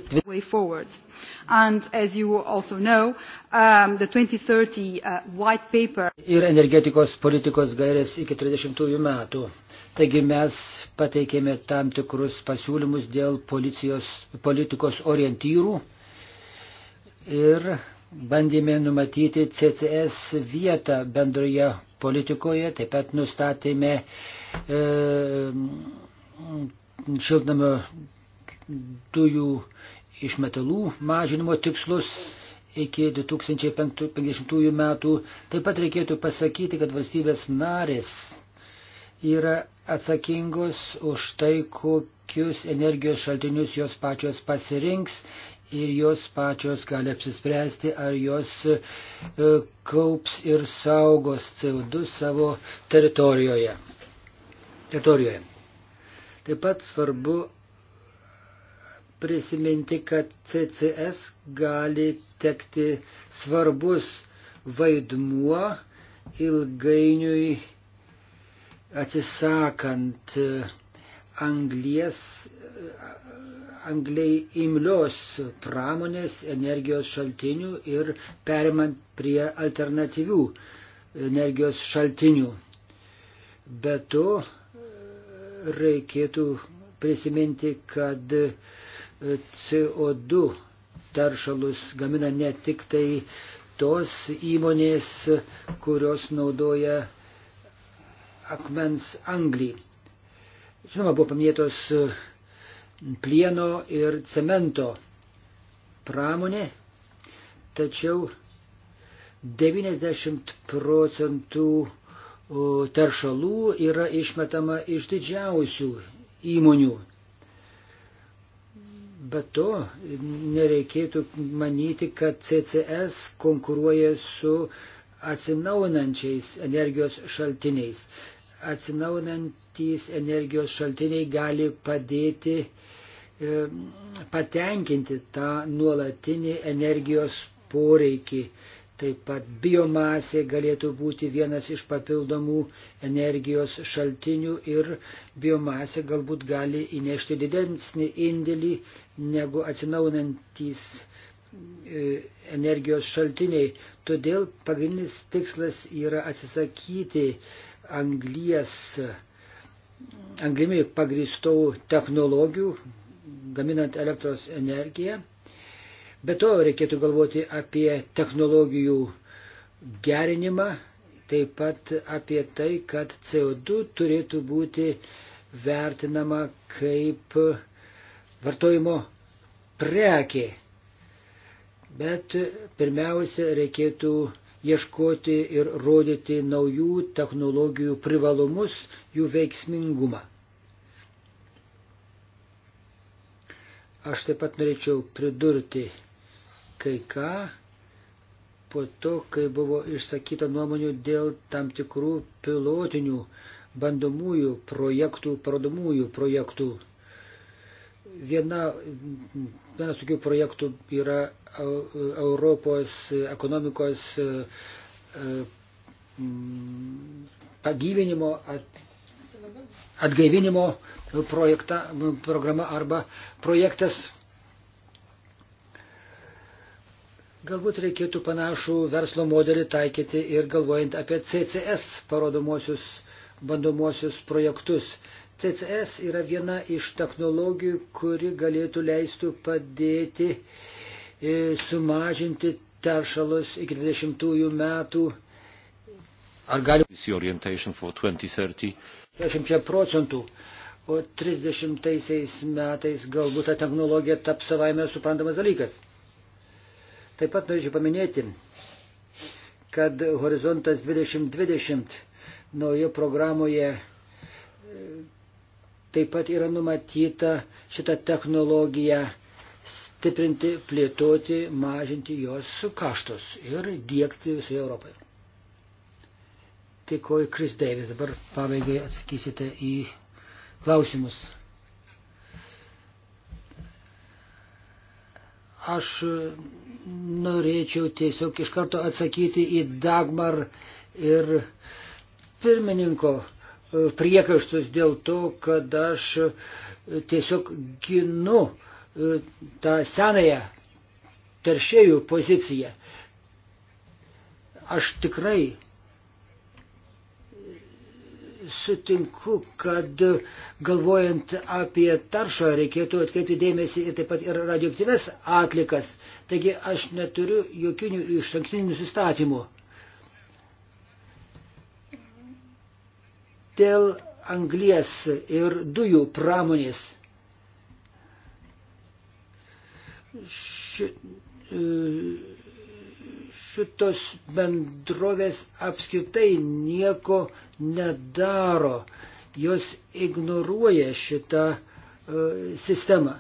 And, know, um, 2030, uh, paper... Ir energetikos politikos gairės iki 30 metų. Taigi mes pateikėme tam tikrus pasiūlymus dėl policijos, politikos orientyrų ir bandėme numatyti CCS vietą bendroje politikoje, taip pat nustatėme e, šiltnamio dujų iš metalų mažinimo tikslus iki 2050 metų. Taip pat reikėtų pasakyti, kad valstybės narės yra atsakingos už tai, kokius energijos šaltinius jos pačios pasirinks ir jos pačios gali apsispręsti, ar jos e, kaups ir saugos CO2 savo teritorijoje. teritorijoje. Taip pat svarbu prisiminti, kad CCS gali tekti svarbus vaidmuo ilgainiui atsisakant e, anglies, e, angliai imlios pramonės energijos šaltinių ir perimant prie alternatyvių energijos šaltinių. Be to e, reikėtų prisiminti, kad CO2 taršalus gamina ne tik tai tos įmonės, kurios naudoja akmens anglį. Žinoma, buvo paminėtos e, plieno ir cemento pramonė, tačiau 90 procentų teršalų yra išmetama iš didžiausių įmonių. Bet to nereikėtų manyti, kad CCS konkuruoja su atsinaujinančiais energijos šaltiniais atsinaunantys energijos šaltiniai gali padėti e, patenkinti tą nuolatinį energijos poreikį. Taip pat biomasė galėtų būti vienas iš papildomų energijos šaltinių ir biomasė galbūt gali įnešti didesnį indėlį negu atsinaunantys e, energijos šaltiniai. Todėl pagrindinis tikslas yra atsisakyti anglies, anglimi pagristų technologijų, gaminant elektros energiją. Be to reikėtų galvoti apie technologijų gerinimą, taip pat apie tai, kad CO2 turėtų būti vertinama kaip vartojimo prekė. Bet pirmiausia, reikėtų ieškoti ir rodyti naujų technologijų privalumus, jų veiksmingumą. Aš taip pat norėčiau pridurti kai ką po to, kai buvo išsakyta nuomonių dėl tam tikrų pilotinių bandomųjų projektų, parodomųjų projektų. Viena, vienas tokių projektų yra Europos ekonomikos e, e, pagyvinimo, atgaivinimo projekta, programa arba projektas. Galbūt reikėtų panašų verslo modelį taikyti ir galvojant apie CCS parodomuosius bandomuosius projektus. CCS yra viena iš technologijų, kuri galėtų leistų padėti e, sumažinti teršalus iki 20 metų. Ar gali būti 30 procentų, o 30 metais galbūt ta technologija taps savaime suprantamas dalykas. Taip pat norėčiau paminėti, kad Horizontas 2020 naujo programoje e, Taip pat yra numatyta šitą technologiją stiprinti, plėtoti, mažinti jos kaštus ir dėkti visoje Europoje. Tikoju, Kris Deivis, dabar pabaigai atsakysite į klausimus. Aš norėčiau tiesiog iš karto atsakyti į Dagmar ir pirmininko priekaištus dėl to, kad aš tiesiog ginu e, tą senąją teršėjų poziciją. Aš tikrai sutinku, kad galvojant apie taršą reikėtų atkreipti dėmesį ir taip pat ir radioaktyves atlikas. Taigi aš neturiu jokių iš ankstinių nusistatymų. dėl anglies ir dujų pramonės. Ši, e, šitos bendrovės apskritai nieko nedaro, jos ignoruoja šitą e, sistemą.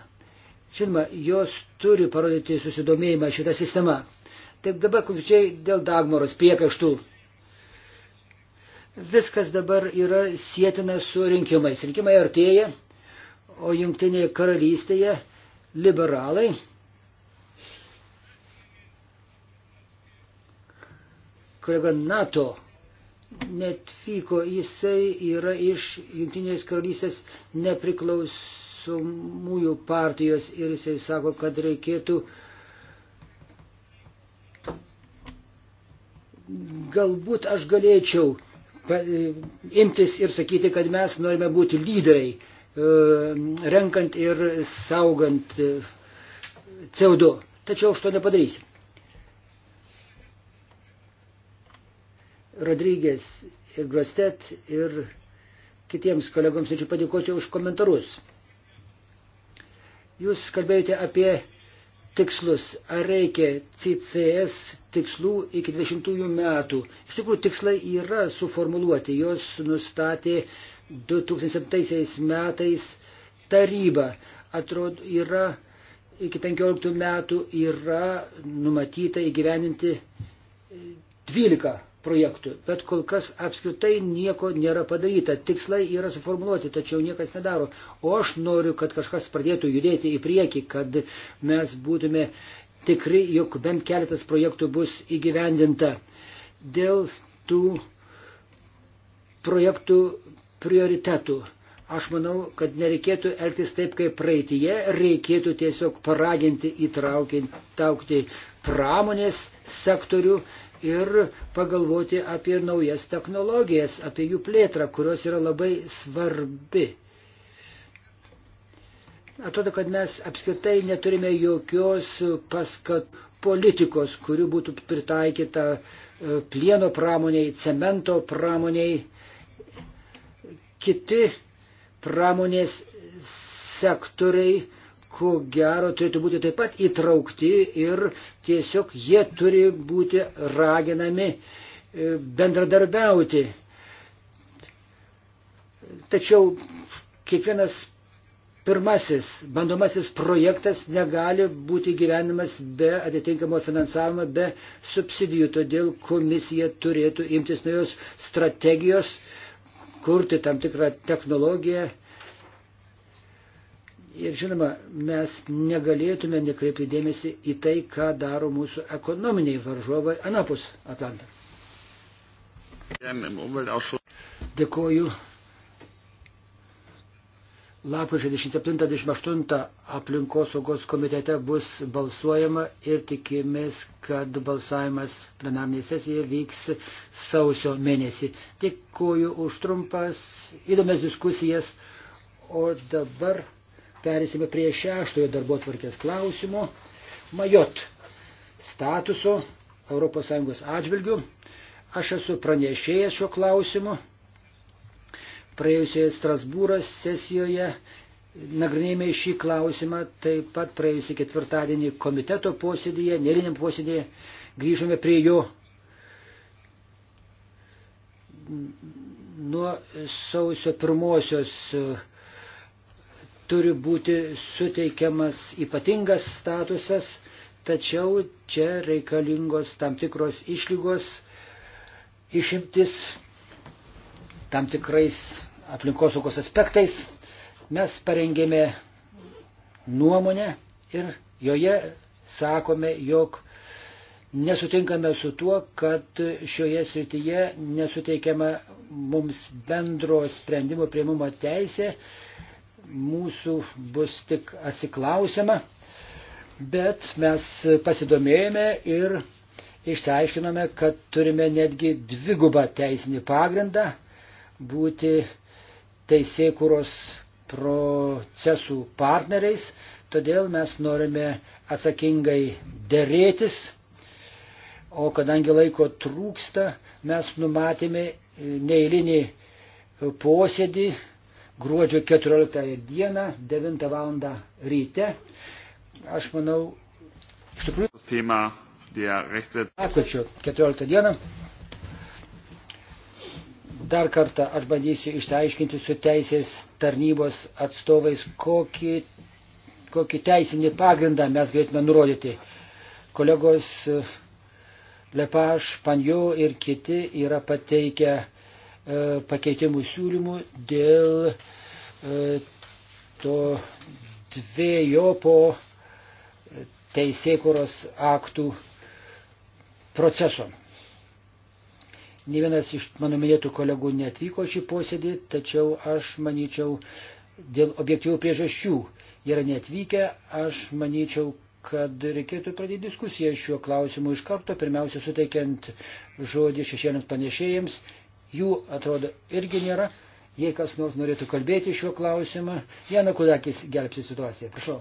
Žinoma, jos turi parodyti susidomėjimą šitą sistemą. Taip dabar konkrečiai dėl Dagmaros priekaištų Viskas dabar yra sėtina su rinkimais. Rinkimai artėja, o jungtinėje karalystėje liberalai kolega NATO netvyko, jisai yra iš Junktinės karalystės nepriklausomųjų partijos ir jisai sako, kad reikėtų galbūt aš galėčiau E, imtis ir sakyti, kad mes norime būti lyderiai, e, renkant ir saugant e, CO2. Tačiau aš to nepadarysiu. Rodrygės ir Grostet ir kitiems kolegoms norėčiau padėkoti už komentarus. Jūs kalbėjote apie tikslus, ar reikia CCS tikslų iki 20 metų. Iš tikrųjų, tikslai yra suformuluoti, jos nustatė 2007 metais taryba. Atrodo, yra iki 15 metų yra numatyta įgyveninti 12 projektų. Bet kol kas apskritai nieko nėra padaryta. Tikslai yra suformuoluoti, tačiau niekas nedaro. O aš noriu, kad kažkas pradėtų judėti į priekį, kad mes būtume tikri, jog bent keletas projektų bus įgyvendinta. Dėl tų projektų prioritetų. Aš manau, kad nereikėtų elgtis taip, kaip praeitie, reikėtų tiesiog paraginti įtraukinti pramonės sektorių ir pagalvoti apie naujas technologijas, apie jų plėtrą, kurios yra labai svarbi. Atrodo, kad mes apskritai neturime jokios paskat politikos, kuri būtų pritaikyta e, plieno pramoniai, cemento pramoniai, kiti pramonės sektoriai ko gero turėtų būti taip pat įtraukti ir tiesiog jie turi būti raginami e, bendradarbiauti. Tačiau kiekvienas pirmasis bandomasis projektas negali būti gyvenimas be atitinkamo finansavimo, be subsidijų. Todėl komisija turėtų imtis naujos strategijos, kurti tam tikrą technologiją, Ir žinoma, mes negalėtume nekreipti dėmesį į tai, ką daro mūsų ekonominiai varžovai Anapus Atlantą. Dėkoju. Lapkričio 27-28 aplinkosaugos komitete bus balsuojama ir tikimės, kad balsavimas plenarnėje sesijoje vyks sausio mėnesį. Dėkoju už trumpas įdomias diskusijas. O dabar. Perėsime prie šeštojo darbo tvarkės klausimo. Majot statuso ES atžvilgių. Aš esu pranešėjęs šio klausimu. Praėjusioje Strasbūros sesijoje nagrinėjome šį klausimą, taip pat praėjusią ketvirtadienį komiteto posėdėje, neriniam posėdėje, grįžome prie jo. Nuo sausio pirmosios uh, turi būti suteikiamas ypatingas statusas, tačiau čia reikalingos tam tikros išlygos, išimtis tam tikrais aplinkosaugos aspektais. Mes parengėme nuomonę ir joje sakome, jog nesutinkame su tuo, kad šioje srityje nesuteikiama mums bendro sprendimo prieimimo teisė, mūsų bus tik atsiklausiama, bet mes pasidomėjome ir išsiaiškinome, kad turime netgi dvigubą teisinį pagrindą būti teisėkuros procesų partneriais, todėl mes norime atsakingai dėrėtis O kadangi laiko trūksta, mes numatėme neįlinį posėdį gruodžio 14 dieną, 9 val. ryte. Aš manau, iš tikrųjų, atkričio 14 dieną. Dar kartą aš bandysiu išsiaiškinti su teisės tarnybos atstovais, kokį, kokį teisinį pagrindą mes galėtume nurodyti. Kolegos Lepaš, Panjų ir kiti yra pateikę E, pakeitimų siūlymų dėl e, to dviejopo teisėkuros aktų proceso. Ne vienas iš mano minėtų kolegų netvyko šį posėdį, tačiau aš manyčiau, dėl objektyvių priežasčių yra netvykę, aš manyčiau, kad reikėtų pradėti diskusiją šiuo klausimu iš karto, pirmiausia, suteikiant žodį šešėliams panešėjams Jų, atrodo, irgi nėra. Jei kas nors norėtų kalbėti šiuo klausimu, Jana Kulakis gelbsi situaciją. Prašau.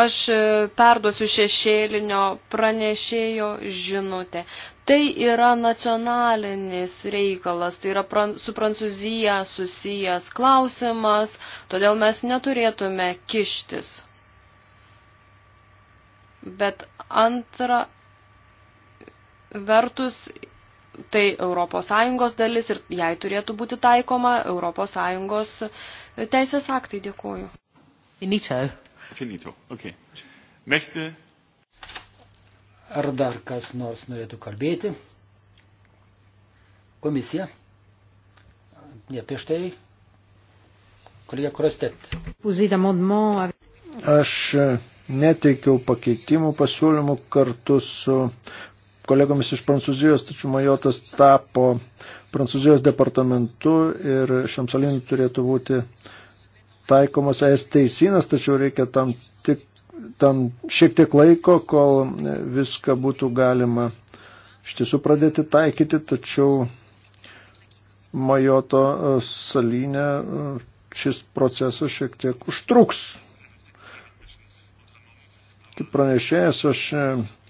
Aš e, perduosiu šešėlinio pranešėjo žinutę. Tai yra nacionalinis reikalas, tai yra pran su Prancūzija susijęs klausimas, todėl mes neturėtume kištis. Bet antra vertus tai ES dalis ir jai turėtų būti taikoma ES teisės aktai. Dėkuoju. Finito. Finito, ok. Mechte. Ar dar kas nors norėtų kalbėti? Komisija? Ne prieš tai. Kolega Krostet. Aš e, neteikiau pakeitimų pasiūlymų kartu su kolegomis iš Prancūzijos, tačiau Majotas tapo Prancūzijos departamentu ir šiam salinui turėtų būti taikomas es teisinas, tačiau reikia tam, tik, tam šiek tiek laiko, kol viską būtų galima iš tiesų pradėti taikyti, tačiau Majoto e, salinė e, šis procesas šiek tiek užtruks. Kaip pranešėjas aš e,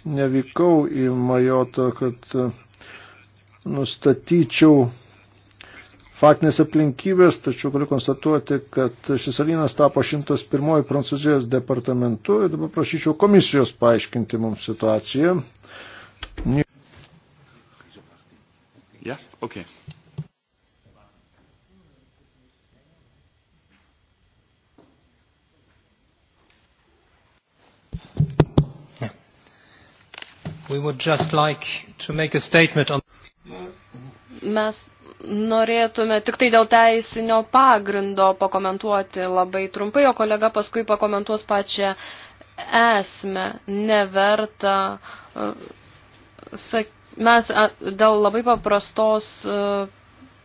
nevykau į Majotą, kad e, nustatyčiau faktinės aplinkybės, tačiau galiu konstatuoti, kad šis salynas tapo 101 Prancūzijos departamentu ir dabar prašyčiau komisijos paaiškinti mums situaciją. Ja, okay. Like on... Mes norėtume tik tai dėl teisinio pagrindo pakomentuoti labai trumpai, o kolega paskui pakomentuos pačią esmę. Neverta e, sakyti mes dėl labai paprastos e,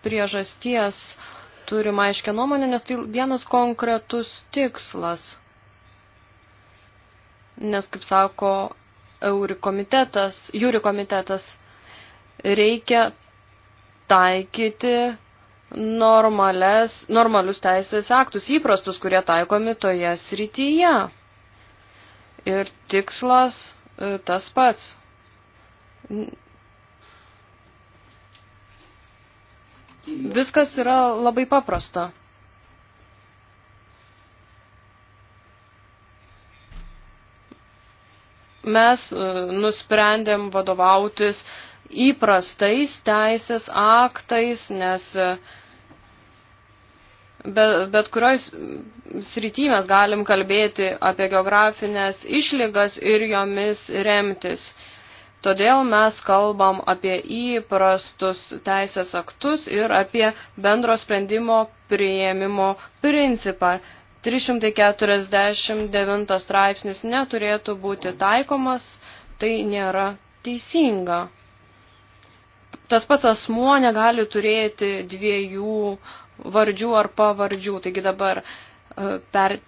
priežasties turim aiškę nuomonę, nes tai vienas konkretus tikslas. Nes, kaip sako Euri komitetas, Jūri komitetas, reikia taikyti normales, normalius teisės aktus, įprastus, kurie taikomi toje srityje. Ir tikslas e, tas pats. Viskas yra labai paprasta. mes e, nusprendėm vadovautis įprastais teisės aktais, nes e, bet, bet kurioj srity mes galim kalbėti apie geografinės išlygas ir jomis remtis. Todėl mes kalbam apie įprastus teisės aktus ir apie bendro sprendimo prieimimo principą. 349 straipsnis neturėtų būti taikomas, tai nėra teisinga. Tas pats asmuo negali turėti dviejų vardžių ar pavardžių. Taigi dabar e, per, e,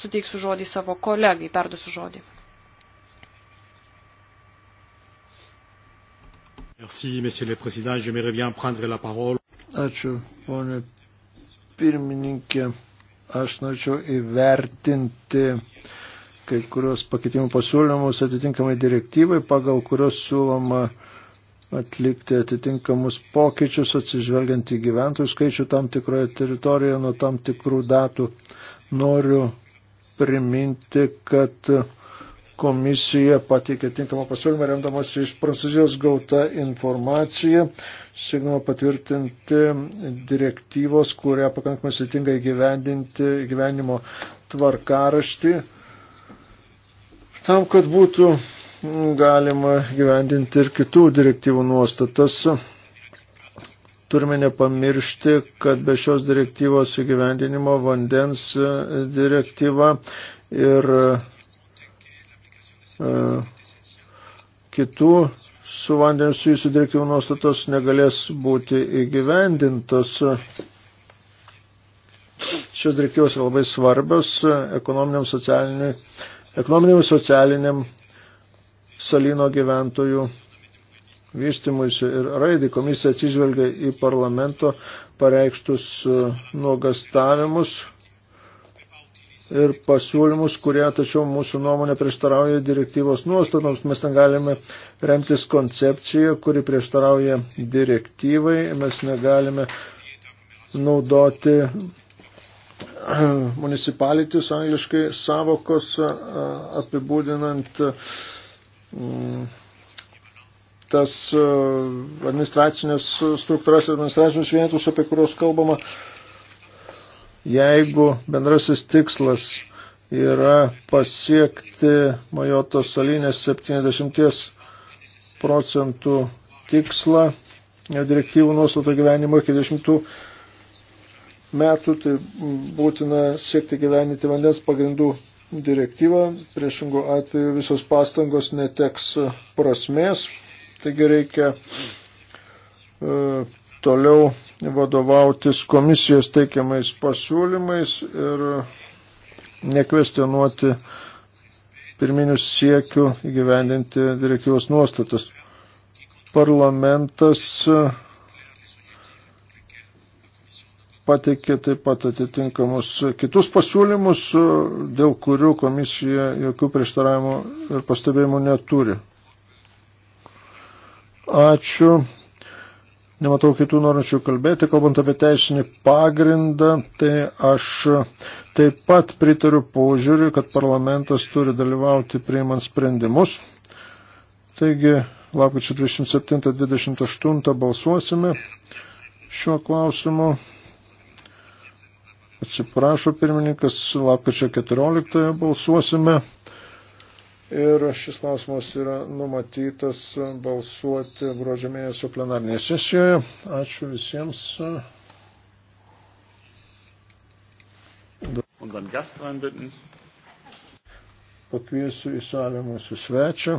suteiksiu žodį savo kolegai, perdusiu žodį. Merci, Monsieur le Président. J'aimerais bien prendre la parole. Ačiū, ponė pirmininkė. Aš norėčiau įvertinti kai kurios pakeitimų pasiūlymus atitinkamai direktyvai, pagal kurios siūloma atlikti atitinkamus pokyčius, atsižvelgiant į gyventojų skaičių tam tikroje teritorijoje nuo tam tikrų datų. Noriu priminti, kad komisija pateikė tinkamą pasiūlymą remdamas iš Prancūzijos gauta informacija, signalą patvirtinti direktyvos, kurią pakankamai sėtingai gyvendinti gyvenimo tvarkaraštį, tam, kad būtų galima gyvendinti ir kitų direktyvų nuostatas. Turime nepamiršti, kad be šios direktyvos įgyvendinimo vandens direktyva ir E, kitų su vandeniu susijusių direktyvų nuostatos negalės būti įgyvendintos. Šios direktyvos yra labai svarbios ekonominiam socialiniam, ekonominiam socialiniam salino gyventojų vystimuisi ir raidai. Komisija atsižvelgia į parlamento pareikštus nuogastavimus ir pasiūlymus, kurie tačiau mūsų nuomonė prieštarauja direktyvos nuostatoms. Mes ten galime remtis koncepciją, kuri prieštarauja direktyvai. Mes negalime naudoti [clears throat] municipalitis angliškai savokos apibūdinant tas administracinės struktūras, administracinius vienetus, apie kuriuos kalbama Jeigu bendrasis tikslas yra pasiekti Majotos salinės 70 procentų tikslą e, direktyvų nuostato gyvenimo iki 20 metų, tai būtina siekti gyveninti vandens pagrindų direktyvą, priešingų atveju visos pastangos neteks prasmės, taigi reikia e, toliau vadovautis komisijos teikiamais pasiūlymais ir nekvestionuoti pirminius siekių įgyvendinti direktyvos nuostatas. Parlamentas pateikė taip pat atitinkamus kitus pasiūlymus, dėl kurių komisija jokių prieštaravimų ir pastebėjimų neturi. Ačiū nematau kitų norinčių kalbėti. Kalbant apie teisinį pagrindą, tai aš taip pat pritariu požiūriu, kad parlamentas turi dalyvauti priimant sprendimus. Taigi, lapkričio 27-28 balsuosime šiuo klausimu. Atsiprašo pirmininkas, lapkričio 14 balsuosime ir šis klausimas yra numatytas balsuoti gruodžio mėnesio plenarnėje sesijoje. Ačiū visiems. Pakviesiu į salę mūsų svečią.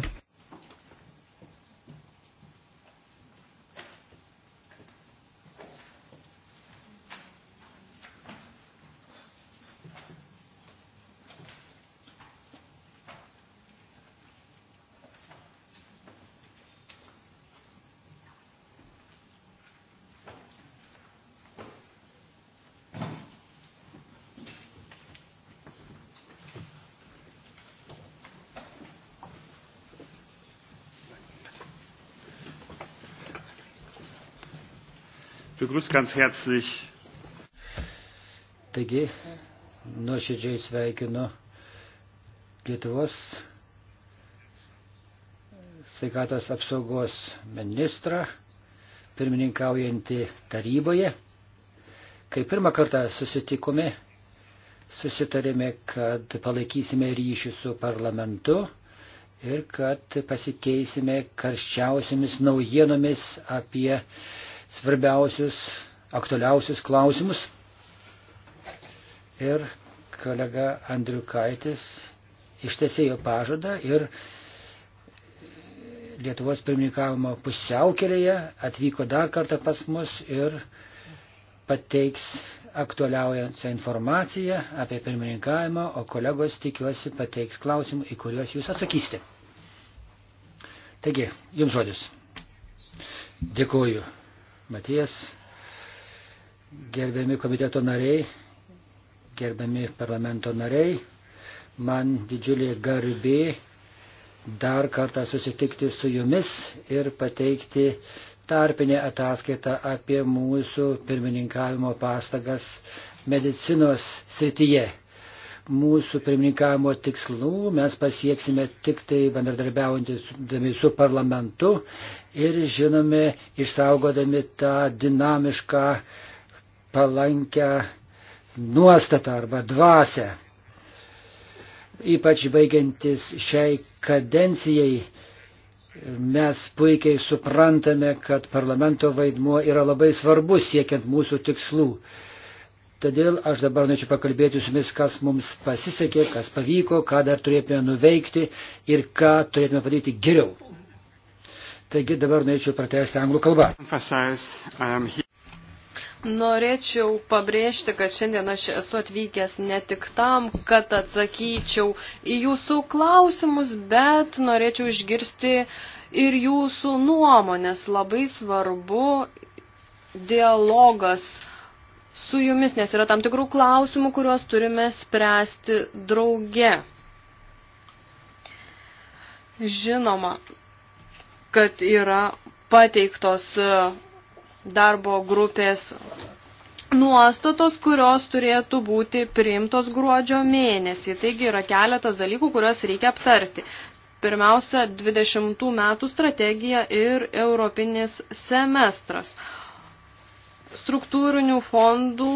begrüße ganz herzlich. Taigi, nuoširdžiai sveikinu Lietuvos sveikatos apsaugos ministrą, pirmininkaujantį taryboje. Kai pirmą kartą susitikome, susitarėme, kad palaikysime ryšį su parlamentu ir kad pasikeisime karščiausiamis naujienomis apie svarbiausius, aktualiausius klausimus. Ir kolega Andriukaitis ištesėjo pažadą ir Lietuvos pirmininkavimo pusiaukelėje atvyko dar kartą pas mus ir pateiks aktualiaujančią informaciją apie pirmininkavimą, o kolegos tikiuosi pateiks klausimų, į kuriuos jūs atsakysite. Taigi, jums žodis. Dėkuoju. Matijas, gerbiami komiteto nariai, gerbiami parlamento nariai, man didžiulė garbė dar kartą susitikti su jumis ir pateikti tarpinę ataskaitą apie mūsų pirmininkavimo pastagas medicinos srityje mūsų pirmininkavimo tikslų mes pasieksime tik tai bendradarbiaujantys su parlamentu ir žinome išsaugodami tą dinamišką palankę nuostatą arba dvasę. Ypač baigiantis šiai kadencijai mes puikiai suprantame, kad parlamento vaidmuo yra labai svarbus siekiant mūsų tikslų. Todėl aš dabar norėčiau pakalbėti su jumis, kas mums pasisekė, kas pavyko, ką dar turėtume nuveikti ir ką turėtume padaryti geriau. Taigi dabar norėčiau pratesti anglų kalbą. Norėčiau pabrėžti, kad šiandien aš esu atvykęs ne tik tam, kad atsakyčiau į jūsų klausimus, bet norėčiau išgirsti ir jūsų nuomonės. Labai svarbu dialogas su jumis, nes yra tam tikrų klausimų, kuriuos turime spręsti drauge. Žinoma, kad yra pateiktos e, darbo grupės nuostatos, kurios turėtų būti priimtos gruodžio mėnesį. Taigi yra keletas dalykų, kuriuos reikia aptarti. Pirmiausia, 20 metų strategija ir europinis semestras struktūrinių fondų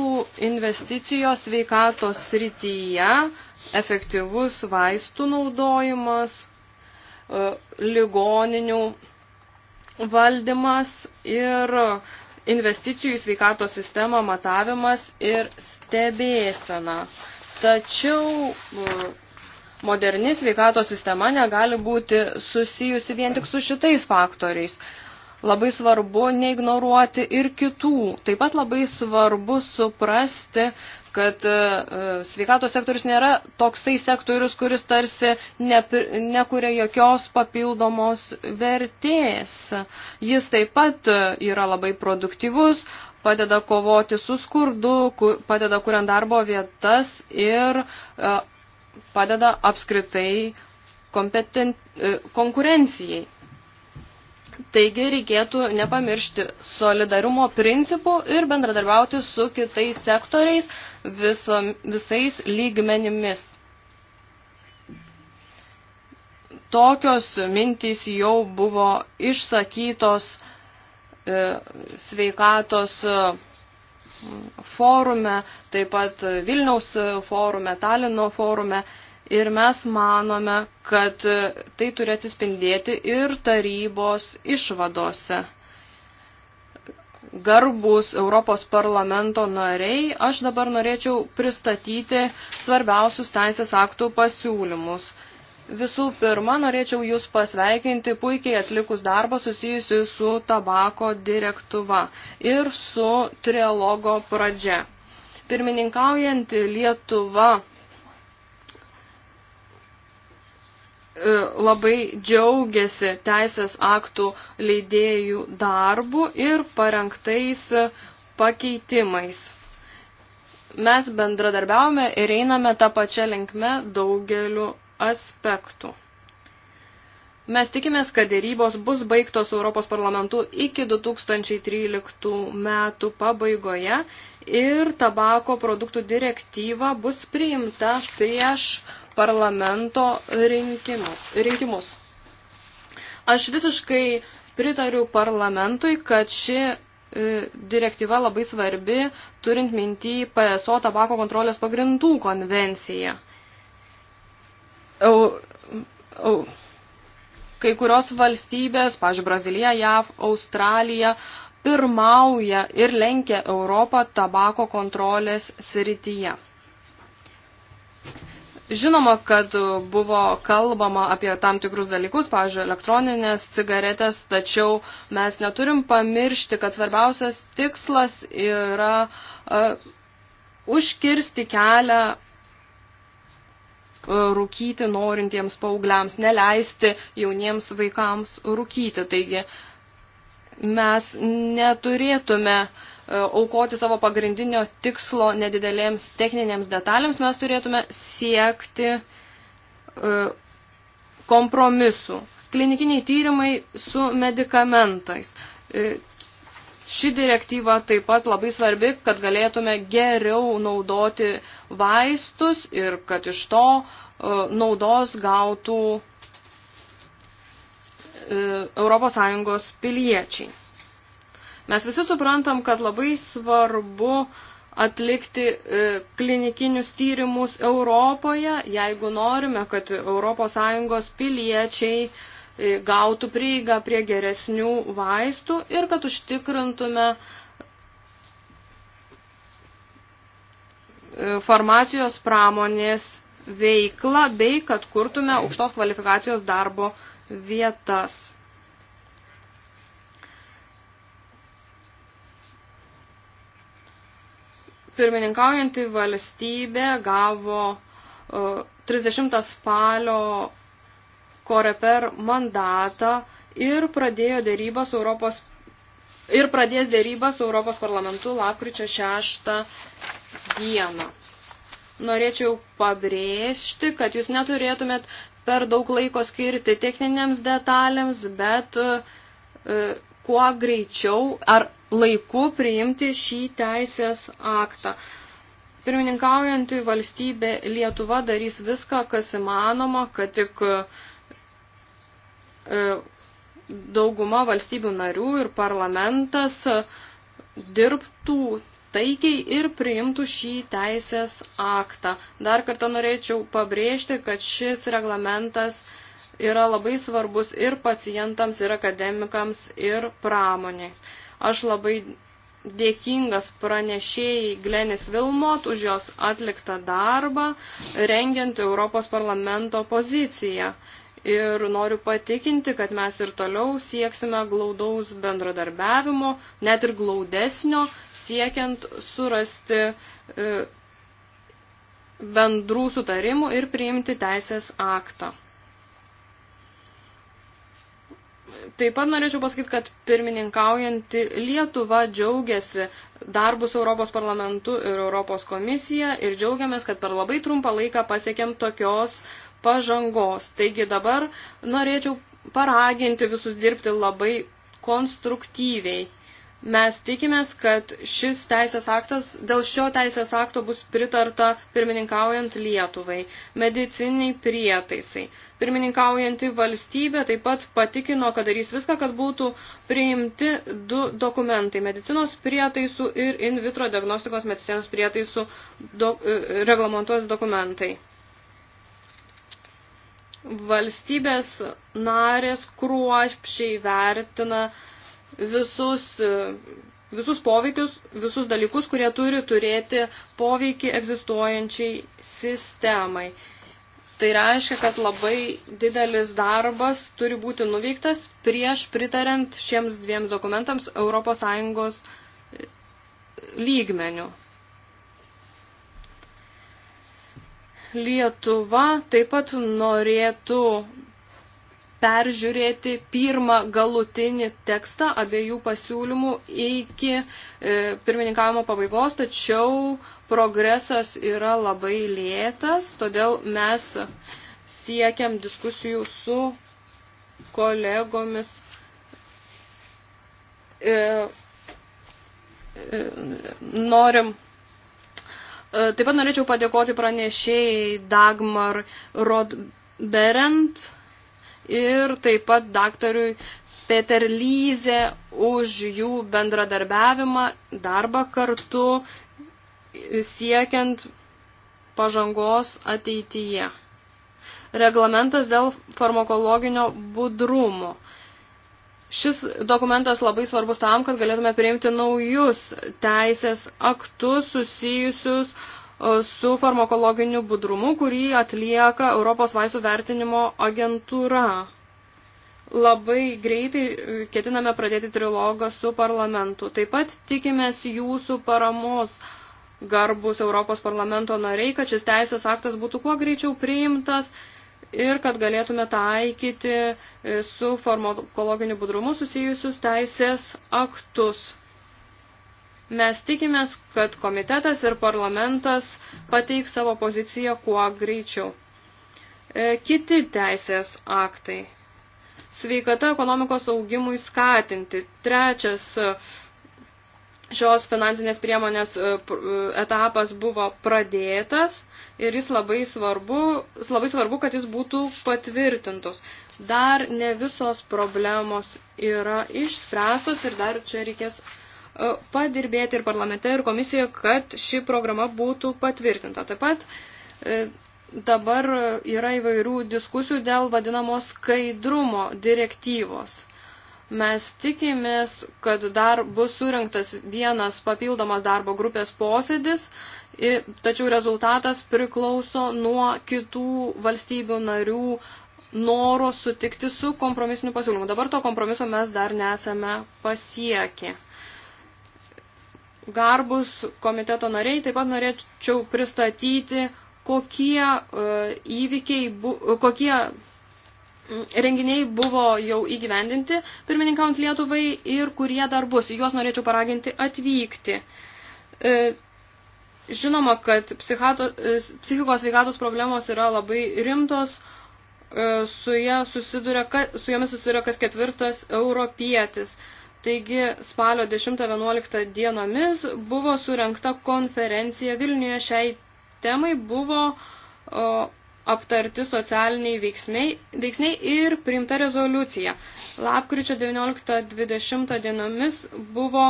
investicijos sveikatos srityje, efektyvus vaistų naudojimas, e, ligoninių valdymas ir investicijų į sveikatos sistemą matavimas ir stebėsena. Tačiau e, moderni sveikatos sistema negali būti susijusi vien tik su šitais faktoriais. Labai svarbu neignoruoti ir kitų. Taip pat labai svarbu suprasti, kad e, sveikatos sektorius nėra toksai sektorius, kuris tarsi nekuria jokios papildomos vertės. Jis taip pat e, yra labai produktyvus, padeda kovoti su skurdu, padeda kuriant darbo vietas ir e, padeda apskritai konkurencijai. Taigi reikėtų nepamiršti solidarumo principų ir bendradarbiauti su kitais sektoriais viso, visais lygmenimis. Tokios mintys jau buvo išsakytos e, sveikatos e, forume, taip pat Vilniaus e, forume, Talino forume. E, Ir mes manome, kad tai turi atsispindėti ir tarybos išvadose. Garbus Europos parlamento nariai, aš dabar norėčiau pristatyti svarbiausius teisės aktų pasiūlymus. Visų pirma, norėčiau Jūs pasveikinti puikiai atlikus darbą susijusiu su tabako direktyva ir su trialogo pradžia. Pirmininkaujant Lietuva E, labai džiaugiasi teisės aktų leidėjų darbu ir parengtais pakeitimais. Mes bendradarbiaujame ir einame tą pačią linkmę daugeliu aspektų. Mes tikimės, kad dėrybos bus baigtos Europos parlamentu iki 2013 metų pabaigoje ir tabako produktų direktyva bus priimta prieš parlamento rinkimus. Aš visiškai pritariu parlamentui, kad ši e, direktyva labai svarbi, turint mintį PSO tabako kontrolės pagrindų konvenciją. Au, au, kai kurios valstybės, pažiūrėjau, Brazilija, JAV, Australija, pirmauja ir lenkia Europą tabako kontrolės srityje. Žinoma, kad buvo kalbama apie tam tikrus dalykus, pavyzdžiui, elektroninės cigaretės, tačiau mes neturim pamiršti, kad svarbiausias tikslas yra uh, užkirsti kelią uh, rūkyti norintiems paaugliams, neleisti jauniems vaikams rūkyti. Taigi, uh, mes neturėtume e, aukoti savo pagrindinio tikslo nedidelėms techninėms detalėms, mes turėtume siekti e, kompromisų. Klinikiniai tyrimai su medikamentais. E, ši direktyva taip pat labai svarbi, kad galėtume geriau naudoti vaistus ir kad iš to naudos gautų ES piliečiai. Mes visi suprantam, kad labai svarbu atlikti e, klinikinius tyrimus Europoje, jeigu norime, kad ES piliečiai e, gautų prieigą prie geresnių vaistų ir kad užtikrintume e, farmacijos pramonės veiklą bei kad kurtume aukštos kvalifikacijos darbo vietas. Pirmininkaujantį valstybę gavo 30 e, spalio koreper mandatą ir pradėjo dėrybas Europos ir pradės dėrybas su Europos parlamentu lapkričio 6 dieną. Norėčiau pabrėžti, kad jūs neturėtumėt per daug laiko skirti techninėms detalėms, bet e, kuo greičiau ar laiku priimti šį teisės aktą. Pirmininkaujantį valstybę Lietuva darys viską, kas įmanoma, kad tik e, dauguma valstybių narių ir parlamentas dirbtų taikiai ir priimtų šį teisės aktą. Dar kartą norėčiau pabrėžti, kad šis reglamentas yra labai svarbus ir pacientams, ir akademikams, ir pramoniai. Aš labai dėkingas pranešėjai Glenis Vilmot už jos atliktą darbą, rengiant Europos parlamento poziciją ir noriu patikinti, kad mes ir toliau sieksime glaudaus bendradarbiavimo, net ir glaudesnio, siekiant surasti e, bendrų sutarimų ir priimti teisės aktą. Taip pat norėčiau pasakyti, kad pirmininkaujanti Lietuva džiaugiasi darbus Europos parlamentu ir Europos komisija ir džiaugiamės, kad per labai trumpą laiką pasiekėm tokios uh, pažangos. Taigi dabar norėčiau paraginti visus dirbti labai konstruktyviai. Mes tikimės, kad šis teisės aktas, dėl šio teisės akto bus pritarta pirmininkaujant Lietuvai, mediciniai prietaisai. Pirmininkaujanti valstybė taip pat patikino, kad darys viską, kad būtų priimti du dokumentai - medicinos prietaisų ir in vitro diagnostikos medicinos prietaisų do, e, reglamentuos dokumentai valstybės narės kruopščiai vertina visus, e, visus poveikius, visus dalykus, kurie turi turėti poveikį egzistuojančiai sistemai. Tai reiškia, kad labai didelis darbas turi būti nuveiktas prieš pritariant šiems dviem dokumentams ES lygmenių. Lietuva taip pat norėtų peržiūrėti pirmą galutinį tekstą abiejų pasiūlymų iki e, pirmininkavimo pabaigos, tačiau progresas yra labai lėtas, todėl mes siekiam diskusijų su kolegomis. E, e, norim Taip pat norėčiau padėkoti pranešėjai Dagmar Rodberent ir taip pat daktarui Peter Lyze už jų bendradarbiavimą, darbą kartu siekiant pažangos ateityje. Reglamentas dėl farmakologinio budrumo. Šis dokumentas labai svarbus tam, kad galėtume priimti naujus teisės aktus susijusius su farmakologiniu budrumu, kurį atlieka Europos vaistų vertinimo agentūra. Labai greitai e, ketiname pradėti trilogą su parlamentu. Taip pat tikimės jūsų paramos garbus Europos parlamento nariai, kad šis teisės aktas būtų kuo greičiau priimtas ir kad galėtume taikyti e, su farmakologiniu budrumu susijusius teisės aktus. Mes tikimės, kad komitetas ir parlamentas pateiks savo poziciją kuo greičiau. E, kiti teisės aktai. Sveikata ekonomikos augimui skatinti. Trečias šios finansinės priemonės e, e, etapas buvo pradėtas ir jis labai svarbu, labai svarbu, kad jis būtų patvirtintos. Dar ne visos problemos yra išspręstos ir dar čia reikės e, padirbėti ir parlamente, ir komisijoje, kad ši programa būtų patvirtinta. Taip pat dabar yra įvairių diskusijų dėl vadinamos skaidrumo direktyvos Mes tikimės, kad dar bus surinktas vienas papildomas darbo grupės posėdis, tačiau rezultatas priklauso nuo kitų valstybių narių noro sutikti su kompromisiniu pasiūlymu. Dabar to kompromiso mes dar nesame pasiekę. Garbus komiteto nariai taip pat norėčiau pristatyti, kokie uh, įvykiai, bu, kokie renginiai buvo jau įgyvendinti, pirmininkaujant Lietuvai, ir kurie dar bus. Juos norėčiau paraginti atvykti. E, žinoma, kad psichato, e, psichikos sveikatos problemos yra labai rimtos, e, su, susiduria, su jomis susiduria kas ketvirtas europietis. Taigi spalio 10-11 dienomis buvo surenkta konferencija Vilniuje šiai temai buvo o, aptarti socialiniai veiksmiai, veiksniai ir priimta rezoliucija. Lapkričio 19-20 dienomis buvo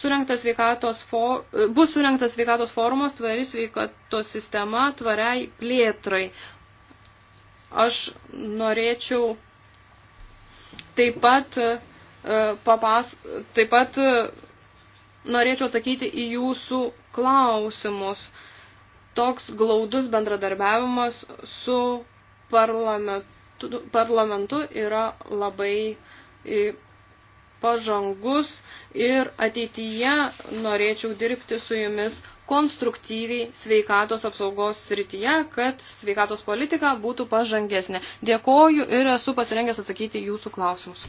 surinktas veikatos for, bus surinktas sveikatos forumas tvari sveikatos sistema tvariai plėtrai. Aš norėčiau taip pat, e, papas, taip pat e, norėčiau atsakyti į jūsų klausimus. Uh, toks glaudus bendradarbiavimas su parlamentu, parlamentu yra labai pažangus ir ateityje norėčiau dirbti su jumis konstruktyviai sveikatos apsaugos srityje, kad sveikatos politika būtų pažangesnė. Dėkoju ir esu pasirengęs atsakyti jūsų klausimus.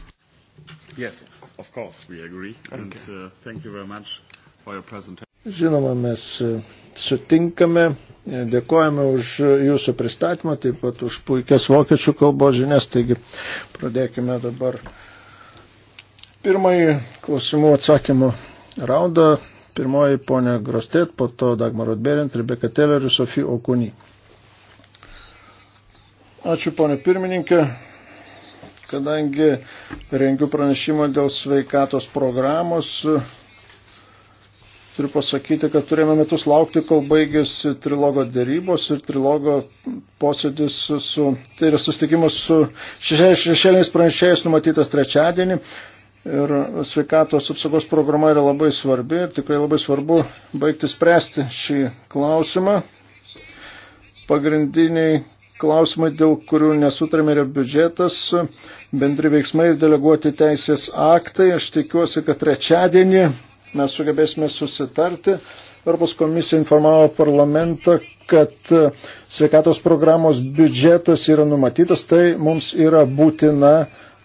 Yes, of course, we agree. Okay. And uh, thank you very much for your presentation. Žinoma, mes e, sutinkame, e, dėkojame už jūsų pristatymą, taip pat už puikias vokiečių kalbos žinias, taigi pradėkime dabar pirmąjį klausimų atsakymų raundą. Pirmoji ponė Grostet, po to Dagmar Rodberint, Rebeka Teller ir Sofija Okuny. Ačiū ponė pirmininkė. Kadangi rengiu pranešimą dėl sveikatos programos, Turiu pasakyti, kad turėjome metus laukti, kol baigėsi trilogo dėrybos ir trilogo posėdis su, tai yra sustikimas su šešėliniais pranešėjais numatytas trečiadienį. Ir sveikatos apsaugos programa yra labai svarbi ir tikrai labai svarbu baigti spręsti šį klausimą. Pagrindiniai klausimai, dėl kurių nesutarėme, yra biudžetas, bendri veiksmai ir deleguoti teisės aktai. Aš tikiuosi, kad trečiadienį mes sugebėsime susitarti. Europos komisija informavo parlamentą, kad e, sveikatos programos biudžetas yra numatytas, tai mums yra būtina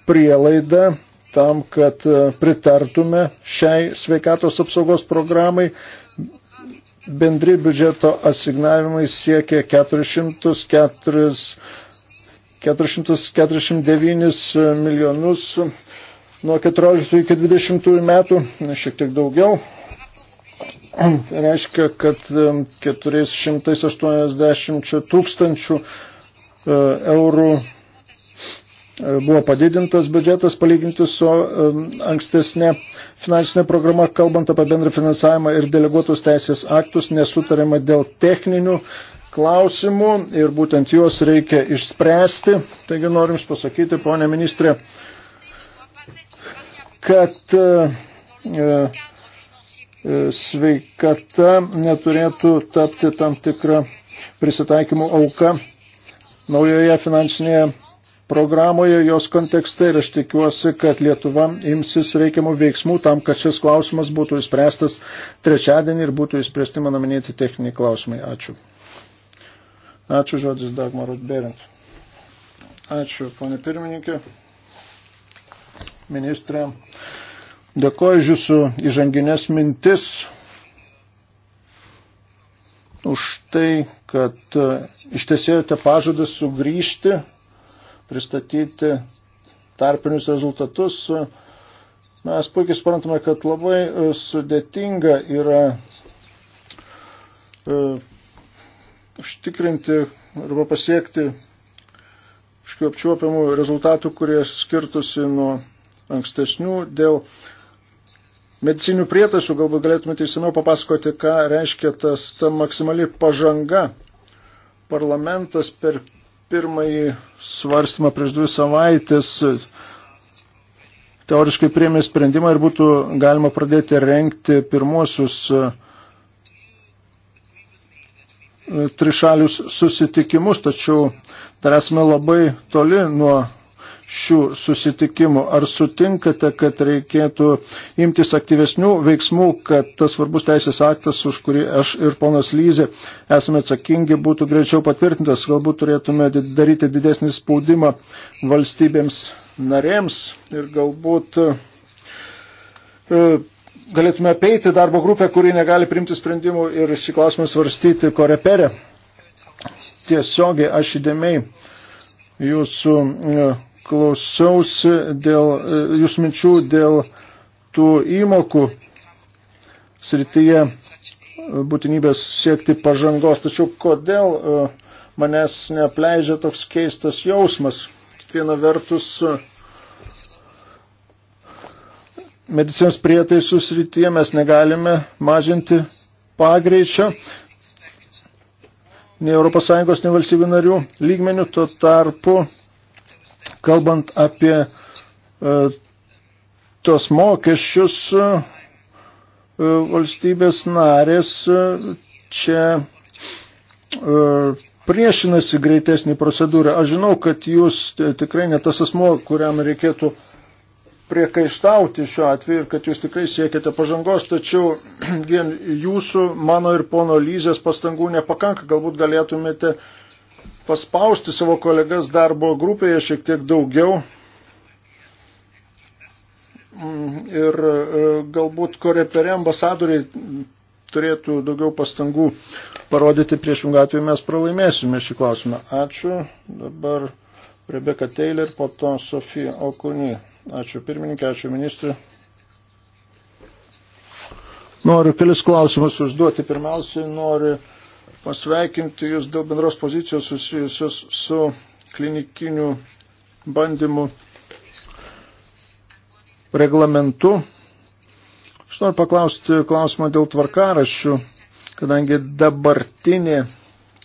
prielaida tam, kad e, pritartume šiai sveikatos apsaugos programai. Bendri biudžeto asignavimai siekia 404 449 milijonus nuo 14 iki 20 metų, šiek tiek daugiau. [clears throat] Tai reiškia, kad 480 tūkstančių e, eurų e, buvo padidintas biudžetas palyginti su ankstesnė finansinė programa, kalbant apie bendrą finansavimą ir deleguotus teisės aktus, nesutarėma dėl techninių klausimų ir būtent juos reikia išspręsti. Taigi norim pasakyti, ponė ministrė, kad e, e, e, sveikata neturėtų tapti tam tikrą prisitaikymų auką naujoje finansinėje programoje, jos kontekste ir aš tikiuosi, kad Lietuva imsis reikiamų veiksmų tam, kad šis klausimas būtų įspręstas trečiadienį ir būtų įspręsti mano minėti techniniai klausimai. Ačiū. Ačiū žodis Dagmarot Berint. Ačiū, ponė pirmininkė ministrė. Dėkoju iš jūsų įžanginės mintis už tai, kad e, ištesėjote pažadą sugrįžti, pristatyti tarpinius rezultatus. Mes puikiai suprantame, kad labai e, sudėtinga yra e, užtikrinti arba pasiekti apčiuopiamų rezultatų, kurie skirtusi nuo ankstesnių dėl medicinių prietaisų. Galbūt galėtumėte išsamiau papasakoti, ką reiškia tas ta maksimali pažanga. Parlamentas per pirmąjį svarstymą prieš dvi savaitės teoriškai priėmė sprendimą ir būtų galima pradėti renkti pirmuosius e, trišalius susitikimus, tačiau dar esame labai toli nuo šių susitikimų. Ar sutinkate, kad reikėtų imtis aktyvesnių veiksmų, kad tas svarbus teisės aktas, už kurį aš ir ponas Lyzė esame atsakingi, būtų greičiau patvirtintas? Galbūt turėtume daryti didesnį spaudimą valstybėms narėms ir galbūt. E, galėtume apeiti darbo grupę, kuri negali primti sprendimų ir šį klausimą svarstyti korepere. Tiesiogiai aš įdėmiai jūsų e, klausiausi dėl e, jūs minčių dėl tų įmokų srityje e, būtinybės siekti pažangos. Tačiau kodėl e, manęs neapleidžia toks keistas jausmas? Viena vertus medicinos prietaisų srityje mes negalime mažinti pagreičio nei ES, nei valstybių narių lygmenių, tuo tarpu Kalbant apie e, tos mokesčius, e, e, valstybės narės čia priešinasi greitesnį procedūrą. Aš žinau, kad jūs tikrai ne tas asmo, kuriam reikėtų priekaištauti šiuo atveju ir kad jūs tikrai siekiate pažangos, tačiau [clears throat] vien jūsų, mano ir pono Lyzės pastangų nepakanka, galbūt galėtumėte uh, paspausti savo kolegas darbo grupėje šiek tiek daugiau mm, ir e, galbūt koreperi ambasadoriai turėtų daugiau pastangų parodyti priešingą atveju mes pralaimėsime šį klausimą. Ačiū. Dabar Rebeka Taylor, po to Sofija Okuni. Ačiū pirmininkė, ačiū ministrė. Noriu kelis klausimus užduoti. Pirmiausiai noriu pasveikinti Jūs dėl bendros pozicijos susijusios su klinikiniu bandymu reglamentu. Aš noriu paklausti klausimą dėl tvarkaraščių, kadangi dabartinė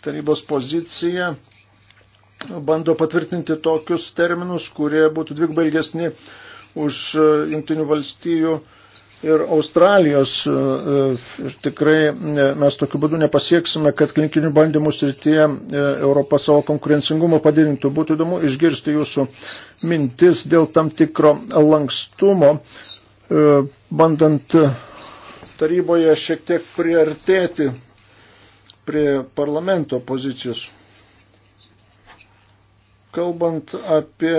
tarybos pozicija bando patvirtinti tokius terminus, kurie būtų dvigbai ilgesni už e, jungtinių valstijų ir Australijos. E, e, ir tikrai e, mes tokiu būdu nepasieksime, kad klinikinių bandymų srityje Europa savo konkurencingumą padidintų. Būtų įdomu išgirsti jūsų mintis dėl tam tikro lankstumo, bandant taryboje šiek tiek priartėti prie parlamento pozicijos. Kalbant apie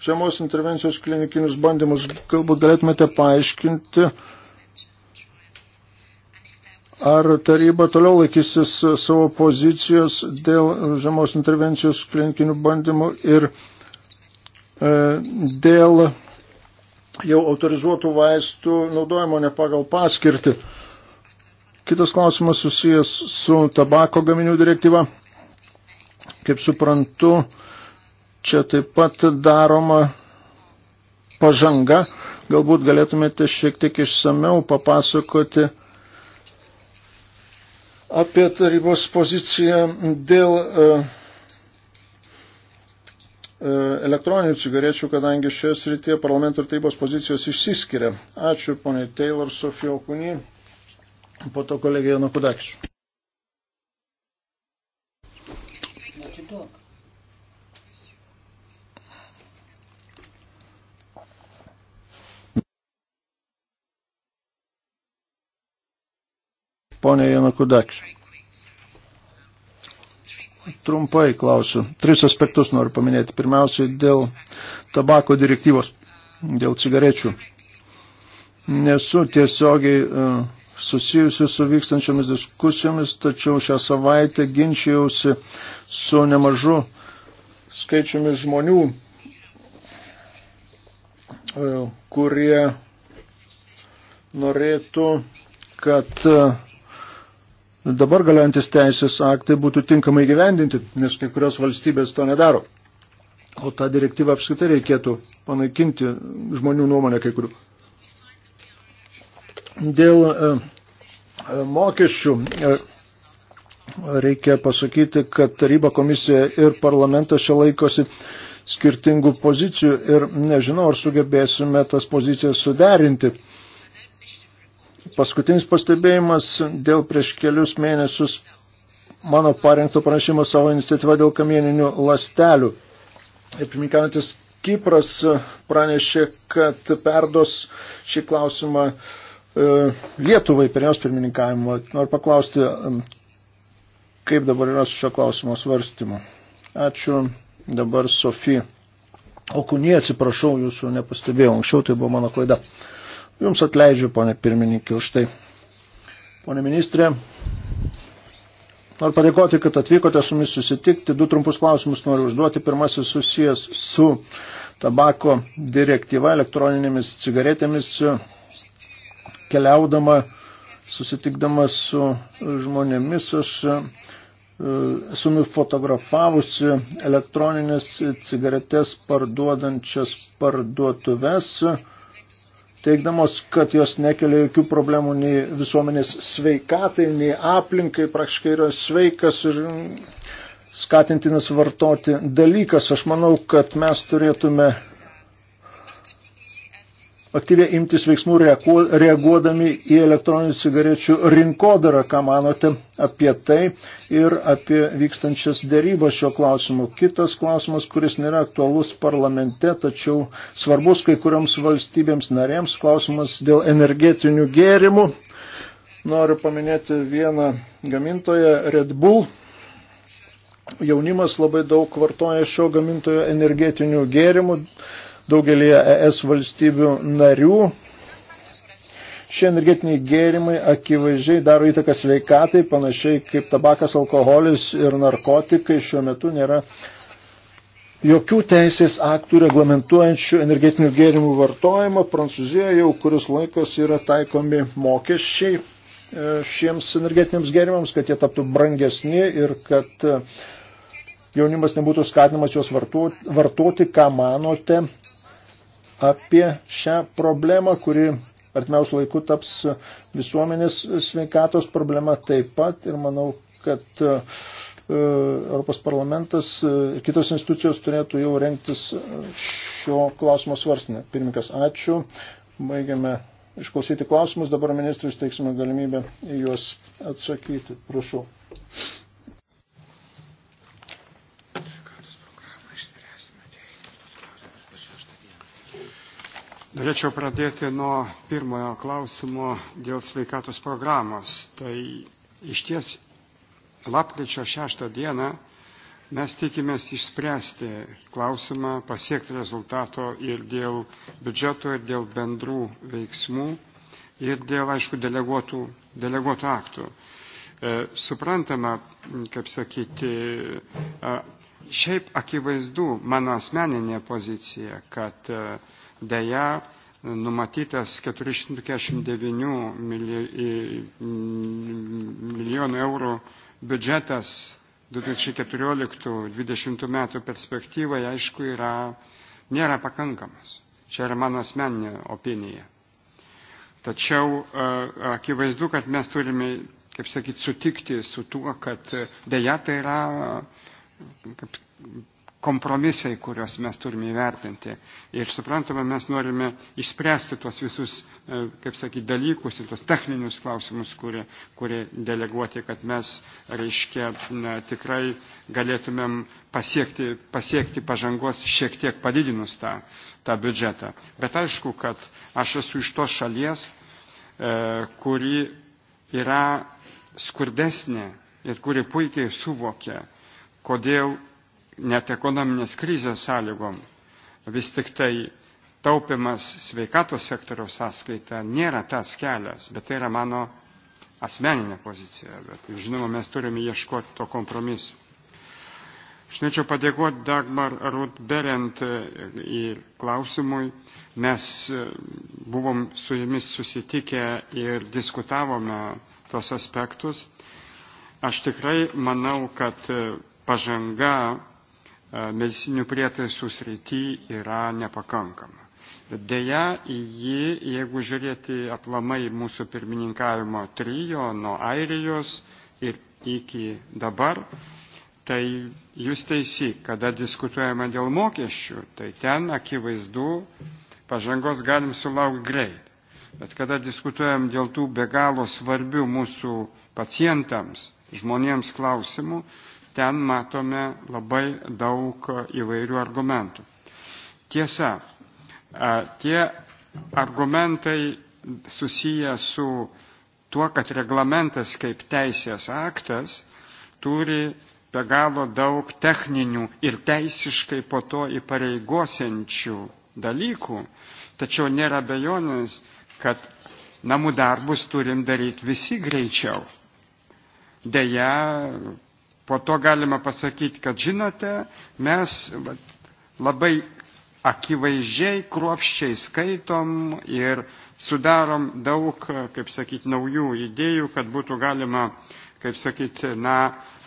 žemos intervencijos klinikinius bandymus. Galbūt galėtumėte paaiškinti, ar taryba toliau laikysis savo pozicijos dėl žemos intervencijos klinikinių bandymų ir e, dėl jau autorizuotų vaistų naudojimo ne pagal paskirtį. Kitas klausimas susijęs su tabako gaminių direktyva. Kaip suprantu, čia taip pat daroma pažanga. Galbūt galėtumėte šiek tiek išsameu papasakoti apie tarybos poziciją dėl e, e, elektroninių cigarečių, kadangi šioje srityje parlamento ir tarybos pozicijos išsiskiria. Ačiū poniai Taylor, Sofija Okuni, po to kolegija Janukudakis. Pone Janakudakis. Trumpai klausiu. Tris aspektus noriu paminėti. Pirmiausiai dėl tabako direktyvos, dėl cigarečių. Nesu tiesiogiai e, susijusi su vykstančiomis diskusijomis, tačiau šią savaitę ginčijausi su nemažu skaičiumi žmonių, e, kurie norėtų, kad e, dabar galiojantis teisės aktai būtų tinkamai gyvendinti, nes kai kurios valstybės to nedaro. O tą direktyvą apskritai reikėtų panaikinti žmonių nuomonę kai kurių. Dėl e, e mokesčių e, reikia pasakyti, kad taryba komisija ir parlamentas čia laikosi skirtingų pozicijų ir nežinau, ar sugebėsime tas pozicijas suderinti. Paskutinis pastebėjimas dėl prieš kelius mėnesius mano parengto pranešimo savo iniciatyvą dėl kamieninių lastelių. Ir pirmininkantis Kipras pranešė, kad perdos šį klausimą e, Lietuvai per jos pirmininkavimo. Noriu paklausti, e, kaip dabar yra su šio klausimo svarstymu. Ačiū. Dabar Sofija. Okunė, atsiprašau, jūsų nepastebėjau. Anksčiau tai buvo mano klaida. Jums atleidžiu, ponė pirmininkė, už tai. Pone ministrė, noriu padėkoti, kad atvykote su mumis susitikti. Du trumpus klausimus noriu užduoti. Pirmasis susijęs su tabako direktyva elektroninėmis cigaretėmis keliaudama, susitikdama su žmonėmis. Aš e, esu nufotografavusi elektroninės cigaretės parduodančias parduotuves teikdamos, kad jos nekelia jokių problemų nei visuomenės sveikatai, nei aplinkai, praktiškai yra sveikas ir skatintinas vartoti dalykas. Aš manau, kad mes turėtume aktyviai imtis veiksmų reaguodami į elektroninių cigarečių rinkodarą, ką manote apie tai ir apie vykstančias dėrybas šio klausimu. Kitas klausimas, kuris nėra aktualus parlamente, tačiau svarbus kai kuriams valstybėms narėms, klausimas dėl energetinių gėrimų. Noriu paminėti vieną gamintoją Red Bull jaunimas labai daug vartoja šio gamintojo energetinių gėrimų, daugelį ES valstybių narių. Šie energetiniai gėrimai akivaizdžiai daro įtaką sveikatai, panašiai kaip tabakas, alkoholis ir narkotikai šiuo metu nėra jokių teisės aktų reglamentuojančių energetinių gėrimų vartojimą. Prancūzijoje jau kuris laikas yra taikomi mokesčiai e, šiems energetiniams gėrimams, kad jie taptų brangesni ir kad e, jaunimas nebūtų skatinamas juos vartoti, vartoti ką manote apie šią problemą, kuri artimiausių laikų taps visuomenės sveikatos problema taip pat ir manau, kad e, Europos parlamentas e, ir kitos institucijos turėtų jau renktis šio klausimo svarstinę. Pirmininkas, ačiū. Baigiame išklausyti klausimus. Dabar ministrui steiksime galimybę į juos atsakyti. Prašau. Norėčiau pradėti nuo pirmojo klausimo dėl sveikatos programos. Tai iš ties lapkričio šeštą dieną mes tikimės išspręsti klausimą, pasiekti rezultato ir dėl biudžeto, ir dėl bendrų veiksmų, ir dėl, aišku, deleguotų, deleguotų aktų. E, suprantama, kaip sakyti, e, šiaip akivaizdu mano asmeninė pozicija, kad e, Deja, numatytas 449 milijonų eurų biudžetas 2014-2020 metų perspektyvai, aišku, yra, nėra pakankamas. Čia yra mano asmeninė opinija. Tačiau e, akivaizdu, kad mes turime, kaip sakyti, sutikti su tuo, kad dėja tai yra kaip, kompromisai, kuriuos mes turime įvertinti. Ir suprantama, mes norime išspręsti tuos visus, e, kaip sakyti, dalykus ir tuos techninius klausimus, kurie, kurie deleguoti, kad mes, reiškia, na, tikrai galėtumėm pasiekti, pasiekti pažangos šiek tiek padidinus tą, tą biudžetą. Bet aišku, kad aš esu iš tos šalies, e, kuri yra skurdesnė ir kuri puikiai suvokia, kodėl net ekonominės krizės sąlygom vis tik tai taupimas sveikatos sektoriaus sąskaita nėra tas kelias, bet tai yra mano asmeninė pozicija. Bet žinoma, mes turime ieškoti to kompromisu. Aš norėčiau padėkoti Dagmar Rut Berent e, į klausimui. Mes e, buvom su jumis susitikę ir diskutavome tos aspektus. Aš tikrai manau, kad e, pažanga E, medicinių prietaisų srity yra nepakankama. Bet dėja, į jį, jeigu žiūrėti aplamai mūsų pirmininkavimo trijo nuo Airijos ir iki dabar, tai jūs teisi, kada diskutuojama dėl mokesčių, tai ten akivaizdu pažangos galim sulaukti greit. Bet kada diskutuojam dėl tų be galo svarbių mūsų pacientams, žmonėms klausimų, ten matome labai daug įvairių argumentų. Tiesa, tie argumentai susiję su tuo, kad reglamentas kaip teisės aktas turi be galo daug techninių ir teisiškai po to įpareigosiančių dalykų, tačiau nėra bejonės, kad namų darbus turim daryti visi greičiau. Deja, po to galima pasakyti, kad žinote, mes labai akivaizdžiai, kruopščiai skaitom ir sudarom daug, kaip sakyti, naujų idėjų, kad būtų galima, kaip sakyti, na,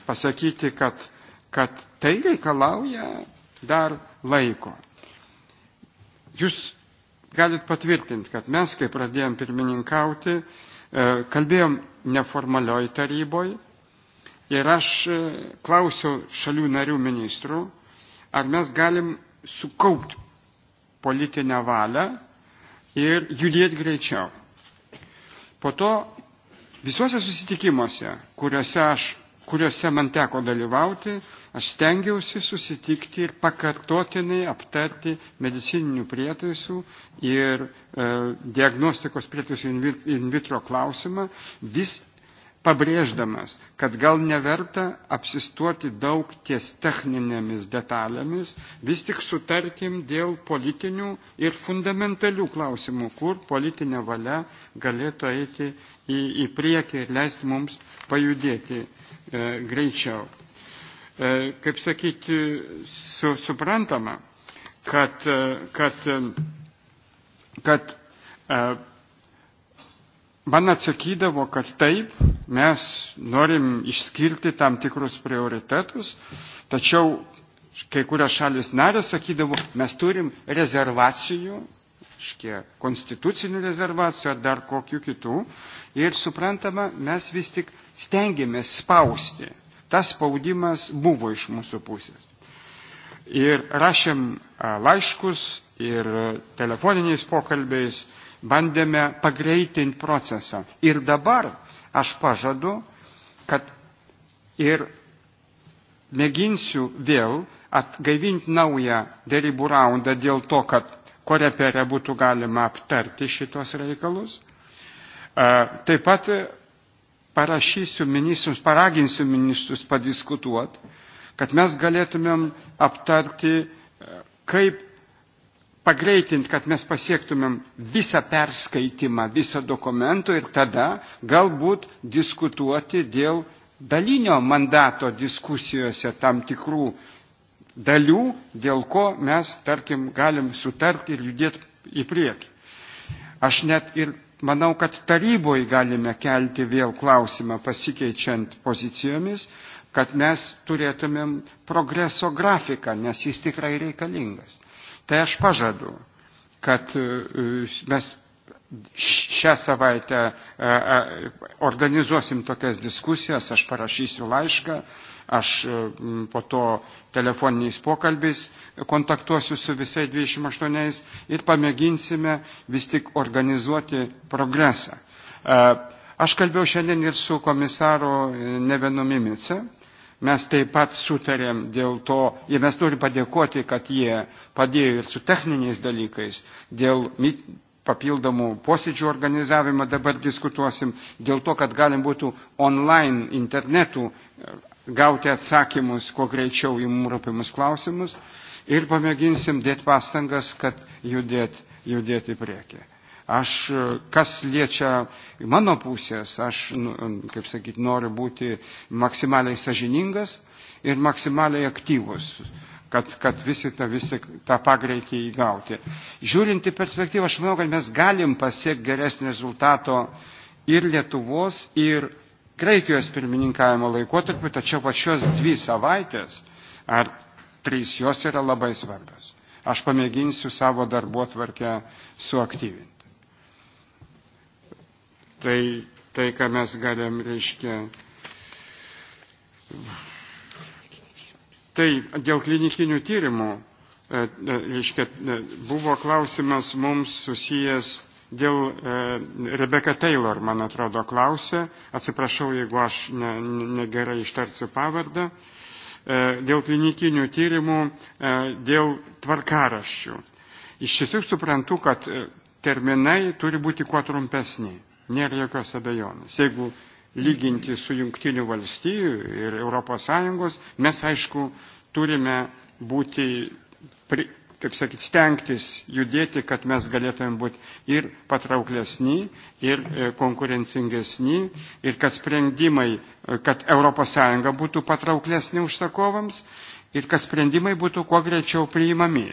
pasakyti, kad, kad tai reikalauja dar laiko. Jūs galit patvirtinti, kad mes, kai pradėjom pirmininkauti, e, kalbėjom neformalioj taryboj, Ir aš e, klausiau šalių narių ministrų, ar mes galim sukaupti politinę valią ir judėti greičiau. Po to visuose susitikimuose, kuriuose, aš, kuriuose man teko dalyvauti, aš stengiausi susitikti ir pakartotinai aptarti medicininių prietaisų ir e, diagnostikos prietaisų in vitro klausimą vis pabrėždamas, kad gal neverta apsistuoti daug ties techninėmis detalėmis, vis tik sutarkim dėl politinių ir fundamentalių klausimų, kur politinė valia galėtų eiti į, į priekį ir leisti mums pajudėti e, greičiau. E, kaip sakyti, su, suprantama, kad, e, kad, e, kad e, man atsakydavo, kad taip, mes norim išskirti tam tikrus prioritetus, tačiau kai kurios šalis narės sakydavo, mes turim rezervacijų, škie konstitucinių rezervacijų ar dar kokių kitų. Ir suprantama, mes vis tik stengiamės spausti. Tas spaudimas buvo iš mūsų pusės. Ir rašėm laiškus ir telefoniniais pokalbiais bandėme pagreitinti procesą. Ir dabar Aš pažadu, kad ir mėginsiu vėl atgaivinti naują dėrybų raundą dėl to, kad korepere būtų galima aptarti šitos reikalus. Taip pat parašysiu ministrus, paraginsiu ministrus padiskutuoti, kad mes galėtumėm aptarti, kaip pagreitinti, kad mes pasiektumėm visą perskaitimą, visą dokumento ir tada galbūt diskutuoti dėl dalinio mandato diskusijose tam tikrų dalių, dėl ko mes, tarkim, galim sutarti ir judėti į priekį. Aš net ir manau, kad taryboje galime kelti vėl klausimą pasikeičiant pozicijomis, kad mes turėtumėm progreso grafiką, nes jis tikrai reikalingas. Tai aš pažadu, kad e, e, mes šią savaitę e, organizuosim tokias diskusijas, aš parašysiu laišką, aš po to telefoniniais pokalbiais kontaktuosiu su visai 28 ir pamėginsime vis tik organizuoti progresą. Aš kalbėjau šiandien ir su komisaru Nevenu Mimice Mes taip pat sutarėm dėl to, ir mes turime padėkoti, kad jie padėjo ir su techniniais dalykais, dėl papildomų posėdžių organizavimą dabar diskutuosim, dėl to, kad galim būtų online internetu e, gauti atsakymus, kuo greičiau į mums rūpimus klausimus ir pamėginsim dėti pastangas, kad judėti judėt į priekį. Aš, e, kas liečia mano pusės, aš, nu, kaip sakyti, noriu būti maksimaliai sažiningas ir maksimaliai aktyvus kad, kad visi tą, visi tą pagreitį įgauti. Žiūrint į perspektyvą, aš manau, kad mes galim pasiekti geresnį rezultato ir Lietuvos, ir Graikijos pirmininkavimo laikotarpiu, tačiau pačios dvi savaitės ar trys jos yra labai svarbios. Aš pamėginsiu savo darbo tvarkę suaktyvinti. Tai, tai ką mes galim, reiškia. Tai dėl klinikinių tyrimų, e, e, reiškia, e, buvo klausimas mums susijęs dėl Rebeka Taylor, man atrodo, klausė, atsiprašau, jeigu aš negerai ne, ne ištarsiu pavardą, dėl klinikinių tyrimų, dėl tvarkaraščių. Iš tiesiog suprantu, kad terminai turi būti kuo trumpesni nėra jokios abejonės. Jeigu lyginti su jungtinių valstybių ir ES, mes aišku turime būti, kaip sakyt, stengtis judėti, kad mes galėtume būti ir patrauklesni, ir e, konkurencingesni, ir kad sprendimai, e, kad ES būtų patrauklesni užsakovams ir kad sprendimai būtų kuo greičiau priimami.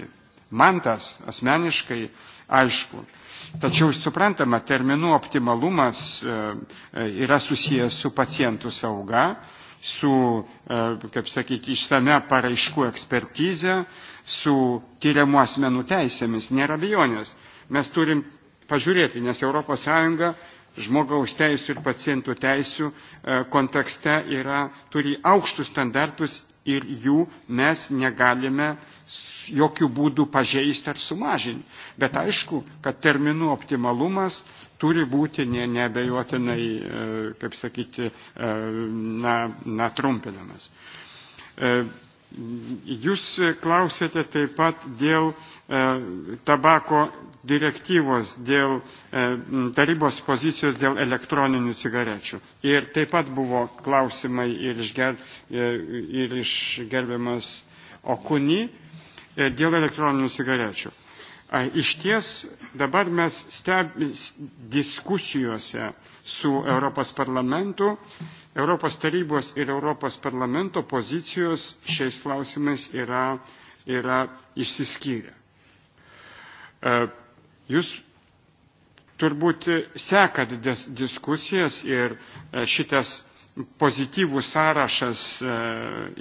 Man tas asmeniškai aišku. Tačiau suprantama, terminų optimalumas e, e, yra susijęs su pacientų sauga, su, e, kaip sakyti, išsame paraiškų ekspertizė, su tyriamų asmenų teisėmis, nėra abejonės. Mes turim pažiūrėti, nes ES žmogaus teisų ir pacientų teisų kontekste yra, turi aukštus standartus ir jų mes negalime jokių būdų pažeisti ar sumažinti. Bet aišku, kad terminų optimalumas turi būti ne, nebejotinai, e, kaip sakyti, e, na, na trumpinamas. E, Jūs e, klausėte taip pat dėl e, tabako direktyvos, dėl e, tarybos pozicijos dėl elektroninių cigarečių. Ir taip pat buvo klausimai ir iš, ger, ir iš gerbiamas Okuni dėl elektroninių cigarečių. Iš ties dabar mes stebis diskusijose su Europos parlamentu, Europos tarybos ir Europos parlamento pozicijos šiais klausimais yra, yra išsiskyrę. Jūs turbūt sekat diskusijas ir šitas pozityvų sąrašas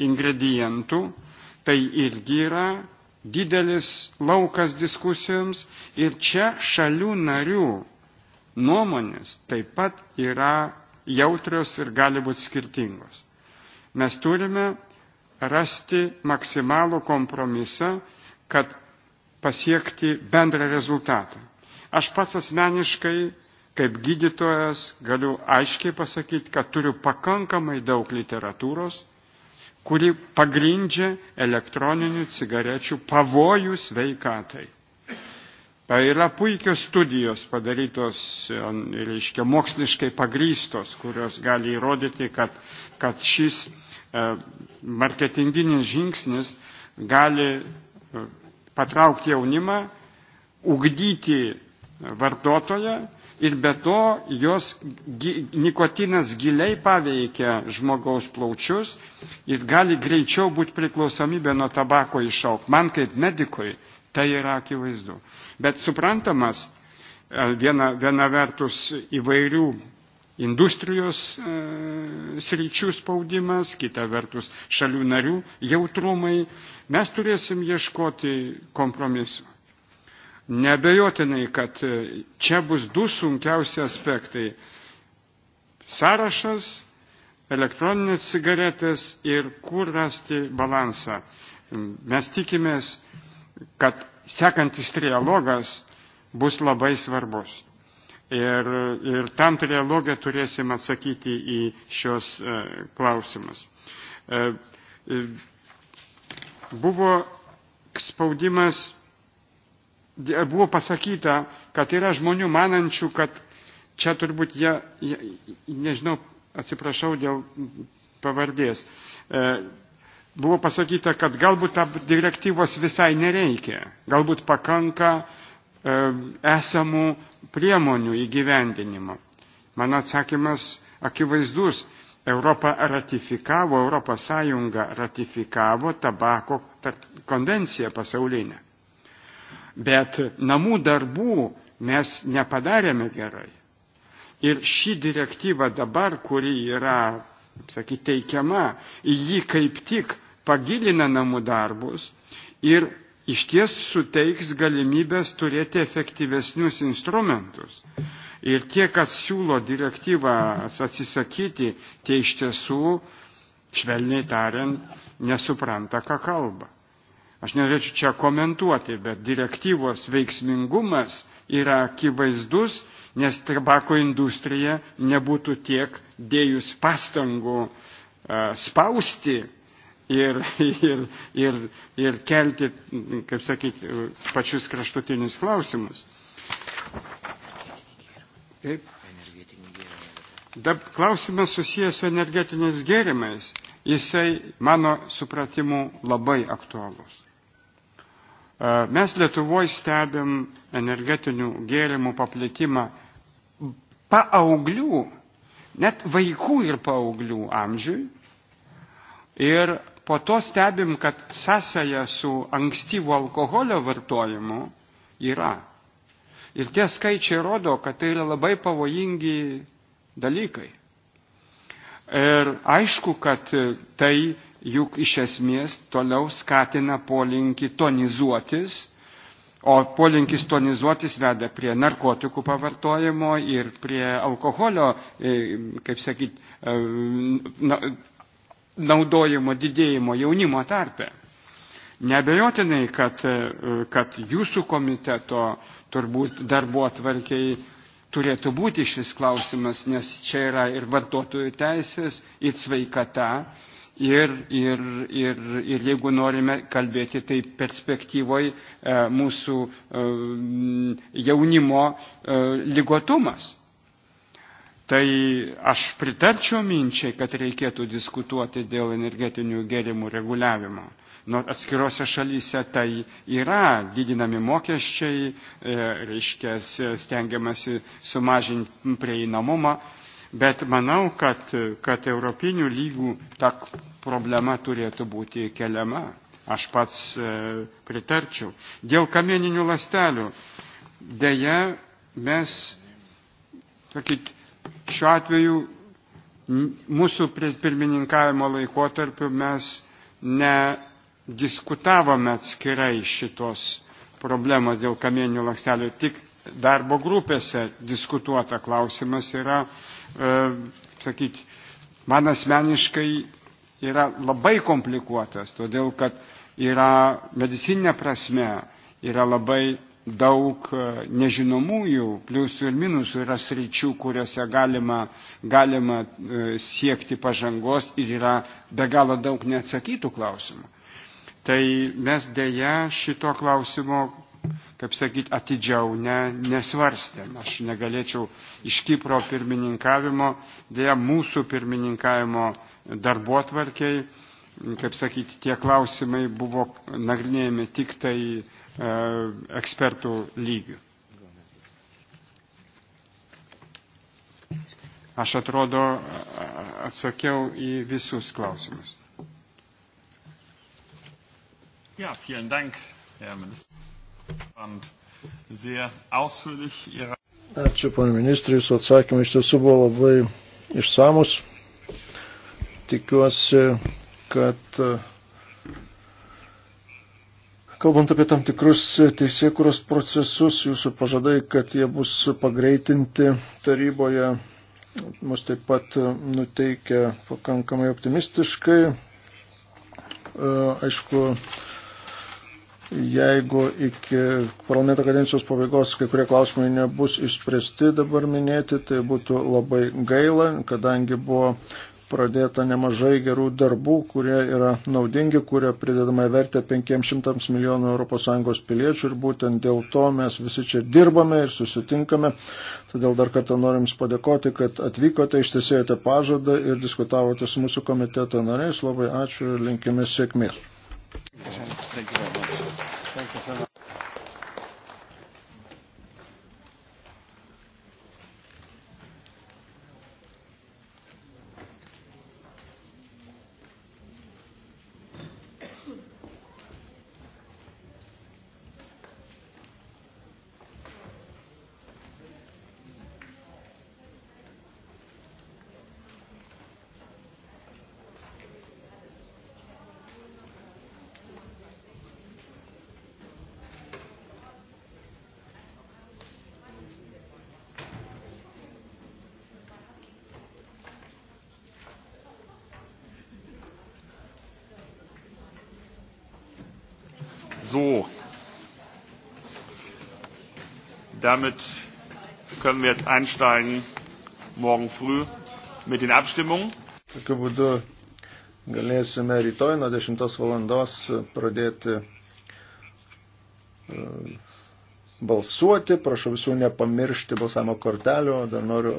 ingredientų, tai irgi yra didelis laukas diskusijoms ir čia šalių narių nuomonės taip pat yra jautrios ir gali būti skirtingos. Mes turime rasti maksimalų kompromisą, kad pasiekti bendrą rezultatą. Aš pats asmeniškai, kaip gydytojas, galiu aiškiai pasakyti, kad turiu pakankamai daug literatūros, kuri pagrindžia elektroninių cigarečių pavojų sveikatai. Tai yra puikios studijos padarytos, reiškia, moksliškai pagrystos, kurios gali įrodyti, kad, kad šis e, marketinginis žingsnis gali e, patraukti jaunimą, ugdyti vartotoją ir be to jos gi, nikotinas giliai paveikia žmogaus plaučius ir gali greičiau būti priklausomybė nuo tabako išauk. Man kaip medikui tai yra akivaizdu. Bet suprantamas, e, viena, viena vertus įvairių industrijos e, sričių spaudimas, kita vertus šalių narių jautrumai, mes turėsim ieškoti kompromisu. Nebejotinai, kad e, čia bus du sunkiausi aspektai - sąrašas, elektroninės cigaretės ir kur rasti balansą. Mes tikimės, kad sekantis trialogas bus labai svarbus. Ir, ir tam trialogė turėsim atsakyti į šios e, klausimus. E, e, buvo spaudimas buvo pasakyta, kad yra žmonių manančių, kad čia turbūt jie, jie nežinau, atsiprašau dėl pavardės, e, buvo pasakyta, kad galbūt tą direktyvos visai nereikia, galbūt pakanka e, esamų priemonių įgyvendinimo. Mano atsakymas akivaizdus. Europa ratifikavo, Europos Sąjunga ratifikavo tabako konvenciją pasaulinę bet namų darbų mes nepadarėme gerai. Ir ši direktyva dabar, kuri yra, sakyti, teikiama, ji kaip tik pagilina namų darbus ir iš ties suteiks galimybės turėti efektyvesnius instrumentus. Ir tie, kas siūlo direktyvą atsisakyti, tie iš tiesų, švelniai tariant, nesupranta, ką kalba. Aš norėčiau čia komentuoti, bet direktyvos veiksmingumas yra akivaizdus, nes tabako industrija nebūtų tiek dėjus pastangų e, spausti ir, ir, ir, ir kelti, kaip sakyti, pačius kraštutinius klausimus. Taip. Dab, klausimas susijęs su energetiniais gėrimais, jisai mano supratimu labai aktualus. Mes Lietuvoje stebim energetinių gėrimų paplitimą paauglių, net vaikų ir paauglių amžiui. Ir po to stebim, kad sąsaja su ankstyvu alkoholio vartojimu yra. Ir tie skaičiai rodo, kad tai yra labai pavojingi dalykai. Ir aišku, kad tai juk iš esmės toliau skatina polinkį tonizuotis, o polinkis tonizuotis veda prie narkotikų pavartojimo ir prie alkoholio, e, kaip sakyt, e, naudojimo didėjimo jaunimo tarpe. Nebejotinai, kad, e, kad jūsų komiteto turbūt darbo atvarkiai turėtų būti šis klausimas, nes čia yra ir vartotojų teisės, ir sveikata, ir, ir, ir, ir jeigu norime kalbėti, tai perspektyvoj e, mūsų e, jaunimo e, lygotumas. Tai aš pritarčiau minčiai, kad reikėtų diskutuoti dėl energetinių gėrimų reguliavimo. Nors nu, atskirose šalyse tai yra didinami mokesčiai, reiškia stengiamasi sumažinti prieinamumą, Bet manau, kad, kad europinių lygų ta problema turėtų būti keliama. Aš pats e, pritarčiau. Dėl kamieninių lastelių. Deja, mes, sakyt, šiuo atveju mūsų pirmininkavimo laikotarpiu mes nediskutavome atskirai šitos problemos dėl kamieninių lakstelių, tik darbo grupėse diskutuota klausimas yra E, sakyk, man asmeniškai yra labai komplikuotas, todėl kad yra medicinė prasme, yra labai daug e, nežinomųjų, pliusų ir minusų yra sričių, kuriuose galima, galima e, siekti pažangos ir yra be galo daug neatsakytų klausimų. Tai mes dėja šito klausimo kaip sakyti, atidžiau ne, nesvarstėm. Aš negalėčiau iš Kipro pirmininkavimo, dėja mūsų pirmininkavimo darbo atvarkiai, kaip sakyti, tie klausimai buvo nagrinėjami tik tai e, ekspertų lygių. Aš atrodo atsakiau į visus klausimus. Ja, vielen Dank, Herr Minister. Ačiū, pan ministrai, jūsų atsakymai iš tiesų buvo labai išsamus. Tikiuosi, kad e, Kalbant apie tam tikrus teisėkuros procesus, jūsų pažadai, kad jie bus pagreitinti taryboje, mus taip pat nuteikia pakankamai optimistiškai. E, aišku, jeigu iki parlamento kadencijos pabaigos kai kurie klausimai nebus išspręsti dabar minėti, tai būtų labai gaila, kadangi buvo pradėta nemažai gerų darbų, kurie yra naudingi, kurie pridedama vertę 500 milijonų ES piliečių ir būtent dėl to mes visi čia dirbame ir susitinkame. Todėl dar kartą norim Jums padėkoti, kad atvykote, ištesėjote pažadą ir diskutavote su mūsų komiteto nariais. Labai ačiū ir linkime sėkmės. Thank you very much. damit können wir jetzt einsteigen morgen früh mit den Abstimmungen. Tokiu būdu galėsime rytoj nuo 10 valandos pradėti e, balsuoti. Prašau visų nepamiršti balsavimo kortelio. Dar noriu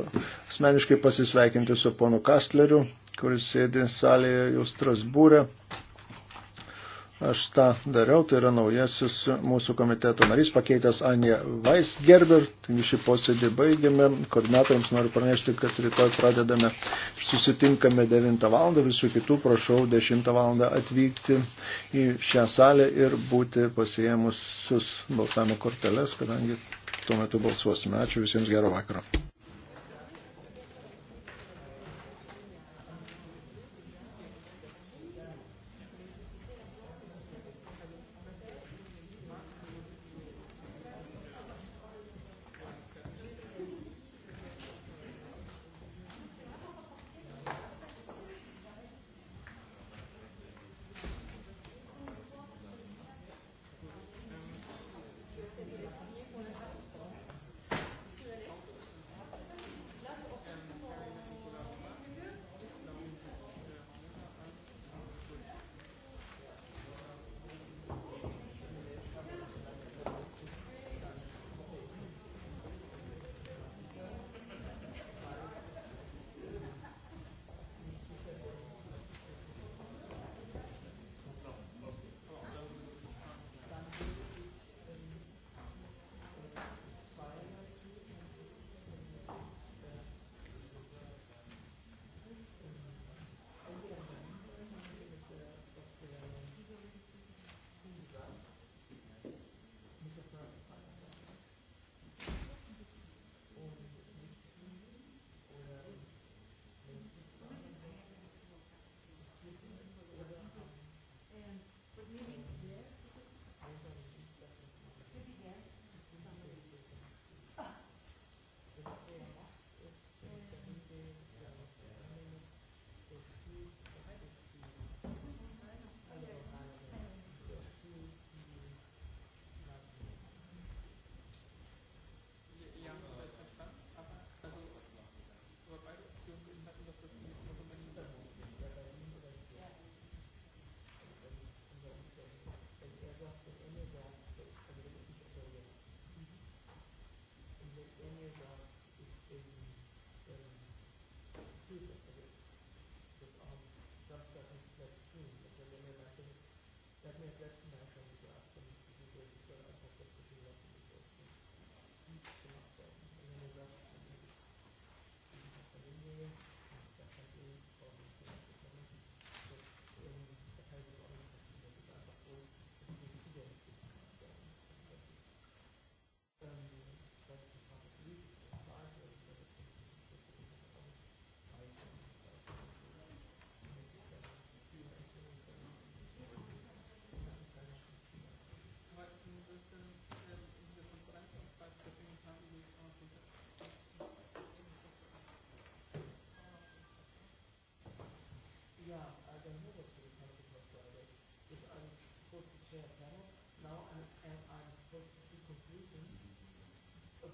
asmeniškai pasisveikinti su ponu Kastleriu, kuris sėdi salėje jau Strasbūrė. Aš tą dariau, tai yra naujasis mūsų komiteto narys, pakeitęs Anja Weisgerber. Taigi šį posėdį baigėme. Koordinatoriams noriu pranešti, kad rytoj pradedame, susitinkame 9 val. Visų kitų prašau 10 val. atvykti į šią salę ir būti pasiemusius balsavimo korteles, kadangi tuo metu balsuosime. Ačiū visiems gero vakaro.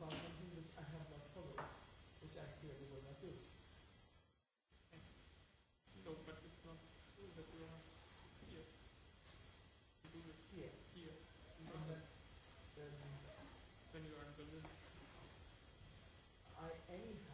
about something which I have not followed, which I clearly will not do. So, but it's not true that you are here. You do it here. Here. Not that then, when you are in Berlin. I anyhow.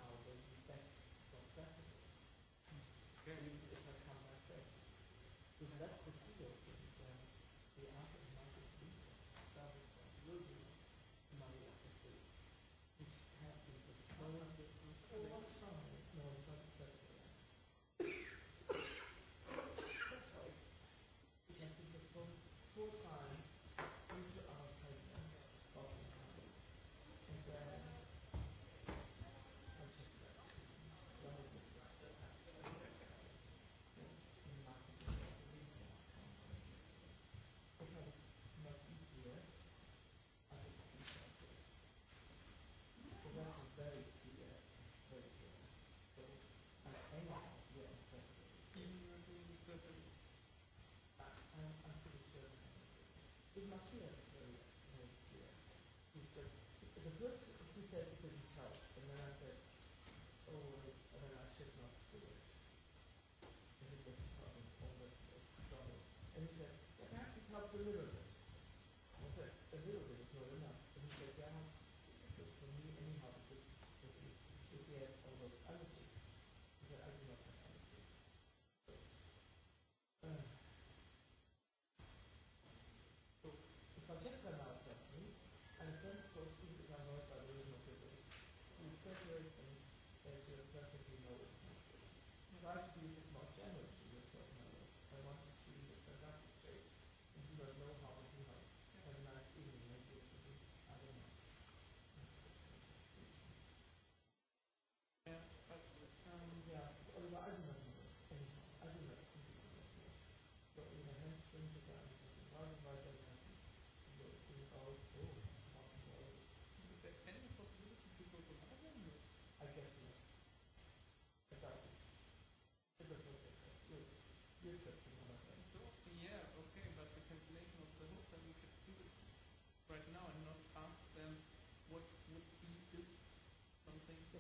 kur nuves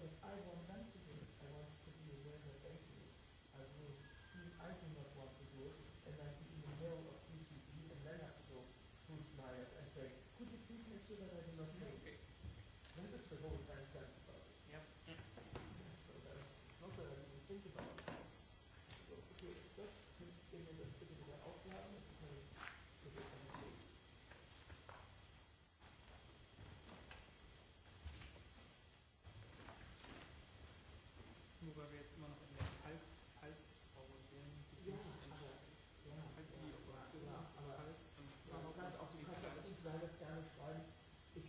Because I want them to do it. I want to be aware that they do it. I do, I do not want to do it. And I'm in the middle of PCP and then have to go through Smiles and say, could you please make sure that I do not make it? That is the whole concept about it. Yep. So that's it's not that I didn't think about it. So, okay, das sind Dinge, das bitte wieder aufladen, das ist eine, das ist eine